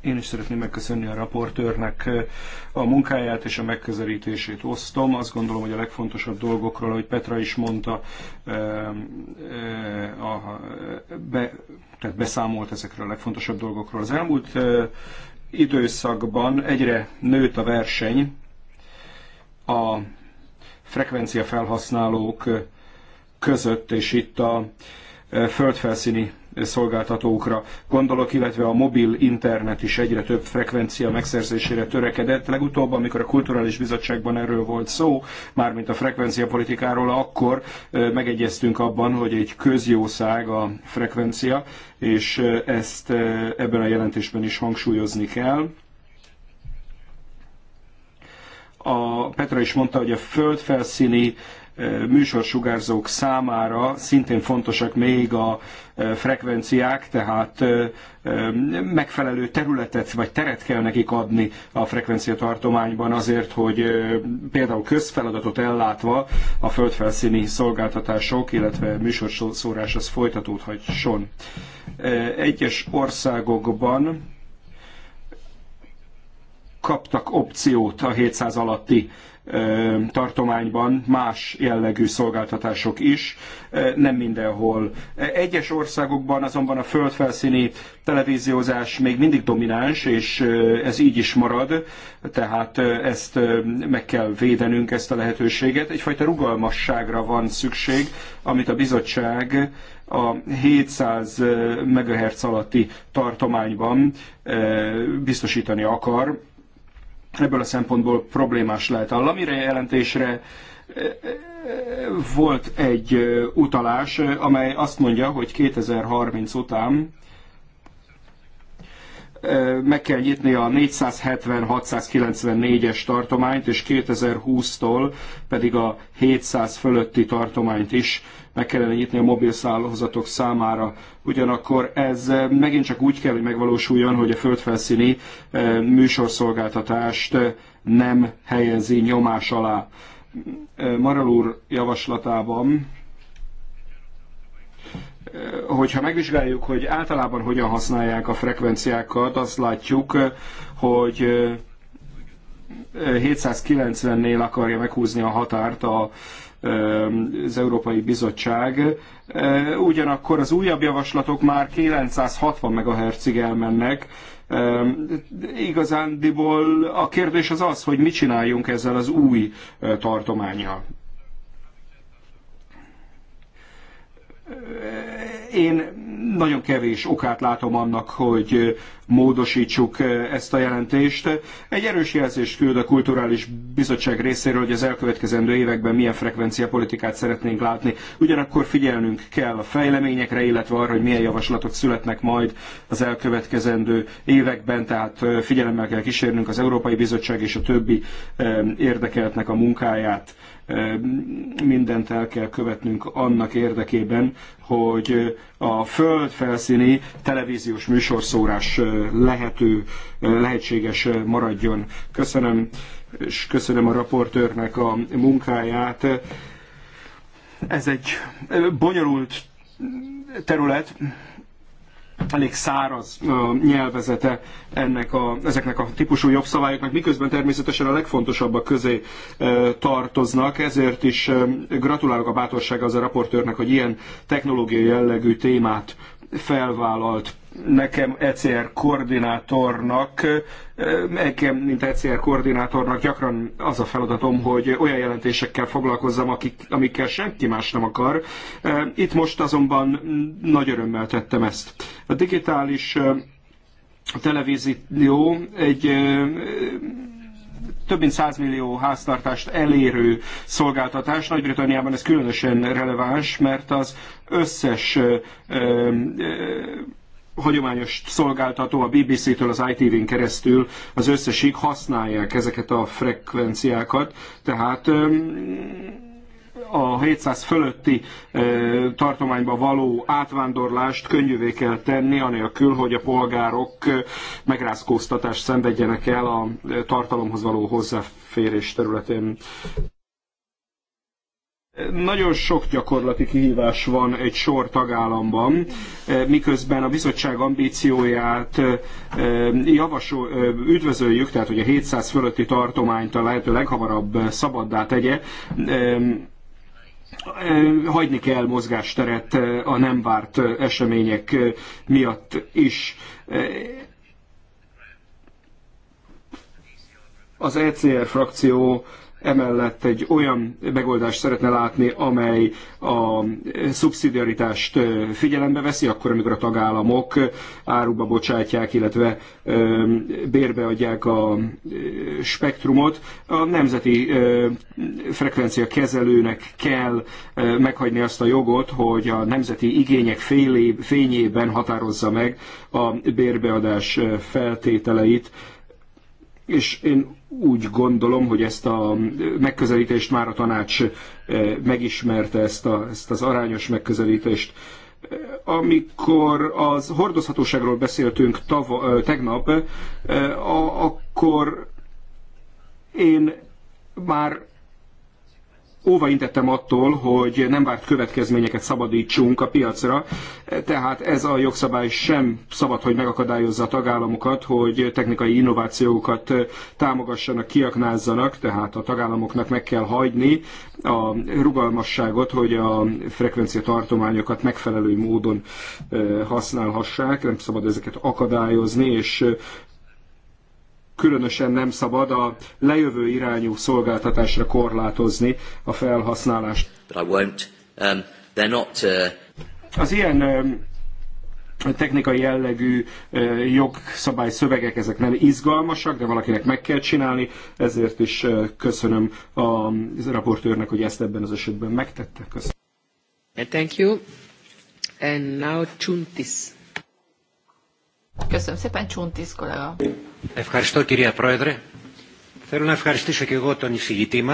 én is szeretném megköszönni a raportőrnek eh, a munkáját és a megközelítését osztom. Azt gondolom, hogy a legfontosabb dolgokról, hogy Petra is mondta, eh, eh, a, be, tehát beszámolt ezekről a legfontosabb dolgokról. Az elmúlt időszakban egyre nőtt a verseny a frekvencia felhasználók között, és itt a földfelszíni szolgáltatókra gondolok, illetve a mobil internet is egyre több frekvencia megszerzésére törekedett. Legutóbb, amikor a Kulturális Bizottságban erről volt szó, mármint a frekvenciapolitikáról, akkor megegyeztünk abban, hogy egy közjószág a frekvencia, és ezt ebben a jelentésben is hangsúlyozni kell a Petra is mondta, hogy a földfelszíni műsorsugárzók számára szintén fontosak még a frekvenciák, tehát megfelelő területet vagy teret kell nekik adni a frekvenciatartományban azért, hogy például közfeladatot ellátva a földfelszíni szolgáltatások, illetve műsorszórás az folytatódhasson. Egyes országokban kaptak opciót a 700 alatti tartományban más jellegű szolgáltatások is, nem mindenhol. Egyes országokban azonban a földfelszíni televíziózás még mindig domináns, és ez így is marad, tehát ezt meg kell védenünk, ezt a lehetőséget. Egyfajta rugalmasságra van szükség, amit a bizottság a 700 MHz alatti tartományban biztosítani akar, ebből a szempontból problémás lehet. A Lamire jelentésre eh, eh, volt egy eh, utalás, amely azt mondja, hogy 2030 után meg kell nyitni a 470-694-es tartományt, és 2020-tól pedig a 700 fölötti tartományt is meg kellene nyitni a mobil számára ugyanakkor ez eh, megint csak úgy kell, hogy megvalósuljon, hogy a földfelszíni eh, műsorszolgáltatást eh, nem helyezi nyomás alá. Maral úr javaslatában hogyha megvizsgáljuk, hogy általában hogyan használják a frekvenciákat, azt látjuk, hogy 790-nél akarja meghúzni a határt a, az Európai Bizottság. Ugyanakkor az újabb javaslatok már 960 MHz-ig elmennek. Igazándiból a kérdés az az, hogy mit csináljunk ezzel az új eh, tartományjal. én nagyon kevés okát látom annak, hogy módosítsuk ezt a jelentést. Egy erős jelzést küld a Kulturális Bizottság részéről, hogy az elkövetkezendő években milyen frekvencia politikát szeretnénk látni. Ugyanakkor figyelnünk kell a fejleményekre, illetve arra, hogy milyen javaslatok születnek majd az elkövetkezendő években, tehát figyelemmel kell kísérnünk az Európai Bizottság és a többi érdekeltnek a munkáját mindent el kell követnünk annak érdekében, hogy a földfelszíni televíziós műsorszórás lehető, lehetséges maradjon. Köszönöm, és köszönöm a raportőrnek a munkáját. Ez egy bonyolult terület, elég száraz nyelvezete ennek a, ezeknek a típusú jogszabályoknak, miközben természetesen a legfontosabbak közé tartoznak, ezért is gratulálok a bátorsága az a raportőrnek, hogy ilyen technológiai jellegű témát felvállalt nekem ECR koordinátornak, nekem, mint ECR koordinátornak gyakran az a feladatom, hogy olyan jelentésekkel foglalkozzam, akik, amikkel senki más nem akar. Itt most azonban nagy örömmel tettem ezt. A digitális televízió egy több mint 100 millió háztartást elérő szolgáltatás. Nagy-Britanniában ez különösen releváns, mert az összes ö, ö, hagyományos szolgáltató a BBC-től az ITV-n keresztül az összesig használják ezeket a frekvenciákat, tehát a 700 fölötti tartományba való átvándorlást könnyűvé kell tenni, anélkül, hogy a polgárok megrázkóztatást szenvedjenek el a tartalomhoz való hozzáférés területén. Nagyon sok gyakorlati kihívás van egy sor tagállamban, miközben a bizottság ambícióját javasol, üdvözöljük, tehát hogy a 700 fölötti tartományt a lehető leghamarabb szabaddá tegye hagyni kell mozgásteret a nem várt események miatt is. Az ECR frakció emellett egy olyan megoldást szeretne látni, amely a szubszidiaritást figyelembe veszi, akkor, amikor a tagállamok áruba bocsátják, illetve bérbe adják a spektrumot, a nemzeti frekvencia kezelőnek kell meghagyni azt a jogot, hogy a nemzeti igények fényében határozza meg a bérbeadás feltételeit. És én úgy gondolom, hogy ezt a megközelítést már a tanács eh, megismerte, ezt, a, ezt az arányos megközelítést. Amikor az hordozhatóságról beszéltünk tava, eh, tegnap, eh, akkor én már óva intettem attól, hogy nem várt következményeket szabadítsunk a piacra, tehát ez a jogszabály sem szabad, hogy megakadályozza a tagállamokat, hogy technikai innovációkat támogassanak, kiaknázzanak, tehát a tagállamoknak meg kell hagyni a rugalmasságot, hogy a frekvencia tartományokat megfelelő módon eh, használhassák, nem szabad ezeket akadályozni, és különösen nem szabad a lejövő irányú szolgáltatásra korlátozni a felhasználást. Um, uh, az ilyen um, technikai jellegű uh, jogszabály szövegek, ezek nem izgalmasak, de valakinek meg kell csinálni, ezért is uh, köszönöm a raportőrnek, hogy ezt ebben az esetben megtette. Köszönöm. Thank you. And now Chuntis. Köszönöm szépen, Csuntis kollega. Ευχαριστώ, κυρία Πρόεδρε. Θέλω να ευχαριστήσω και εγώ τον εισηγητή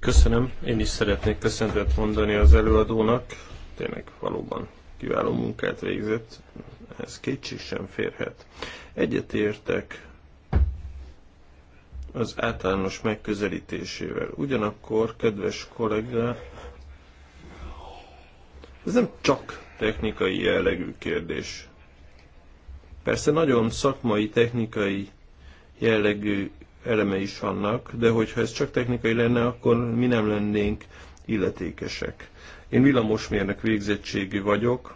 Köszönöm, én is szeretnék köszöntet mondani az előadónak. Tényleg valóban kiváló munkát végzett, ez kétség sem férhet. Egyetértek az általános megközelítésével. Ugyanakkor, kedves kollega, ez nem csak technikai jellegű kérdés. Persze nagyon szakmai, technikai jellegű eleme is vannak, de hogyha ez csak technikai lenne, akkor mi nem lennénk illetékesek. Én villamosmérnök végzettségű vagyok,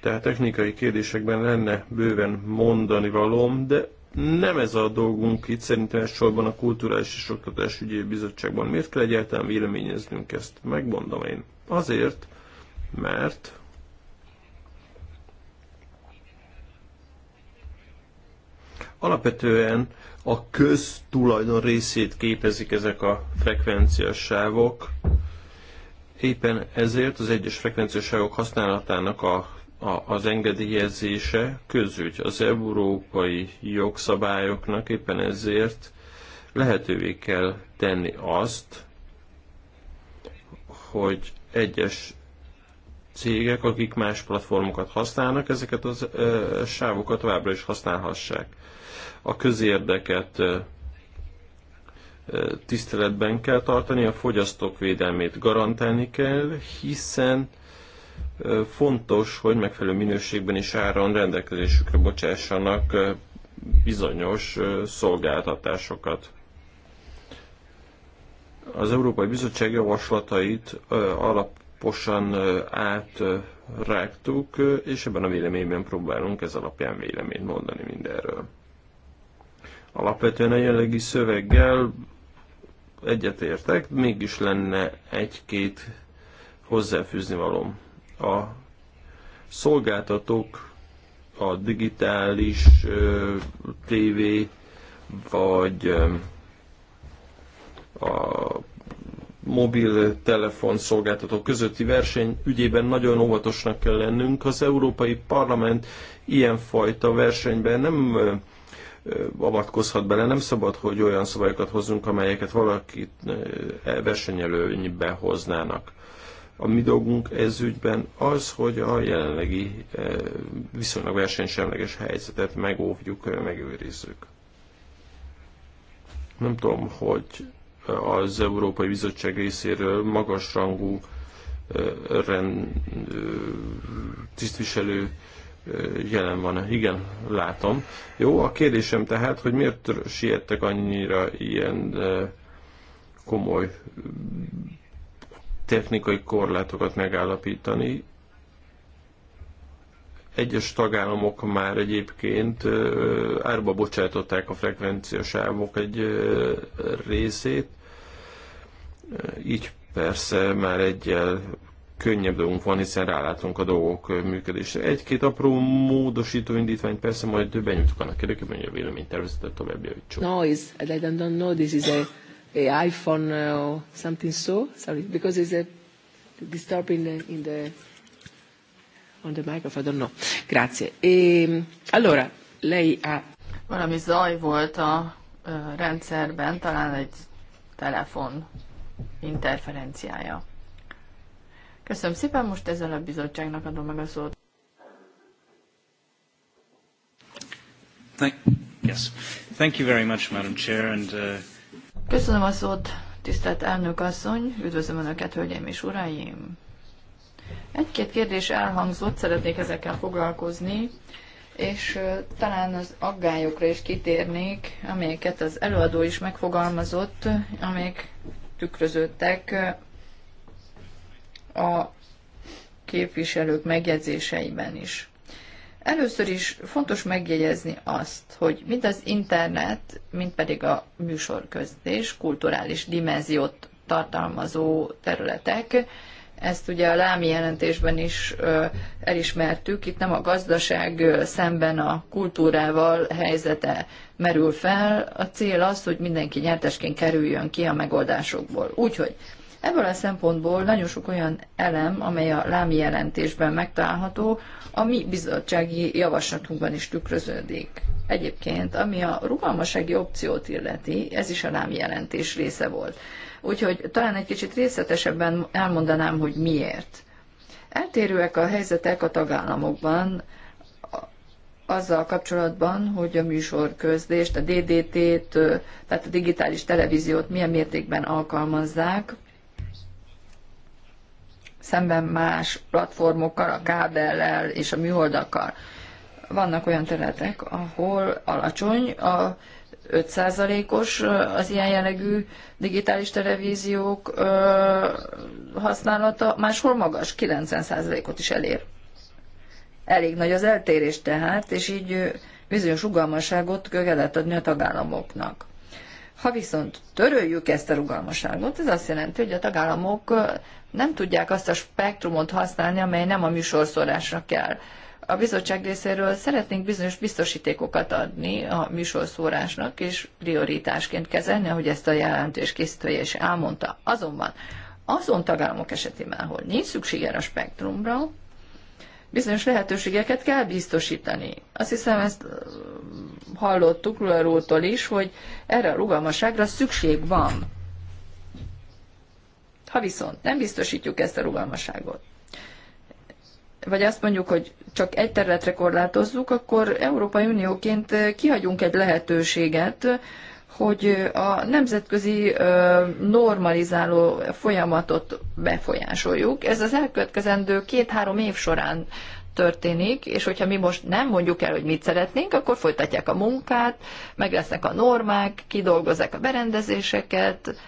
tehát technikai kérdésekben lenne bőven mondani valóm, de nem ez a dolgunk itt, szerintem elsősorban a Kulturális és Ügyi Bizottságban. Miért kell egyáltalán véleményeznünk ezt? Megmondom én. Azért, mert Alapvetően a köztulajdon részét képezik ezek a frekvenciás sávok. Éppen ezért az egyes frekvenciás sávok használatának a, a, az engedélyezése közügy az európai jogszabályoknak éppen ezért lehetővé kell tenni azt, hogy egyes cégek, akik más platformokat használnak, ezeket a sávokat továbbra is használhassák a közérdeket tiszteletben kell tartani, a fogyasztók védelmét garantálni kell, hiszen fontos, hogy megfelelő minőségben és áron rendelkezésükre bocsássanak bizonyos szolgáltatásokat. Az Európai Bizottság javaslatait alaposan átrágtuk, és ebben a véleményben próbálunk ez alapján véleményt mondani mindenről. Alapvetően a jelenlegi szöveggel egyetértek, mégis lenne egy-két hozzáfűzni valom. A szolgáltatók a digitális ö, vagy ö, a mobiltelefon szolgáltató közötti verseny ügyében nagyon óvatosnak kell lennünk. Az Európai Parlament ilyenfajta versenyben nem avatkozhat bele. Nem szabad, hogy olyan szabályokat hozzunk, amelyeket valakit e, versenyelőnybe hoznának. A mi dolgunk ez ügyben az, hogy a jelenlegi viszonylag versenysemleges helyzetet megóvjuk, megőrizzük. Nem tudom, hogy az Európai Bizottság részéről magasrangú rend, tisztviselő jelen van. Igen, látom. Jó, a kérdésem tehát, hogy miért siettek annyira ilyen komoly technikai korlátokat megállapítani. Egyes tagállamok már egyébként árba bocsátották a frekvenciasávok egy részét, így persze már egyel könnyebb dolgunk van, hiszen rálátunk a dolgok működésre. Egy-két apró módosító indítványt persze majd benyújtuk annak érdekében, hogy a tervezetet tovább javítsuk. is, I don't, know, this is a, a iPhone uh, or something so, sorry, because it's a disturbing in the, in the on the microphone, I don't know. Grazie. E, allora, lei ha... Valami zaj volt a rendszerben, talán egy telefon interferenciája. Köszönöm szépen, most ezen a bizottságnak adom meg a szót. Thank, yes. Thank you very much, Madam Chair, and, uh... Köszönöm a szót, tisztelt elnök asszony, üdvözlöm Önöket, hölgyeim és uraim. Egy-két kérdés elhangzott, szeretnék ezekkel foglalkozni, és talán az aggályokra is kitérnék, amelyeket az előadó is megfogalmazott, amelyek tükröződtek a képviselők megjegyzéseiben is. Először is fontos megjegyezni azt, hogy mind az internet, mind pedig a műsorközlés kulturális dimenziót tartalmazó területek. Ezt ugye a lámi jelentésben is elismertük, itt nem a gazdaság szemben a kultúrával helyzete merül fel, a cél az, hogy mindenki nyertesként kerüljön ki a megoldásokból. Úgyhogy Ebből a szempontból nagyon sok olyan elem, amely a lámi jelentésben megtalálható, a mi bizottsági javaslatunkban is tükröződik. Egyébként, ami a rugalmasági opciót illeti, ez is a lámi jelentés része volt. Úgyhogy talán egy kicsit részletesebben elmondanám, hogy miért. Eltérőek a helyzetek a tagállamokban, azzal kapcsolatban, hogy a műsor közlést, a DDT-t, tehát a digitális televíziót milyen mértékben alkalmazzák, szemben más platformokkal, a kábellel és a műholdakkal. Vannak olyan területek, ahol alacsony a 5%-os az ilyen jellegű digitális televíziók használata, máshol magas, 90%-ot is elér. Elég nagy az eltérés tehát, és így bizonyos rugalmasságot kellett adni a tagállamoknak. Ha viszont töröljük ezt a rugalmasságot, ez azt jelenti, hogy a tagállamok nem tudják azt a spektrumot használni, amely nem a műsorszórásra kell. A bizottság részéről szeretnénk bizonyos biztosítékokat adni a műsorszórásnak, és prioritásként kezelni, ahogy ezt a jelentés készítője is elmondta. Azonban azon tagállamok esetében, ahol nincs szükség erre a spektrumra, bizonyos lehetőségeket kell biztosítani. Azt hiszem, ezt hallottuk Luerótól is, hogy erre a rugalmasságra szükség van. Ha viszont nem biztosítjuk ezt a rugalmasságot, vagy azt mondjuk, hogy csak egy területre korlátozzuk, akkor Európai Unióként kihagyunk egy lehetőséget, hogy a nemzetközi normalizáló folyamatot befolyásoljuk. Ez az elkövetkezendő két-három év során történik, és hogyha mi most nem mondjuk el, hogy mit szeretnénk, akkor folytatják a munkát, meg lesznek a normák, kidolgozzák a berendezéseket,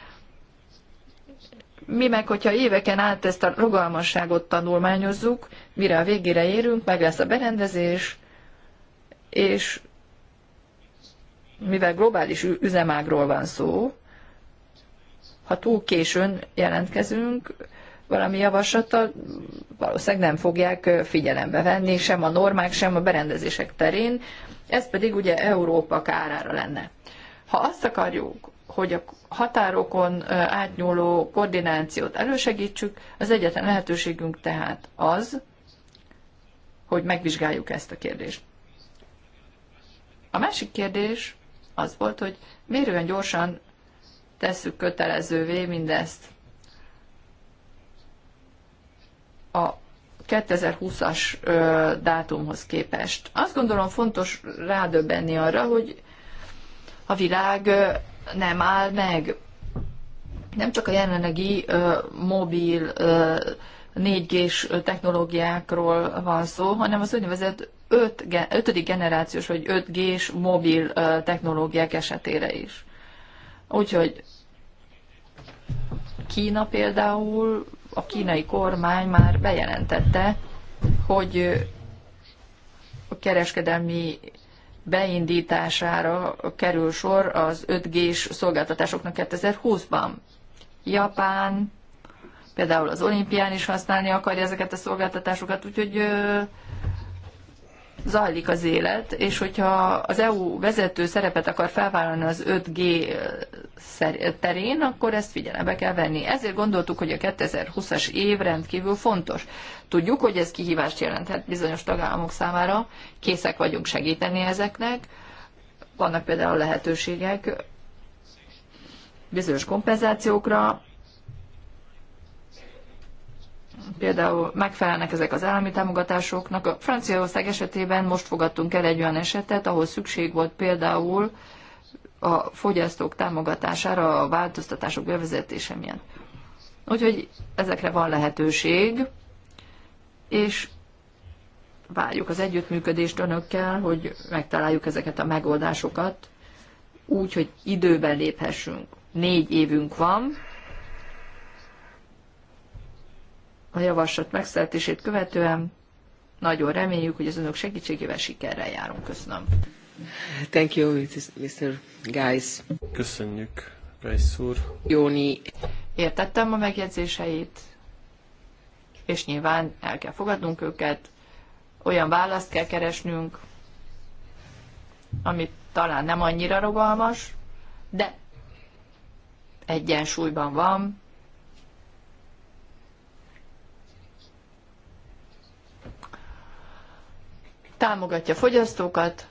mi meg, hogyha éveken át ezt a rugalmasságot tanulmányozzuk, mire a végére érünk, meg lesz a berendezés, és mivel globális üzemágról van szó, ha túl későn jelentkezünk, valami javaslata valószínűleg nem fogják figyelembe venni, sem a normák, sem a berendezések terén, ez pedig ugye Európa kárára lenne. Ha azt akarjuk, hogy a határokon átnyúló koordinációt elősegítsük. Az egyetlen lehetőségünk tehát az, hogy megvizsgáljuk ezt a kérdést. A másik kérdés az volt, hogy miért olyan gyorsan tesszük kötelezővé mindezt. A 2020-as dátumhoz képest. Azt gondolom fontos rádöbbenni arra, hogy a világ nem áll meg. Nem csak a jelenlegi uh, mobil uh, 4G-s technológiákról van szó, hanem az úgynevezett 5, 5. generációs vagy 5G-s mobil uh, technológiák esetére is. Úgyhogy Kína például, a kínai kormány már bejelentette, hogy a kereskedelmi beindítására kerül sor az 5G-s szolgáltatásoknak 2020-ban. Japán például az olimpián is használni akarja ezeket a szolgáltatásokat, úgyhogy zajlik az élet, és hogyha az EU vezető szerepet akar felvállalni az 5G terén, akkor ezt figyelembe kell venni. Ezért gondoltuk, hogy a 2020-as év rendkívül fontos. Tudjuk, hogy ez kihívást jelenthet bizonyos tagállamok számára, készek vagyunk segíteni ezeknek, vannak például lehetőségek bizonyos kompenzációkra, például megfelelnek ezek az állami támogatásoknak. A Franciaország esetében most fogadtunk el egy olyan esetet, ahol szükség volt például a fogyasztók támogatására a változtatások bevezetése miatt. Úgyhogy ezekre van lehetőség, és várjuk az együttműködést önökkel, hogy megtaláljuk ezeket a megoldásokat, úgy, hogy időben léphessünk. Négy évünk van, a javaslat megszületését követően. Nagyon reméljük, hogy az önök segítségével sikerrel járunk. Köszönöm. Thank you, Mr. Guys. Köszönjük, Guys úr. Jóni. Értettem a megjegyzéseit, és nyilván el kell fogadnunk őket. Olyan választ kell keresnünk, ami talán nem annyira rogalmas, de egyensúlyban van, támogatja a fogyasztókat,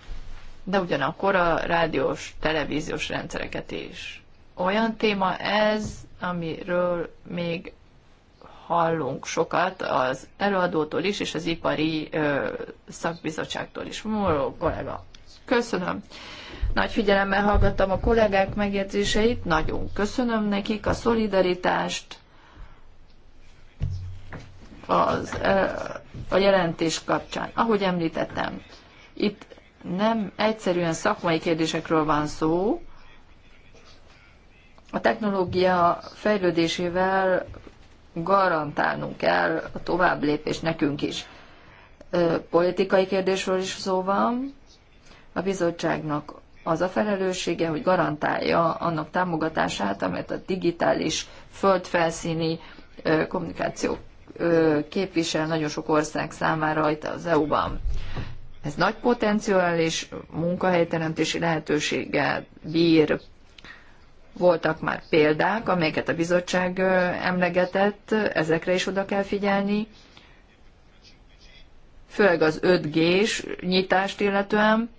de ugyanakkor a rádiós, televíziós rendszereket is. Olyan téma ez, amiről még hallunk sokat az előadótól is, és az ipari ö, szakbizottságtól is. Móró kollega, köszönöm. Nagy figyelemmel hallgattam a kollégák megjegyzéseit, nagyon köszönöm nekik a szolidaritást, az, a jelentés kapcsán. Ahogy említettem, itt nem egyszerűen szakmai kérdésekről van szó, a technológia fejlődésével garantálnunk kell a tovább lépés nekünk is. Politikai kérdésről is szó van. A bizottságnak az a felelőssége, hogy garantálja annak támogatását, amelyet a digitális földfelszíni kommunikáció képvisel nagyon sok ország számára itt az EU-ban. Ez nagy potenciális munkahelyteremtési lehetőséggel bír. Voltak már példák, amelyeket a bizottság emlegetett, ezekre is oda kell figyelni, főleg az 5G-s nyitást illetően,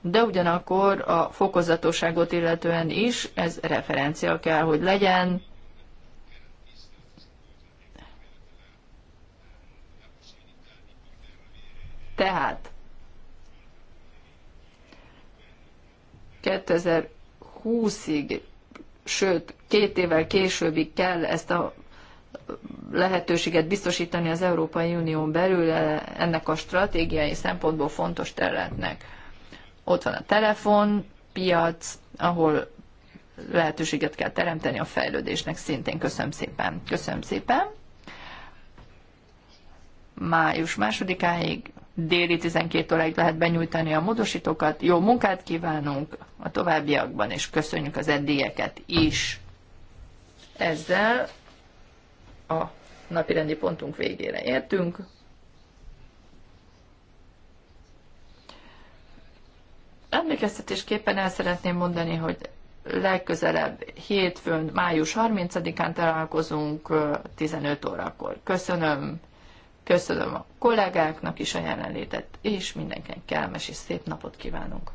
de ugyanakkor a fokozatosságot illetően is ez referencia kell, hogy legyen, Tehát 2020-ig, sőt, két évvel későbbig kell ezt a lehetőséget biztosítani az Európai Unión belül e, ennek a stratégiai szempontból fontos területnek. Ott van a telefon, piac, ahol lehetőséget kell teremteni a fejlődésnek szintén. Köszönöm szépen. Köszönöm szépen. Május másodikáig déli 12 óráig lehet benyújtani a módosítókat. Jó munkát kívánunk a továbbiakban, és köszönjük az eddieket is. Ezzel a napirendi pontunk végére értünk. Emlékeztetésképpen el szeretném mondani, hogy legközelebb hétfőn, május 30-án találkozunk 15 órakor. Köszönöm Köszönöm a kollégáknak is a jelenlétet, és mindenkinek kellemes és szép napot kívánunk!